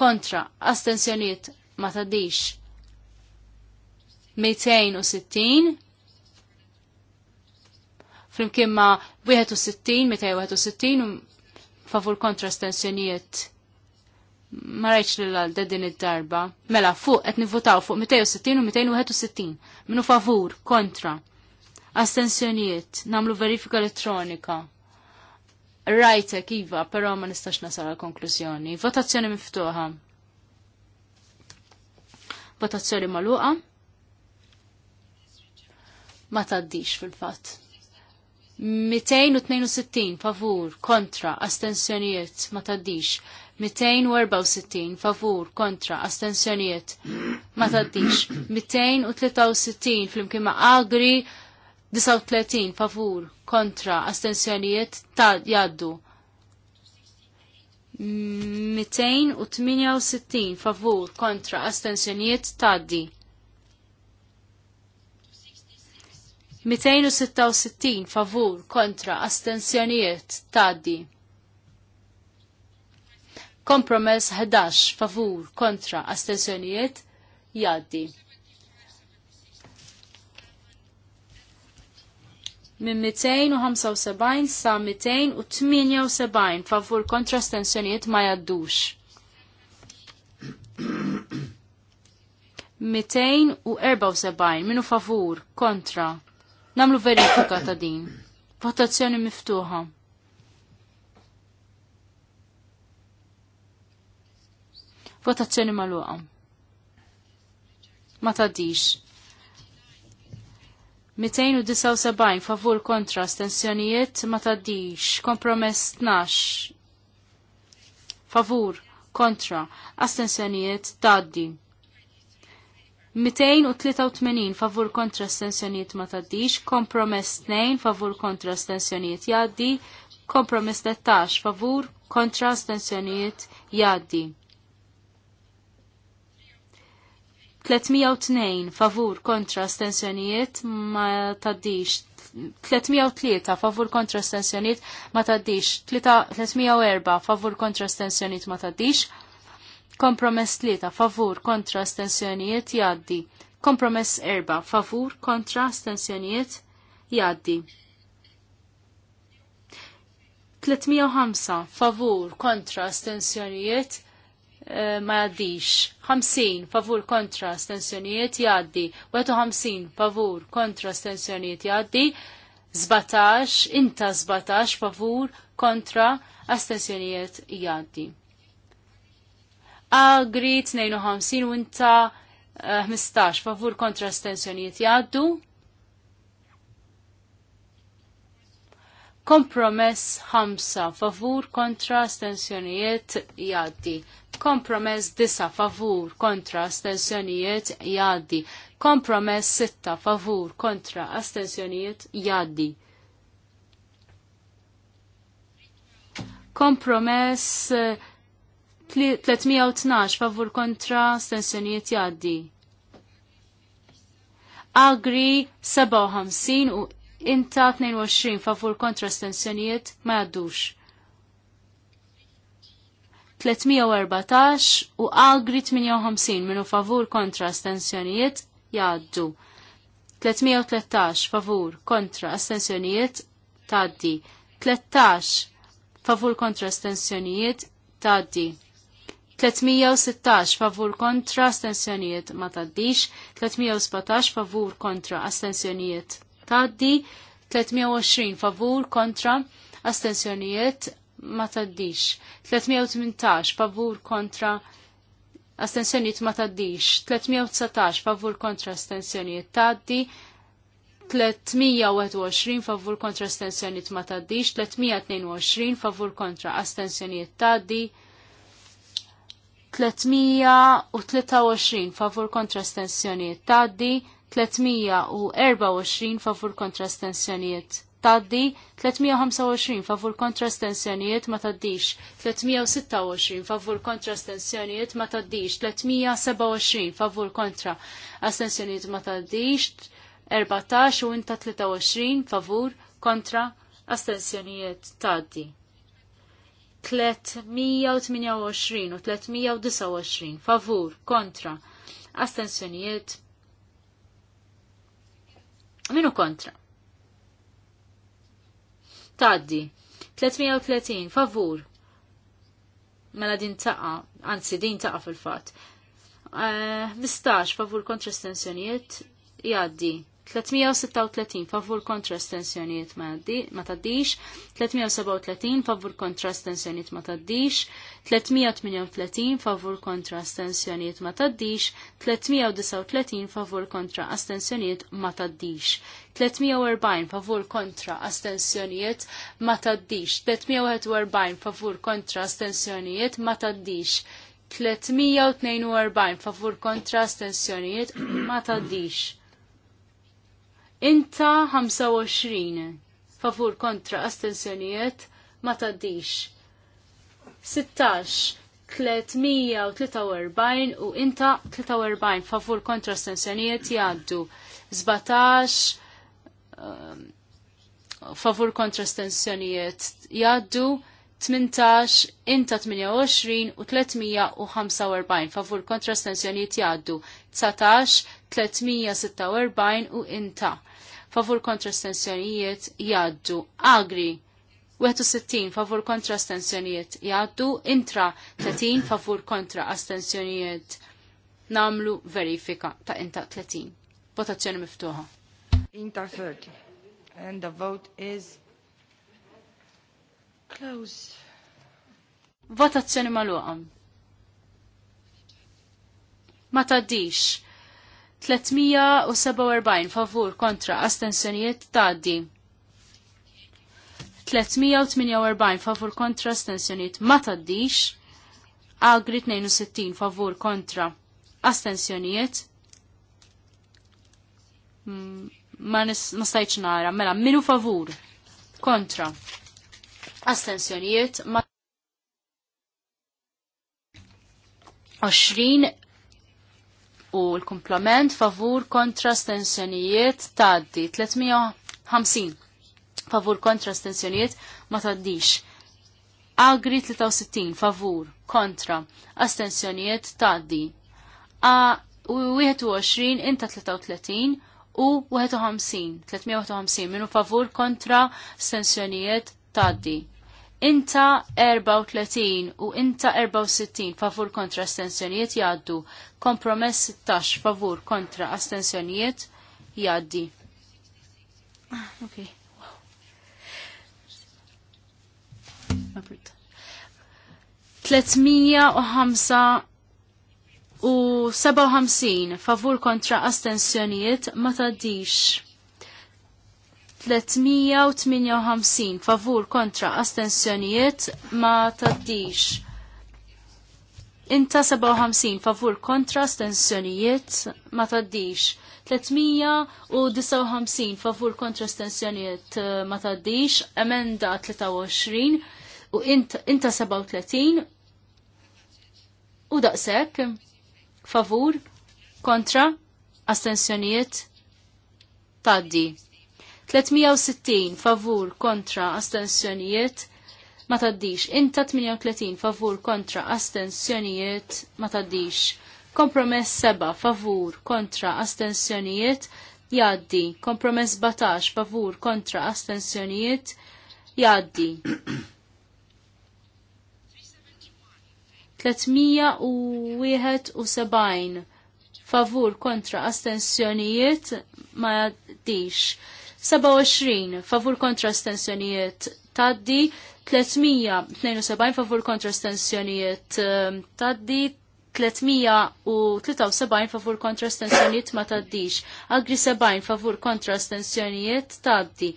kontra astensjoniet ma taddix. 260 flimkien ma 61, 261 favur kontra astensjoniet ma rajtx li l-għalda din id-darba. Mela, fuq, qed nivvotaw fuq 260 u 261. Minu favur, kontra. Astensjoniet, namlu verifika elettronika. Rajta kiva, però ma nistax nasal għal konklużjoni. Votazzjoni miftuħa. Votazzjoni maluqa. Ma taddix fil-fatt. 262 favur, kontra, astensjoniet, ma taddix. 264 favur kontra astensjonijiet ma taddix 263 flimkien ma' agri 39 favur kontra astensjonijiet ta' jaddu 268 favur kontra astensjonijiet taddi 266 favur kontra astensjonijiet taddi Kompromess 11 favur kontra astensjonijiet jaddi. Minn 275 sa 278 favur kontra astensjonijiet ma jaddux. 274 (clears throat) minu favur kontra. Namlu verifika ta' din. Votazzjoni miftuħa. Votazzjoni maluqa. Ma tadix. 279 favur kontra stensjonijiet ma taddix. Kompromess 12. Favur kontra astensjonijiet taddi. 283 favur kontra stensjonijiet ma taddix, kompromess 2 favur kontra stensjonijiet jaddi, kompromess 13 favur kontra stensjonijiet jaddi. 302 favur kontra stensjonijiet ma taddix 303 favur kontra stensjoniet ma taddix, 304 favur kontra stensjoniet ma taddix, kompromess 3 favur kontra stensjoniet jaddi, kompromess 4 favur kontra stensjoniet jaddi. 305 favur kontra stensjoniet Eh, ma jaddix. 50 favur kontra stensjonijiet jaddi. 51 favur kontra stensjonijiet jaddi. 17 inta 17 favur kontra astensjonijiet jaddi. Agri 52 u inta 15 eh, favur kontra astensjonijiet jaddu. Kompromess 5 favur kontra astensjonijiet jaddi. Kompromess disa favur kontra astensjonijiet jaddi. Kompromess sitta favur kontra astensjonijiet jaddi. Kompromess 312 eh, favur kontra astensjonijiet jaddi. Agri 57 u inta 22 favur kontra astensjonijiet ma jaddux. 314 u agri 58 minu favur kontra astensjonijiet jaddu. 313 favur kontra astensjonijiet taddi. 13 favur kontra astensjonijiet taddi. 316 favur kontra astensjonijiet ma taddix, 317 favur kontra astensjonijiet taddi, 320 favur kontra astensjonijiet ma taddix. 318 favur kontra astensjoniet ma taddix. 319 favur kontra astensjoniet taddi. 321 favur kontra astensjoniet ma taddix. 322 favur kontra astensjoniet taddi. 323 favur kontra astensjoniet taddi. 324 favur kontra astensjoniet taddi 325 favur kontra stensjonijiet ma taddix, 326 favur kontra stensjonijiet ma taddix, 327 favur kontra astensjonijiet ma taddix, 14 u inta 23 favur kontra astensjonijiet taddi. 328 u 329 favur kontra astensjonijiet minu kontra Taddi. 330 favur. Mela din taqa, anzi din taqa fil-fat. Uh, eh, 15 favur kontra stensjonijiet jaddi. 336 favur kontra stensjoniet ma taddix, 337 favur kontra stensjoniet ma taddix, 338 favur kontra stensjoniet ma taddix, 339 favur kontra astensjoniet ma taddix, 340 favur kontra astensjoniet ma taddix, 341 favur kontra astensjoniet ma taddix, 342 favur kontra astensjoniet ma taddix. Inta 25 favur kontra astensjonijiet ma taddix. 16 343 u inta 43 favur kontra astensjonijiet jaddu. 17 favur kontra stensjonijiet jaddu 18 inta 28 u um, 345 favur kontra astensjonijiet jaddu 19 346 u inta favur kontra stensjonijiet jaddu. Agri 61 favur kontra astensjonijiet jaddu, intra 30 favur kontra astensjonijiet namlu verifika ta' inta 30. Votazzjoni miftuħa. Inta 30. And the vote is closed. Votazzjoni maluqa. Ma taddix. 347 favur kontra astensjonijiet taddi. 348 favur kontra astensjonijiet ma taddix. Agri 62 favur kontra astensjonijiet. Mm, ma nistajċ nara, mela minu favur kontra astensjonijiet ma 20 u l-komplement favur kontra stensjonijiet taddi 350 favur kontra stensjonijiet ma taddix Agri 63 favur kontra astensjonijiet taddi A u 21 inta 33 u 51 351 minu favur kontra stensjonijiet taddi Inta 34 u inta 64 favur kontra astensjonijiet jaddu. Kompromess 16 favur kontra astensjonijiet jaddi. Ah, okay. Wow. 357 u favur kontra astensjonijiet ma taddix. 358 favur kontra astensjonijiet ma taddix. Inta 57 favur kontra astensjonijiet ma taddix. 359 favur kontra astensjonijiet eh, ma taddix. Emenda 23 u inta, 37 u daqsek favur kontra astensjonijiet taddi. 360 favur kontra astensjonijiet ma taddix. Inta 38 favur kontra astensjonijiet ma taddix. Kompromess 7 favur kontra astensjonijiet jaddi. Kompromess 17 favur kontra astensjonijiet jaddi. 371 favur kontra astensjonijiet ma jaddix. 27 favur kontra stensjonijiet taddi, 372 favur kontra stensjonijiet ehm, taddi, 373 favur kontra stensjonijiet ma taddix, agri 70 favur kontra stensjonijiet taddi,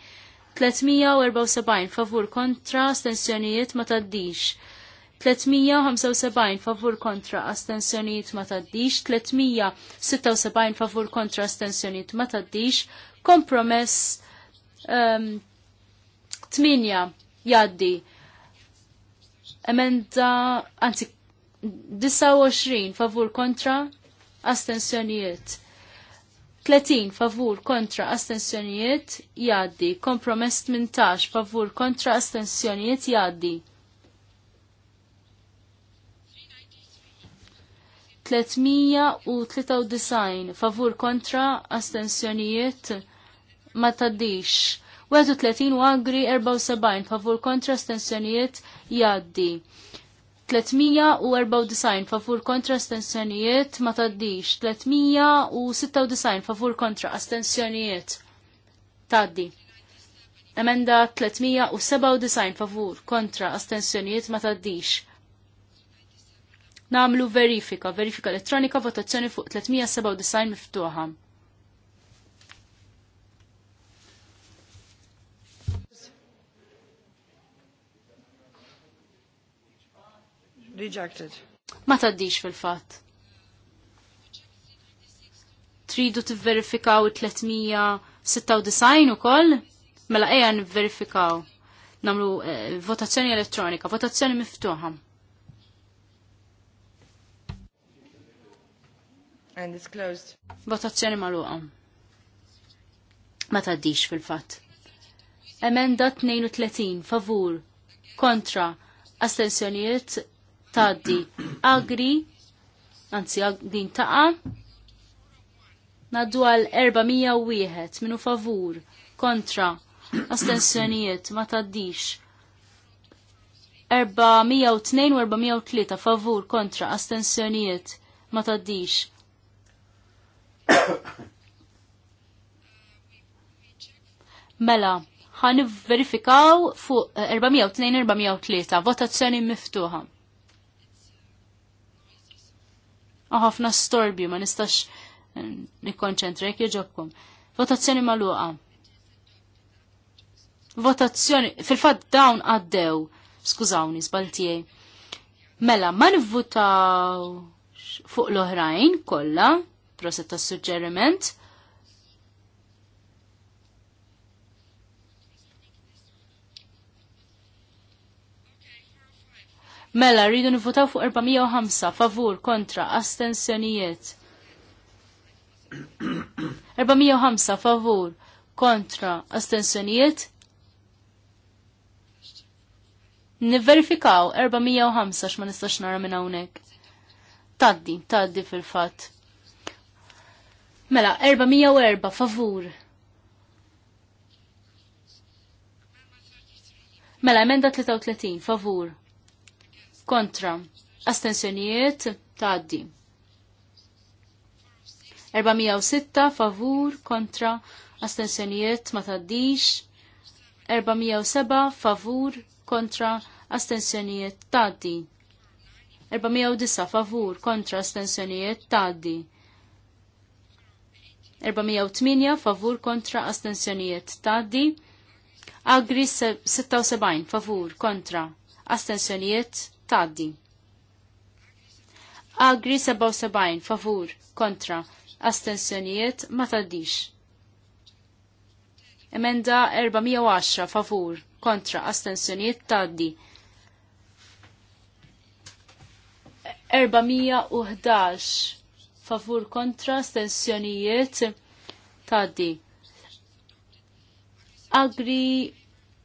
374 favur kontra stensjonijiet ma taddix. 375 favur kontra astensjoniet ma taddix, 376 favur kontra astensjoniet ma taddix, Kompromess um, ehm, 8 jaddi. Emenda, anzi, 29 favur kontra astensjonijiet. 30 favur kontra astensjonijiet jaddi. Kompromess 18 favur kontra astensjonijiet jaddi. 393 favur kontra astensjonijiet ma taddix. 31 angri 74 favur kontra stensjonijiet jaddi. 394 favur kontra astensjonijiet ma taddix, 396 favur kontra astensjonijiet taddi. Emenda 397 favur kontra astensjonijiet ma taddix. Namlu verifika, verifika elettronika, votazzjoni fuq 397 miftuħa. Rejected. Ma taddix fil-fatt. Tridu t-verifikaw 396 u koll? Mela eja n-verifikaw. Namlu eh, votazzjoni elettronika, votazzjoni miftuħa. And it's closed. Votazzjoni maluqa. Ma taddix fil-fatt. Emenda 32, favur, kontra, astensjoniet, taddi agri, anzi din taqa, naddu għal 401 minu favur, kontra, astensjonijiet, ma taddix. 402 u 403 favur, kontra, astensjonijiet, ma taddix. mela, ħan verifikaw fuq 402-403, votazzjoni miftuħa. ħafna storbi ma nistax eh, nikkonċentra jekk jġobkom. Votazzjoni maluqa. Votazzjoni, fil-fat dawn għaddew, skużawni, zbaltijaj. Mela, ma nivvutaw fuq l-oħrajn kolla, prosetta suġġeriment, Mela, rridu nifutaw fuq 405, favur, kontra, astensjonijiet. 405, (clears throat) favur, kontra, astensjonijiet. Niverifikaw 405 x'ma nistax nara minn hawnhekk. Taddi, taddi fil-fatt. Mela, 404 favur. Mela, emenda 33 favur kontra astensjonijiet tgħaddi. 406 favur kontra astensjonijiet ma tgħaddix. 407 favur kontra astensjonijiet tgħaddi. 409 favur kontra astensjonijiet tgħaddi. 408 favur kontra astensjonijiet tgħaddi. Agri 76 favur kontra astensjonijiet taddi. Agri 77 favur kontra astensjonijiet ma taddix. Emenda 410 favur kontra astensjonijiet taddi. 411 favur kontra astensjonijiet taddi. Agri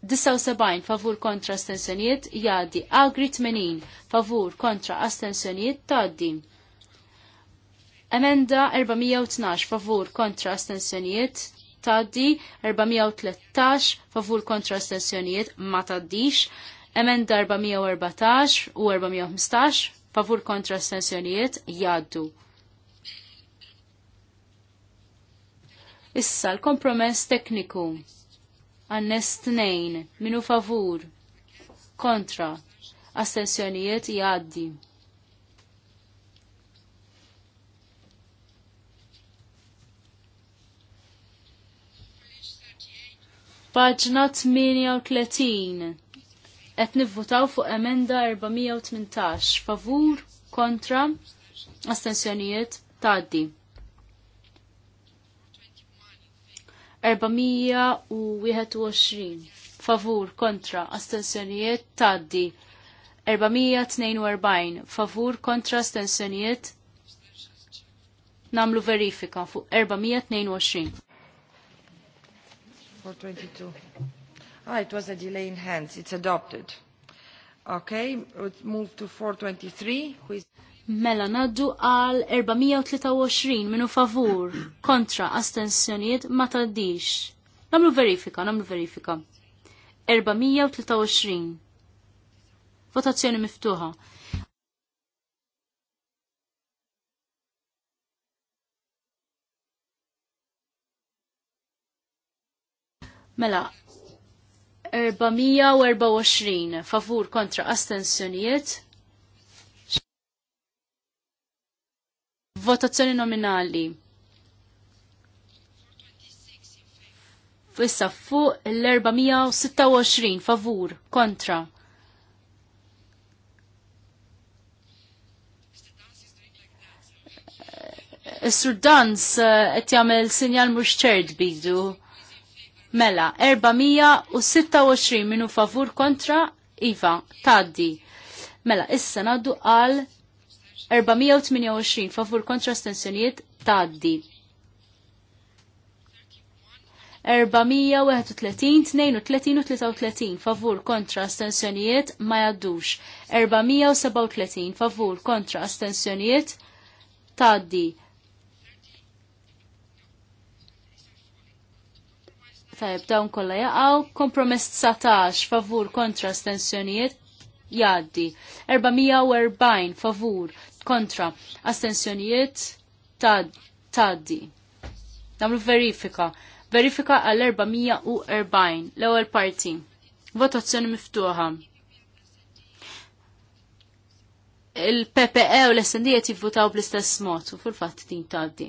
79 favur kontra astensjonijiet jaddi. Agri 80 favur kontra astensjonijiet taddi. Emenda 412 favur kontra astensjonijiet taddi. 413 favur kontra astensjonijiet ma taddix. Emenda 414 u 415 favur kontra astensjonijiet jaddu. Issa l-kompromess tekniku Għannes tnejn, minu favur, kontra, astensjonijiet jgħaddi. Paġna 38. Qed nivvutaw fuq emenda 418. Favur, kontra, astensjonijiet, tgħaddi. 421 favur kontra astensjonijiet taddi 442 favur kontra astensjonijiet namlu verifika fuq 422. 422. Ah, it was a delay in hands. It's adopted. Okay, let's move to 423. Who is... Mela naddu għal 423 minu favur kontra astensjoniet ma taddix. Namlu verifika, namlu verifika. 423. Votazzjoni miftuħa. Mela, 424 favur kontra astensjoniet votazzjoni nominali. Issa fuq l-426 favur kontra. Is-sur eh, dans eh, qed jagħmel sinjal mhux ċert bidu. Mela, 426 minu favur kontra Iva, taddi. Mela, issa naddu għal 428 favur kontra astensjonijiet taddi. 431, 32 u 33 favur kontra astensjonijiet ma jaddux. 437 favur kontra astensjonijiet taddi. Tajb, dawn kolla jaqaw, kompromess 19 favur kontra astensjonijiet jaddi. 440 favur kontra astensjonijiet taddi. Namlu verifika. Verifika għall-440 l-ewwel parti. Votazzjoni miftuħa. Il-PPE u l-SND qed jivvutaw bl-istess mod u fil-fatt din tgħaddi.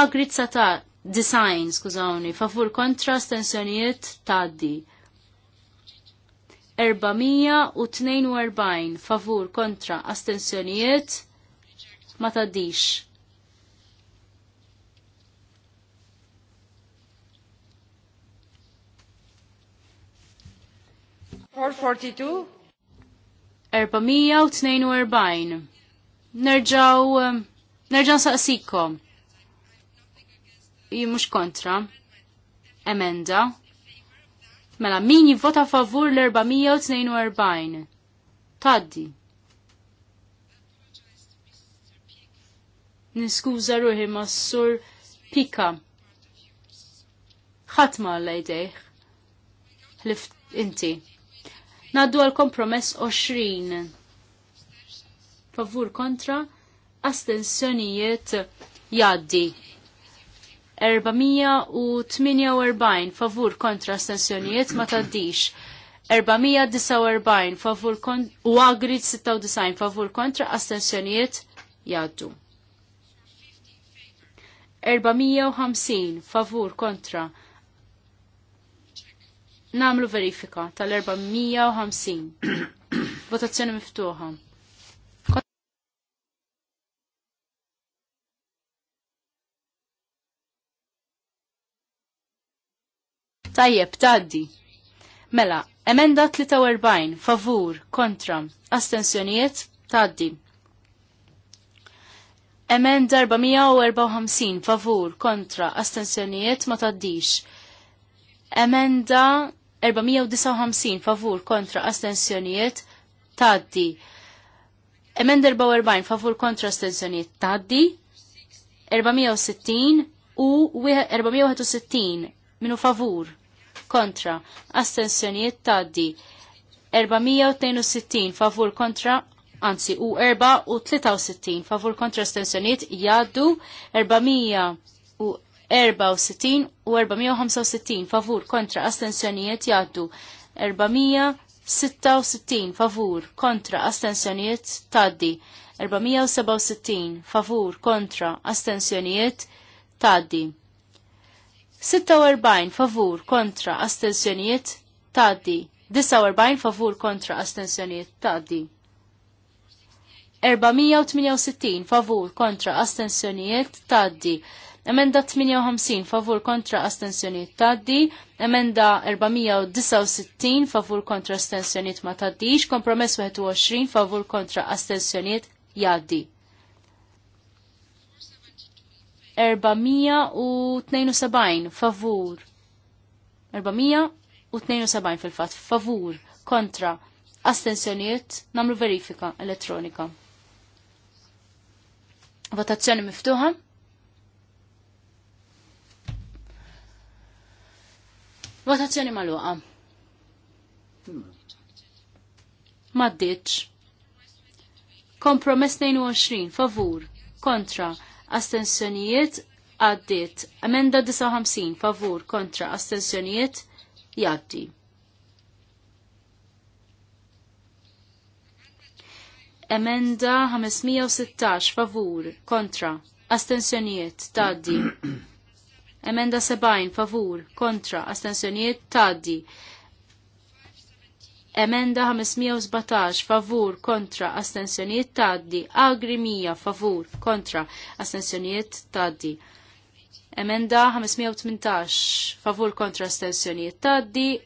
Agrizza ta' design, skużawni, favur kontra stensjonijiet tgħaddi. 442 favur kontra astensjonijiet ma taddix. Or 42? 442. Nerġaw, nerġaw saqsikom. Jimux kontra. Emenda. Mela min jivvota favur l-442? Taddi. Niskuża ruħi mas-sur Pika. Ħatma għalla jdejħ. Lift inti. Naddu għal kompromess 20. Favur kontra astensjonijiet jaddi. 448 favur kontra astensjonijiet ma taddix. 449 favur kontra u Agrit 96 favur kontra astensjonijiet jaddu. 450 favur kontra namlu verifika tal-450 (coughs) votazzjoni miftuħa. tajjeb taddi. Mela, emenda 43, favur, kontra, astensjonijiet, taddi. Emenda 454, favur, kontra, astensjonijiet, ma taddix. Emenda 459, favur, kontra, astensjonijiet, taddi. Emenda 44, favur, kontra, astensjonijiet, taddi. 460 u 461, minu favur, kontra astensjonijiet taddi 462 favur kontra anzi u 463 63 favur kontra astensjonijiet jaddu 400 u 64 u 465 favur kontra astensjonijiet jaddu 466 favur kontra astensjonijiet taddi 467 favur kontra astensjonijiet taddi 46 favur kontra astensjonijiet taddi. 49 favur kontra astensjonijiet taddi. 468 favur kontra astensjonijiet taddi. Emenda 58 favur kontra astensjoniet taddi, emenda 469 favur kontra astensjoniet ma taddix, kompromess 21 favur kontra astensjoniet jaddi. 472 favur. 472 fil-fat favur kontra astensjoniet namlu verifika elettronika. Votazzjoni miftuħa. Votazzjoni maluqa. Maddiċ. Kompromess 22 favur kontra astensjonijiet għaddiet. Emenda 59 favur kontra astensjonijiet jaddi. Emenda 516 favur kontra astensjonijiet taddi. (clears throat) Emenda 70 favur kontra astensjonijiet taddi. Emenda 517 favur kontra astensjonijiet taddi. Agri 100 favur kontra astensjoniet taddi. Emenda 518 favur kontra astensjonijiet taddi.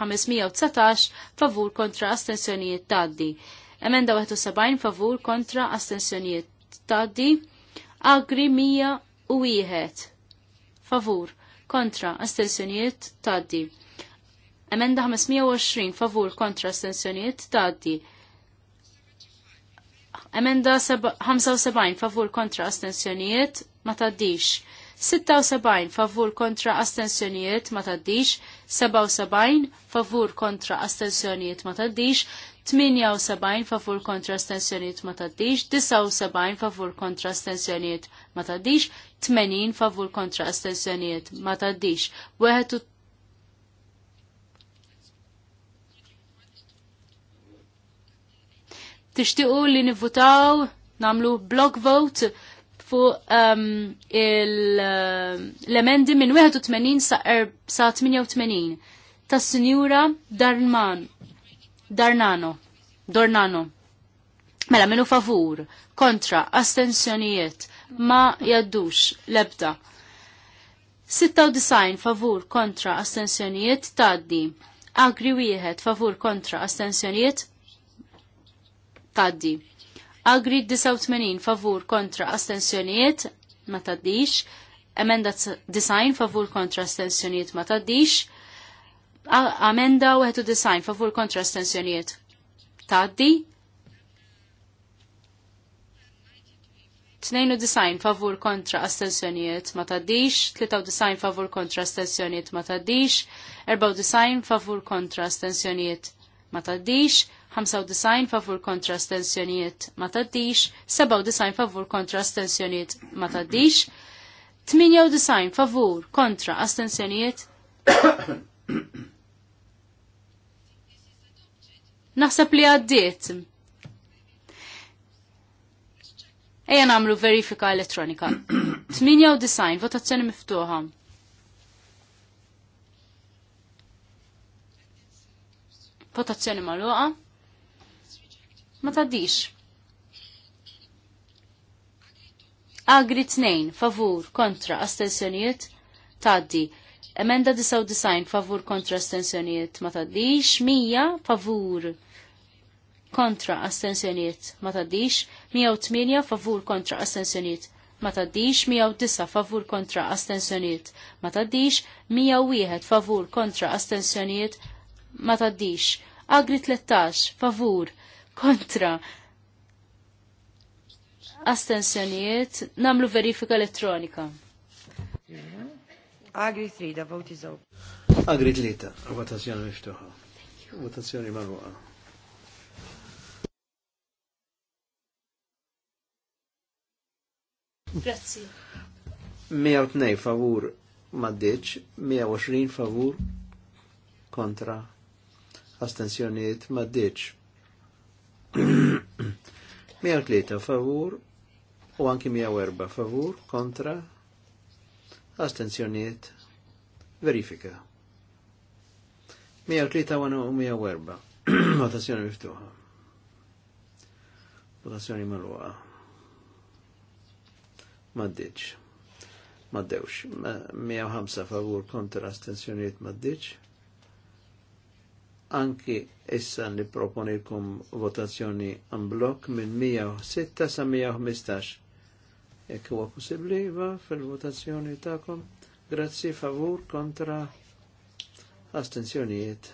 519 favur kontra astensjonijiet taddi. Emenda 71 favur kontra astensjonijiet taddi. Agri 100 u wieħed favur kontra astensjonijiet taddi. Emenda 520 favur kontra astensjonijiet taddi. Emenda 75 favur kontra astensjonijiet ma taddix. 76 favur kontra astensjonijiet ma taddix, 77 favur kontra astensjonijiet ma taddix, 78 favur kontra astensjonijiet ma taddix, 79 favur kontra astensjonijiet ma taddix, 80 favur kontra astensjonijiet ma taddix, tixtiqu li nivvutaw namlu block vote fuq um, uh, l-emendi minn 81 sa, er, sa 88 ta' sinjura Darman, Darnano, Dornano. Mela, minu favur, kontra, astensjonijiet, ma jaddux, lebda. 96 favur kontra astensjonijiet taddi. Agri wieħed favur kontra astensjonijiet taddi. Agri 89 favur kontra astensjonijiet ma taddix. Emenda 9 favur kontra astensjonijiet ma taddix. Amenda 91 favur kontra astensjonijiet taddi. 92 favur kontra astensjonijiet ma taddix, 93 favur kontra astensjonijiet ma taddix, 94 favur kontra astensjonijiet ma taddix, 95 favur kontra stensjonijiet ma taddix, 97 favur kontra stensjonijiet ma taddix, 98 favur kontra astensjonijiet. Naħseb li għaddiet. Ejja namlu verifika elettronika. 98 votazzjoni miftuħa. Votazzjoni maluqa ma taddix. Agri 2 favur kontra astensjoniet, taddi. Emenda 99 favur kontra astensjonijiet ma taddix. 100 favur kontra astensjonijiet ma taddix. 108 favur kontra astensjoniet, ma taddix. 109 favur kontra astensjonijiet ma taddix. 101 favur kontra astensjonijiet ma taddix. Agri 13 favur kontra astensjonijiet namlu verifika elettronika. Agri 3, da voti zaw. Agri 3, votazzjoni miftuħa. Votazzjoni marruqa. Grazzi. 102 favur maddeċ, 120 favur kontra astensjonijiet maddeċ. 103 favur u anki 104 favur kontra astenzjoniet verifika. 103 u 104 (clears throat) votazzjoni miftuħa. Votazzjoni malwa. Maddiċ. Maddewx. 105 favur kontra astenzjoniet maddiċ. 103 anki issa niproponikum votazzjoni en blok minn 106 sa 115. Jekk huwa possibbli iva, fil-votazzjoni tagħkom. Grazzi favur kontra astenzjonijiet.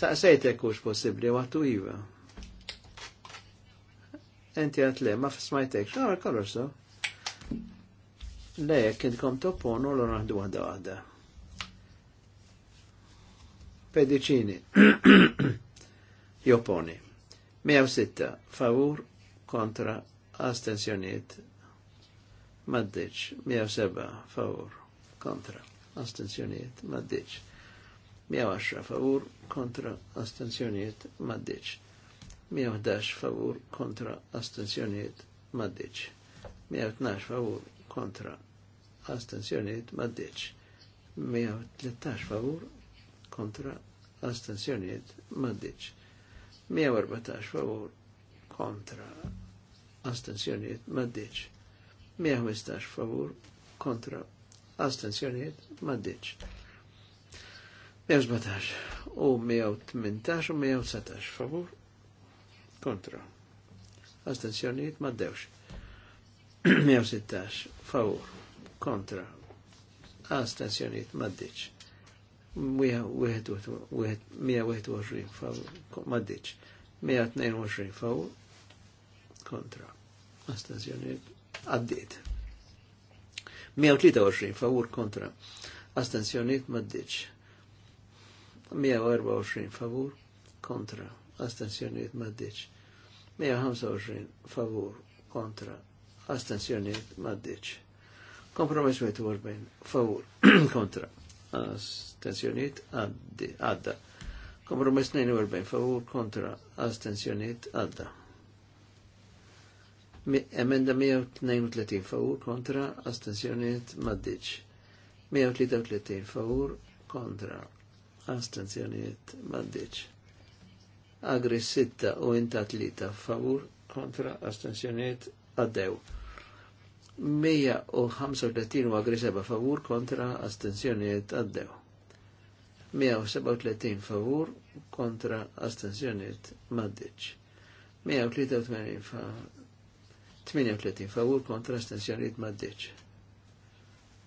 Saqsejtek hux possibbli waħtu iva. Enti għatle, ma f'smajtek, għal kolor so. Le, kom topponu l naħdu għadda għadda. Pedicini. (clears throat) Joponi. 106. Favur kontra astensjoniet. Maddiċ. 107. Favur kontra astensjoniet. Maddiċ. 110 favur kontra astensjoniet maddiċ. 111 favur kontra astensjoniet maddiċ. 112 favur kontra astensjoniet d-deċ. 113 favur kontra astensjoniet d-deċ. 114 favur kontra astensjoniet d-deċ. 115 favur kontra astensjoniet d-deċ. 117 u 118 u 117 favur kontra. Astensjoniet d-deċ. 116 (clears throat) favur kontra astensjoniet maddiċ. 121 maddiċ. 122 faw kontra astensjoniet għaddit. 123 favur kontra astensjoniet maddiċ. 124 favur kontra astensjoniet maddiċ. 125 favur kontra astensjoniet maddiċ. Kompromess 40, (clears throat) favur, kontra, Għas astensjoniet, għadda. Kompromess 42, favur, kontra, għas tensjoniet għadda. Emenda 132, favur, kontra, għas tensjoniet maddiċ. 133, favur, kontra, għas tensjoniet maddiċ. Agri 6 u inta 3, favur, kontra, għas tensjoniet għaddew. 135 u għagri seba favur kontra astenzjoniet għaddew. 137 favur kontra astenzjoniet maddeċ. 138 fa 38 favur kontra astenzjoniet maddeċ.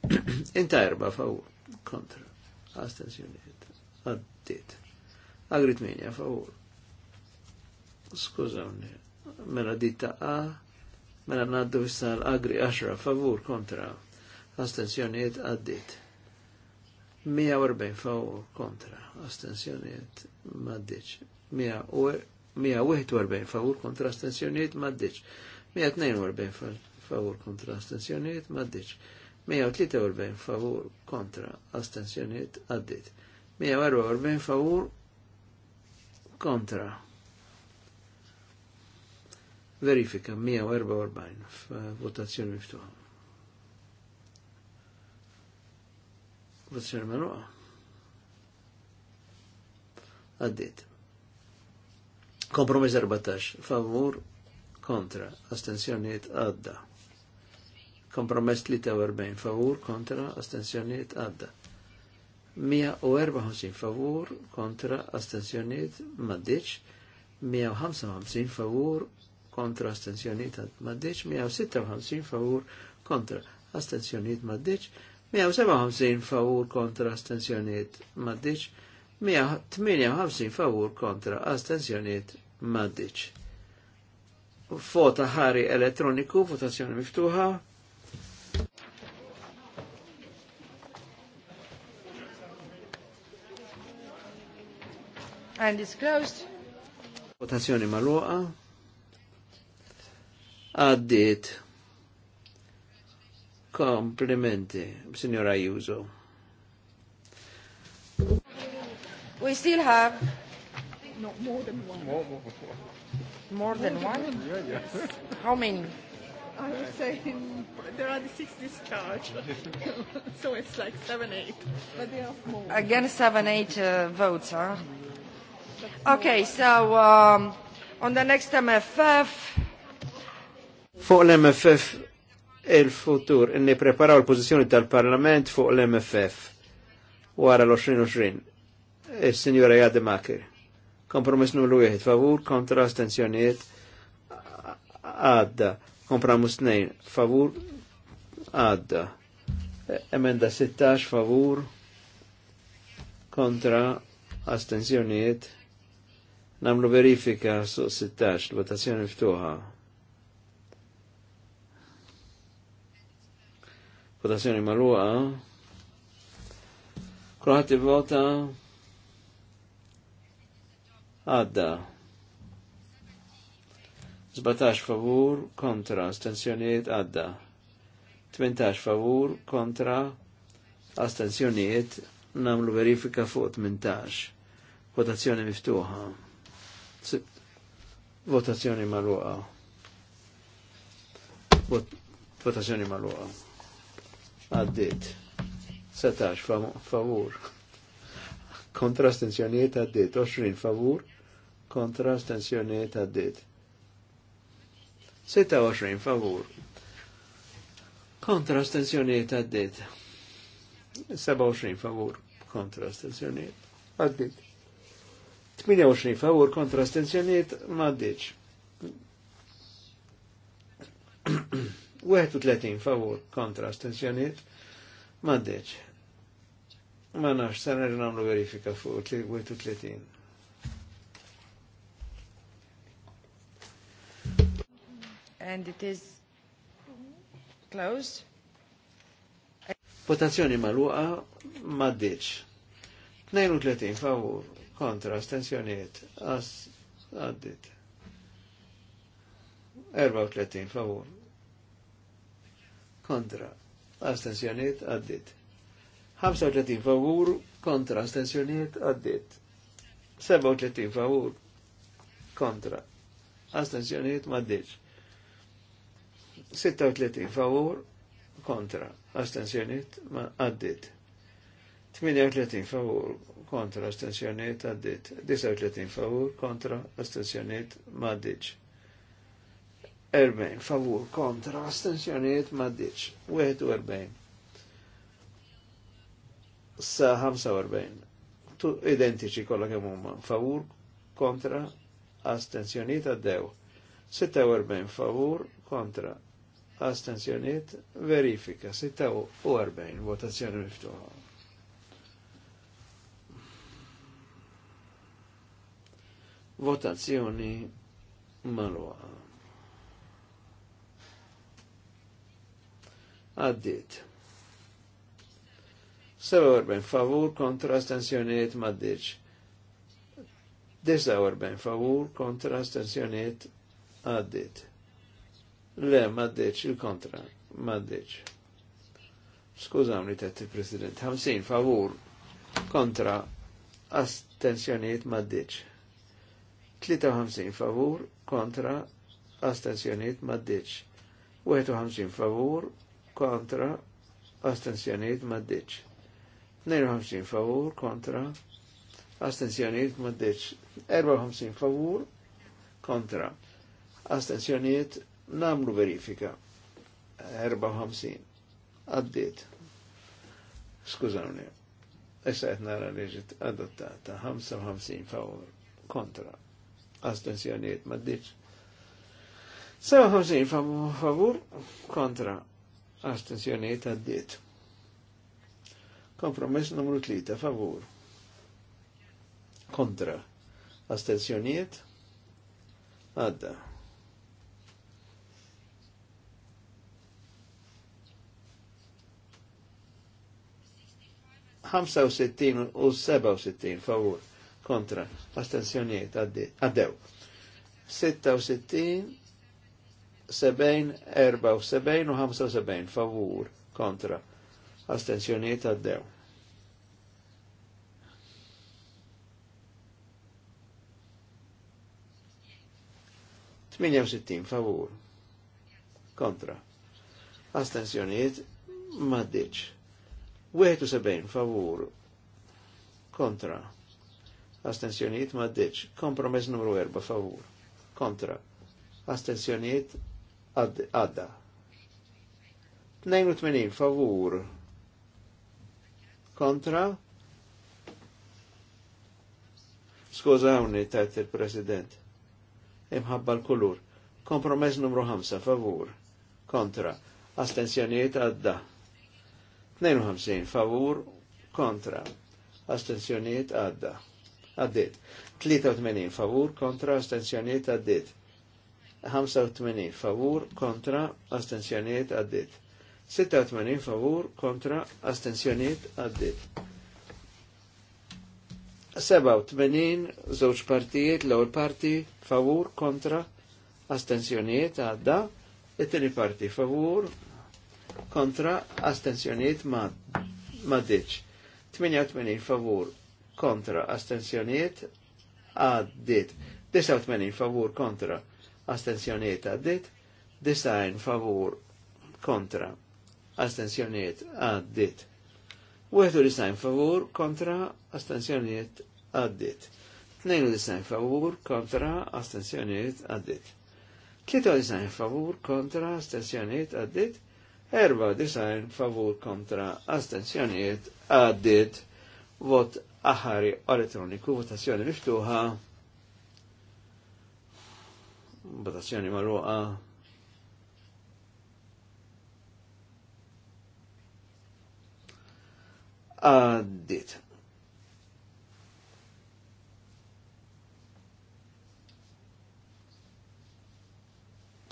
(clears throat) Inta erba favur kontra astenzjoniet maddeċ. Agrit 8 favur. Skużawni, mela ditta A Mela naddu issa l-agri għaxra favur kontra astensjoniet għaddit. 140 favur kontra astensjoniet maddiċ. 141 favur kontra astensjoniet maddiċ. 142 favur kontra astensjoniet maddiċ. 143 favur kontra astensjoniet għaddit. 144 favur kontra Verifika 144 f'votazzjoni miftuħa. Votazzjoni magħluqa. Għaddit. Kompromis 14. Favur kontra. Astenzjoniet għadda. Kompromis 43. Favur kontra. Astenzjoniet għadda. 154 favur kontra astensjoniet maddiċ, 155 favur kontra astenzjoniet maddeċ, 156 favur kontra astenzjoniet maddeċ, 157 favur kontra astenzjoniet maddeċ, 158 favur kontra astenzjoniet maddeċ. Fota ħari elettroniku, votazzjoni miftuħa. And it's closed. Votazzjoni maluqa għaddit Komplimenti, signora Ayuso. We still have no, more than one. More, more, more. more than more one? Than, yeah, yeah. How many? I was saying there are the six discharge, (laughs) so it's like seven, eight, but they have more. Again, seven, eight uh, votes, huh? okay, so um, on the next MFF, Fuq l-MFF il-futur, inni preparaw l-pozizjoni tal-Parlament fuq l-MFF wara l-2020. il signora Jade Makir. Kompromiss numru 1, favur, kontra, astenzjoniet, għadda. Kompromiss 2, favur, għadda. Emenda 16, favur, kontra, astenzjoniet, namlu verifika su 16, votazzjoni ftuħa. Votazzjoni maluqa. Kroħat vota għadda. 17 favur kontra astensjoniet għadda. 18 favur kontra astensjoniet namlu verifika fuq 18. Votazzjoni miftuħa. Votazzjoni maluqa. votazzjoni maluqa għaddit. Setax favur. Kontra astensjonijiet għaddit. 20 favur. Kontra astensjonijiet għaddit. 26 favur. Kontra astensjonijiet għaddit. 27 favur. Kontra astensjonijiet għaddit. 28 favur kontra astensjoniet 31 favor kontra astenzjoniet deċ. Ma nax, sen nerġa namlu verifika fuq 31. And it is closed. Votazzjoni mal-luqa deċ. 32 favur kontra astenzjoniet as għaddit. 34 favur kontra astensjoniet għaddit. 35 favur kontra astensjoniet għaddit. 37 favur kontra astensjoniet maddiċ. 36 favur kontra astensjoniet ma għaddit. 38 favur kontra astensjoniet għaddit. 39 favur kontra astensjoniet maddiċ. 40 favur kontra astensjoniet ma ddiċ 41 sa 45 tu identiċi kolla kemm huma favur kontra astensjoniet għaddew 46 favur kontra astensjoniet verifika 46 votazzjoni miftuħa votazzjoni malwaqa għaddit. 47 favur kontra astensjoniet maddiċ. 49 favur kontra astensjoniet għaddit. Le, maddiċ il-kontra, maddiċ. Skużawni tetti president, 50 favur kontra astensjoniet maddiċ. 53 favur kontra astensjoniet maddiċ. 51 favur kontra, astensjoniet maddiċ. 52 favur kontra, astensjoniet maddiċ. 54 favur kontra, astensjoniet namlu verifika. 54. Għaddit. Skużawni. Issa qed nara liġit ġiet adottata 55 favur kontra. Astensjoniet maddiċ. 57 favur kontra astensjoniet għaddiet. Kompromess numru 3, favur. Kontra. Astensjoniet. Għadda. ħamsa u sittin u seba u sittin favur kontra astensjoniet għaddew. Sitta u sittin 70, 74 u 75 favur kontra astenzjoniet għaddew. sittin favur kontra astenzjoniet maddiċ 71 favur kontra astenzjoniet maddiċ kompromess numru 4 favur kontra astenzjoniet għadda. 82 favur kontra Skużawni, tajt il-President. Imħabba l-kulur. Kompromess numru 5, favur. Kontra. Astenzjoniet għadda. 52, favur. Kontra. Astenzjoniet għadda. Għaddit. 83, favur. Kontra. Astenzjoniet għaddit. 85 favur kontra astensjoniet għaddit. 86 favur kontra astensjoniet għaddit. 87 zoċ partijiet l-ewwel parti favur kontra astensjoniet għadda, it-tieni parti favur kontra astensjoniet maddiċ. 88 favur kontra astensjoniet għaddit. 89 favur kontra astensjoniet għaddit, design favur kontra astensjoniet għaddit. Wieħdu design favur kontra astensjoniet għaddit. Tnejnu design favur kontra astensjoniet għaddit. Tlieta design favur kontra astensjoniet għaddit. Erba design favur kontra astensjoniet għaddit. Vot aħari elettroniku, votazzjoni miftuħa. Votazzjoni marruqa. Għaddit.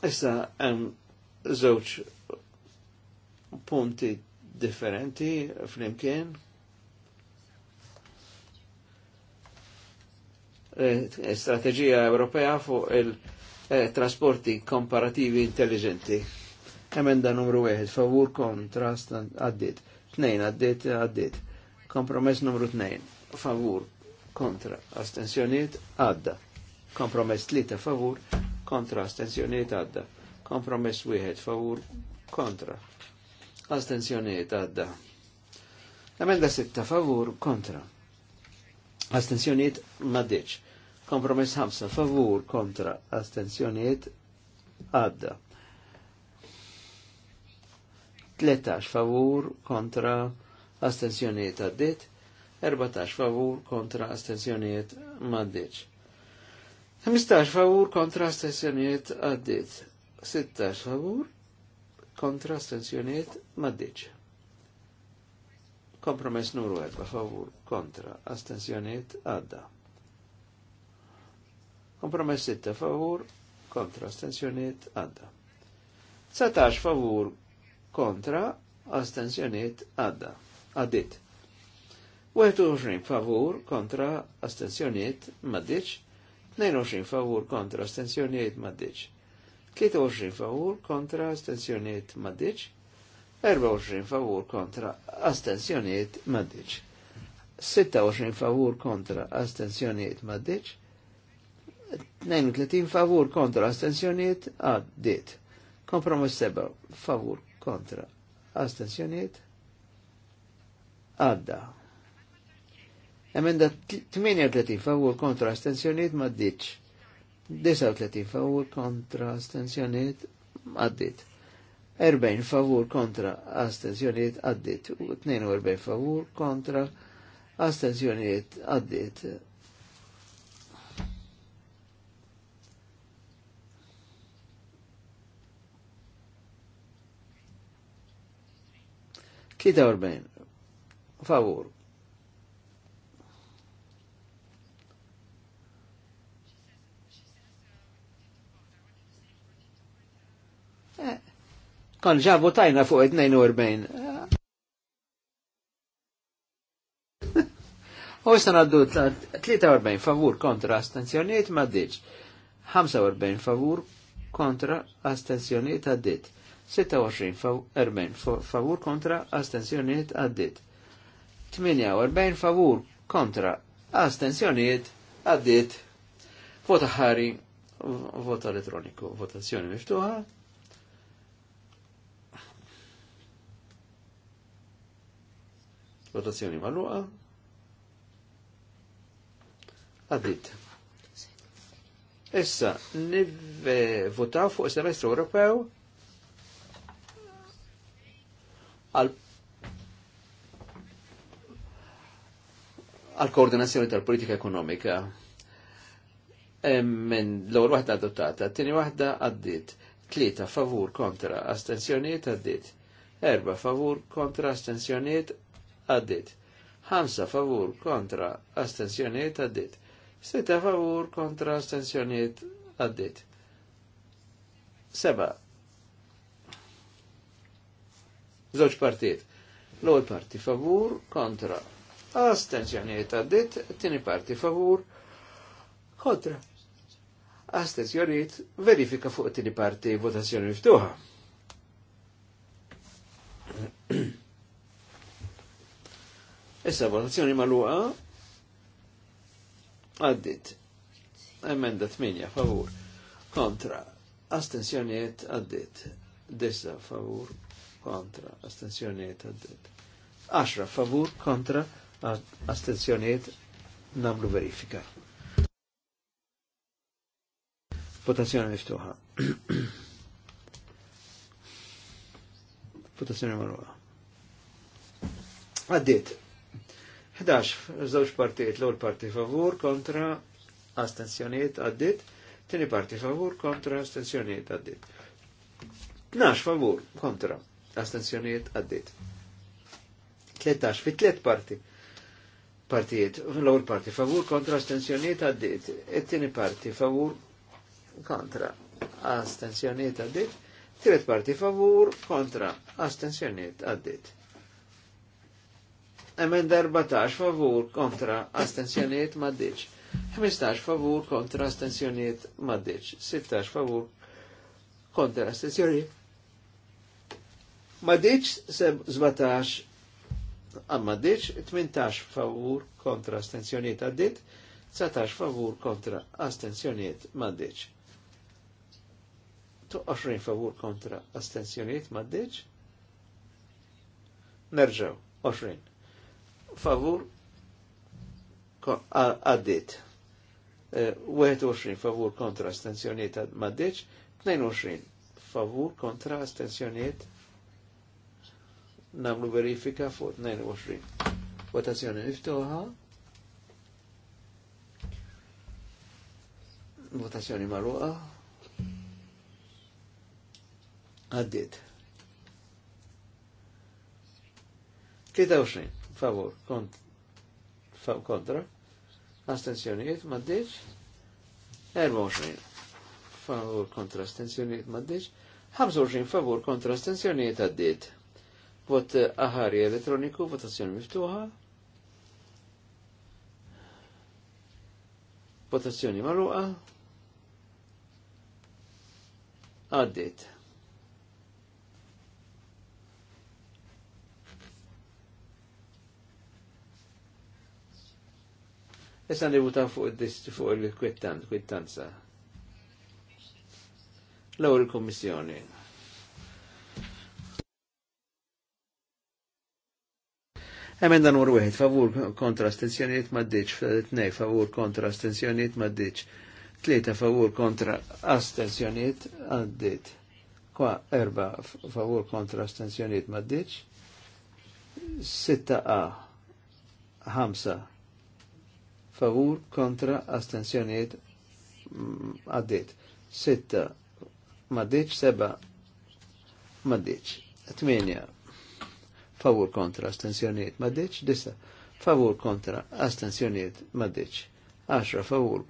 Issa għem, zoċ punti differenti flimkien. Eh, Strategija Ewropea fuq il- eh, trasporti komparativi intelligenti. Emenda numru 1, favur kontra għaddit. 2 għaddit għaddit. Kompromess numru 2, favur kontra astensjoniet għadda. Kompromess 3 favur kontra astensjoniet għadda. Kompromess 1 favur kontra astensjoniet għadda. Emenda 6 favur kontra. Astensjoniet maddeċ. Kompromess ħamsa, favur kontra astenzjoniet għadda. 13 favur kontra astenzjoniet għaddit, 14 favur kontra astenzjoniet maddiċ. 15 favur kontra astenzjoniet għaddit, 16 favur kontra astenzjoniet maddiċ. Kompromess numru 4 favur kontra astenzjoniet għadda. Kompromess 6 favur kontra astensjoniet għadda. 19 favur kontra astensjoniet għadda. Għaddit. 21 favur kontra astensjoniet maddiċ. 22 favur kontra astensjoniet maddiċ. 23 favur kontra astensjoniet maddiċ. 24 favur kontra astensjoniet maddiċ. 26 favur kontra astensjoniet maddiċ. 32 favur kontra astensjoniet għaddit. Kompromis 7 favur kontra astensjoniet għadda. Emenda 38 favur kontra astensjoniet ma 39 favur kontra astensjoniet għaddit. 40 favur kontra astensjoniet għaddit. 42 favur kontra astensjoniet għaddit. 43. Favur. Eh, kon ġabu tajna fuq 42. U jistan għaddu 43 favur kontra astenzjoniet ma' diċ. 45 favur kontra astenzjoniet għaddit. 26 favur kontra astensjoniet għaddit. 48 favur kontra astensjoniet għaddit. Vota ħari, vota elettroniku, votazzjoni miftuħa. Votazzjoni maluqa. Għaddit. Issa, nivvotaw fuq semestru Ewropew għal koordinazzjoni tal-politika ekonomika. Minn l għor wahda adottata, t-tieni waħda għaddiet, Tlita favur kontra astensjonijiet għaddit, erba favur kontra astensjonijiet għaddit, ħamsa favur kontra astensjonijiet għaddiet, sitta favur kontra astensjonijiet għaddit. Seba' Żewġ partijiet. l għol parti favur kontra. astenzjoniet għaddit, tini parti favur kontra. Astenzjonijiet verifika fuq t-tini parti votazzjoni miftuħa. (clears throat) Issa votazzjoni maluqa għaddit. Emenda 8 favur kontra. Astenzjoniet għaddit. Dessa favur kontra, astenzjoniet għaddit. Aċra favur kontra, astenzjoniet namlu verifika. Votazzjoni miftuħa. (clears throat) Votazzjoni marruħa. Għaddit. 11, żewġ partijiet, l-ewwel parti favur kontra astenzjoniet għaddit, tieni parti favur kontra astenzjoniet għaddit. 12 favur kontra astensjoniet għaddit. 13 fit tlet parti partijiet, l-ewwel parti favur kontra astensjoniet għaddit, it-tieni parti favur kontra astensjoniet għaddit, tret parti favur kontra astensjoniet għaddit. Emenda 14 favur kontra astensjoniet maddiċ. 15 favur kontra astensjoniet maddiċ. 16 favur kontra astensjoniet Ma diċ 17, għamma diċ 18 favur kontra astenzjoniet għaddit, 19 favur kontra astenzjoniet ma diċ. 20 favur kontra astenzjoniet ma diċ. Nerġaw, 20 favur għaddit. 21 eh, favur kontra astenzjoniet ma diċ, 22 favur kontra astenzjoniet namlu verifika fuq 22. Votazzjoni niftuħa. Votazzjoni marruqa. Għaddit. 23. Favor. Kont. Fav kontra. Astenzjonijiet maddiċ. 24. Favor kontra astenzjonijiet maddiċ. 25 favor kontra astenzjonijiet għaddit. Vot aħari elettroniku, votazzjoni miftuħa. Votazzjoni marruqa. Għaddit. Issa nivuta fuq id-disti fuq il-kwittanza. L-ewwel il-Kummissjoni. Emenda nur wieħed favur kontra astensjonijiet maddiċ, tnej favur kontra astensjonijiet maddiċ, tlieta favur kontra astensjonijiet għaddit. Kwa erba favur kontra astensjonijiet maddiċ, sitta a, Hamsa. favur kontra astensjonijiet għaddit. Sitta maddiċ, seba maddiċ. Tmenja favur kontra astensjoniet maddiċ, disa favur kontra astensjoniet maddiċ, għaxra favur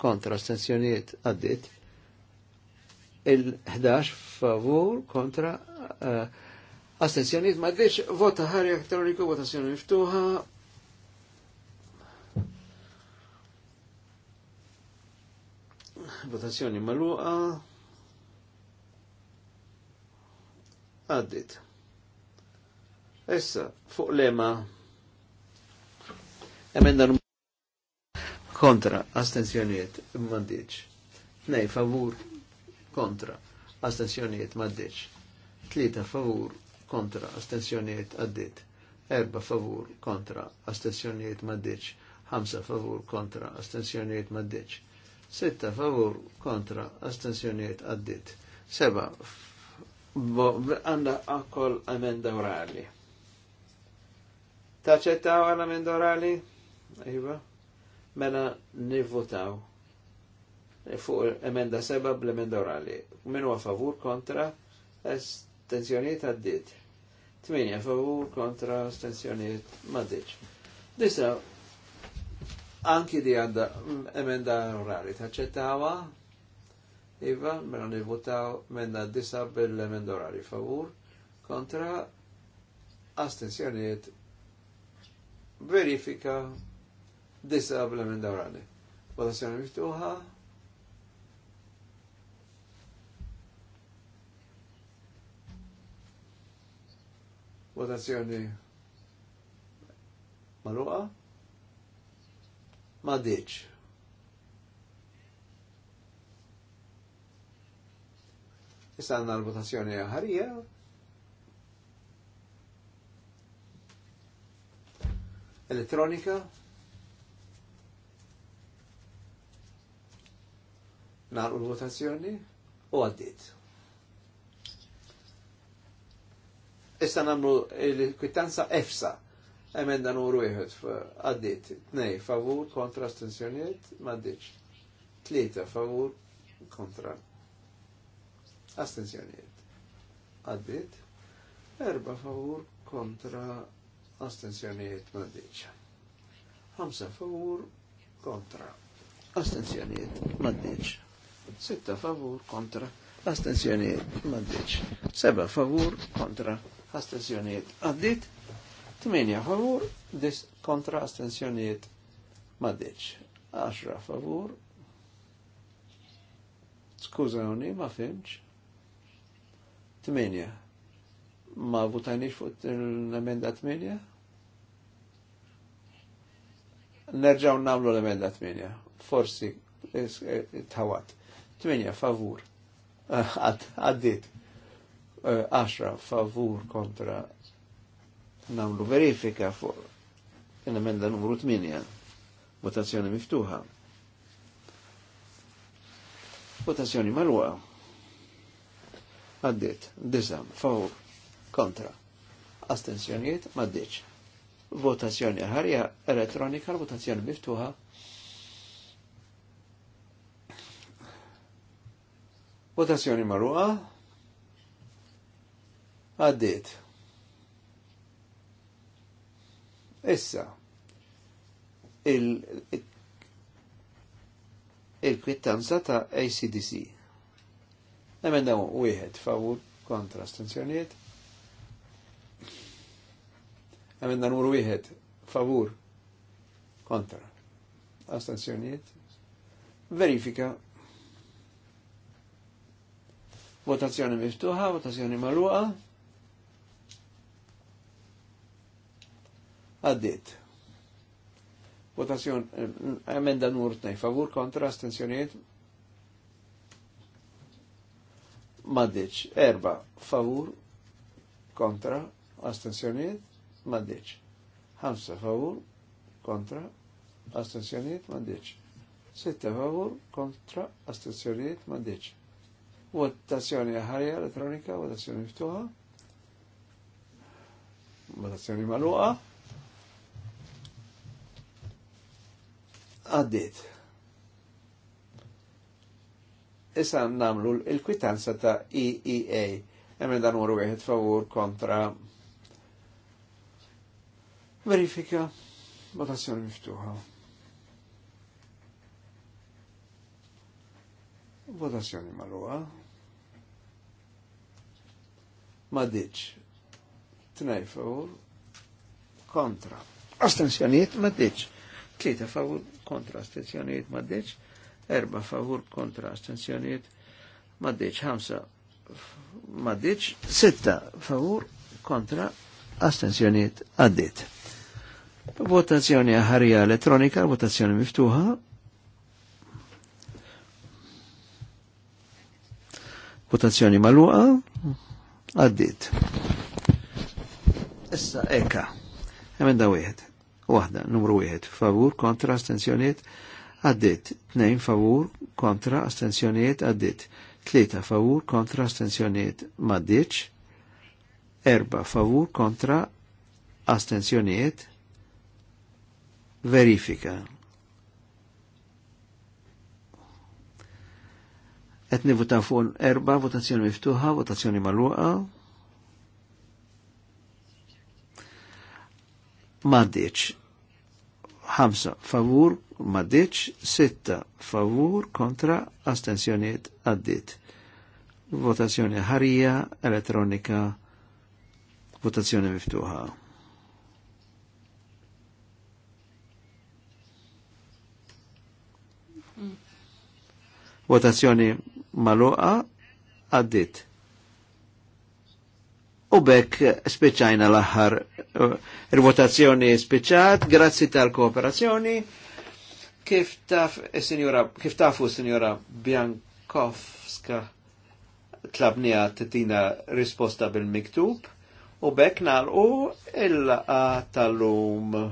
kontra astensjoniet għaddit, il-11 favur kontra uh, astensjoniet maddiċ, vota ħari elektroniku, votazzjoni miftuħa, votazzjoni maluqa, għaddit. Issa, fuq lema emenda kontra astenzjoniet mandiċ. Nej, favur kontra astenzjoniet mandiċ. Tlita favur kontra astenzjoniet għaddit. Erba favur kontra astenzjoniet mandiċ. Hamsa favur kontra astenzjoniet mandiċ. Sitta favur kontra astenzjoniet għaddit. Seba, għanda akkol emenda orali. Taċċettaw għala minn dorali? Iva. Mela nivvotaw. E, fuq emenda seba bl-emenda Minu Min favur kontra estensjoniet għaddit. Tminja favur kontra estensjoniet maddiċ. Disa, anki di għanda mm, emenda orali. Taċċettawa? Iva, mela nivvotaw emenda disa bil-emenda Favur kontra astensjoniet verifika disa bla minn dawrani. Votazzjoni miftuħa. Votazzjoni maluqa. Ma diċ. Issa għanna l-votazzjoni ħarija. elettronika. Nar votazzjoni u għaddit. Issa namlu il-kwittanza EFSA, emenda numru jħed, għaddit. Tnej, favur, kontra, astensjoniet, maddiċ. Tlieta, favur, kontra, astensjoniet. Għaddit. Erba, favur, kontra, astenzjonijiet maddiċa. 5 favur kontra astenzjonijiet maddiċa. Sitta favur kontra astenzjonijiet maddiċa. Seba favur kontra astenzjonijiet għaddit. 8 favur dis kontra astenzjonijiet maddiċa. Aċra favur Skużawni, ma fimx. 8 ma votajniex fuq il emenda 8? nerġaw namlu l-emenda 8. Forsi e, tħawat. 8 favur. (laughs) Għaddit. 10 e, favur kontra namlu verifika fuq l-emenda numru 8. Votazzjoni miftuħa. Votazzjoni marwa. Għaddit. 9 favur kontra. Astenzjoniet maddiċ votazzjoni ħarja elettronika, votazzjoni miftuħa. Votazzjoni marruqa. Għaddit. Issa, il-kwittanza il, il ta' ACDC. u wieħed favur kontra stanzjoniet. Għamilna numru wieħed, favur, kontra. Astenzjonijiet. Verifika. Votazzjoni miftuħa, votazzjoni marruqa. Għaddit. Votazzjoni, emenda eh, numru tnej. favur, kontra, astenzjonijiet. Maddiċ, erba, favur, kontra, astenzjonijiet mandiċ. Hamsa favur, kontra, astensjoniet, mandiċ. Sitta favur, kontra, astensjoniet, mandiċ. Votazzjoni ħarja elettronika, votazzjoni ftuħa, votazzjoni maluqa. Għaddit. Issa namlu l-kwitanza ta' EEA, emmen dan u favur kontra Verifika, votazzjoni miftuħa. Votazzjoni marruħa. Ma diċ. Tnej favur, kontra. Astenzjoniet ma diċ. favur, kontra. Astenzjoniet ma Erba favur, kontra. Astenzjoniet ma diċ. Hamsa ma Sitta favur, kontra. Astenzjoniet għaddit. Votazzjoni ħarija elettronika, votazzjoni miftuħa. Votazzjoni maluqa. Għaddit. Issa, eka. Emenda wieħed. Waħda, numru wieħed. Favur, kontra, astenzjoniet. Għaddit. Tnejn favur, kontra, astenzjoniet. Għaddit. Tlieta favur, kontra, astenzjoniet. Maddiċ. Erba favur, kontra, astenzjoniet verifika. Etni vota fuq erba, votazzjoni miftuħa, votazzjoni maluqa. Maddiċ. Hamsa favur, maddiċ. Sitta favur, kontra, astensjoniet għaddit. Votazzjoni ħarija, elettronika, votazzjoni miftuħa. Votazzjoni maluqa għaddit. U bekk speċajna l-aħħar eh, il-votazzjoni speċat, grazzi tal-kooperazzjoni. Kif taf eh, signora kif tafu signora Biankowska tlabnija titina risposta bil-miktub u bekk nalqu il-laqa tal-lum.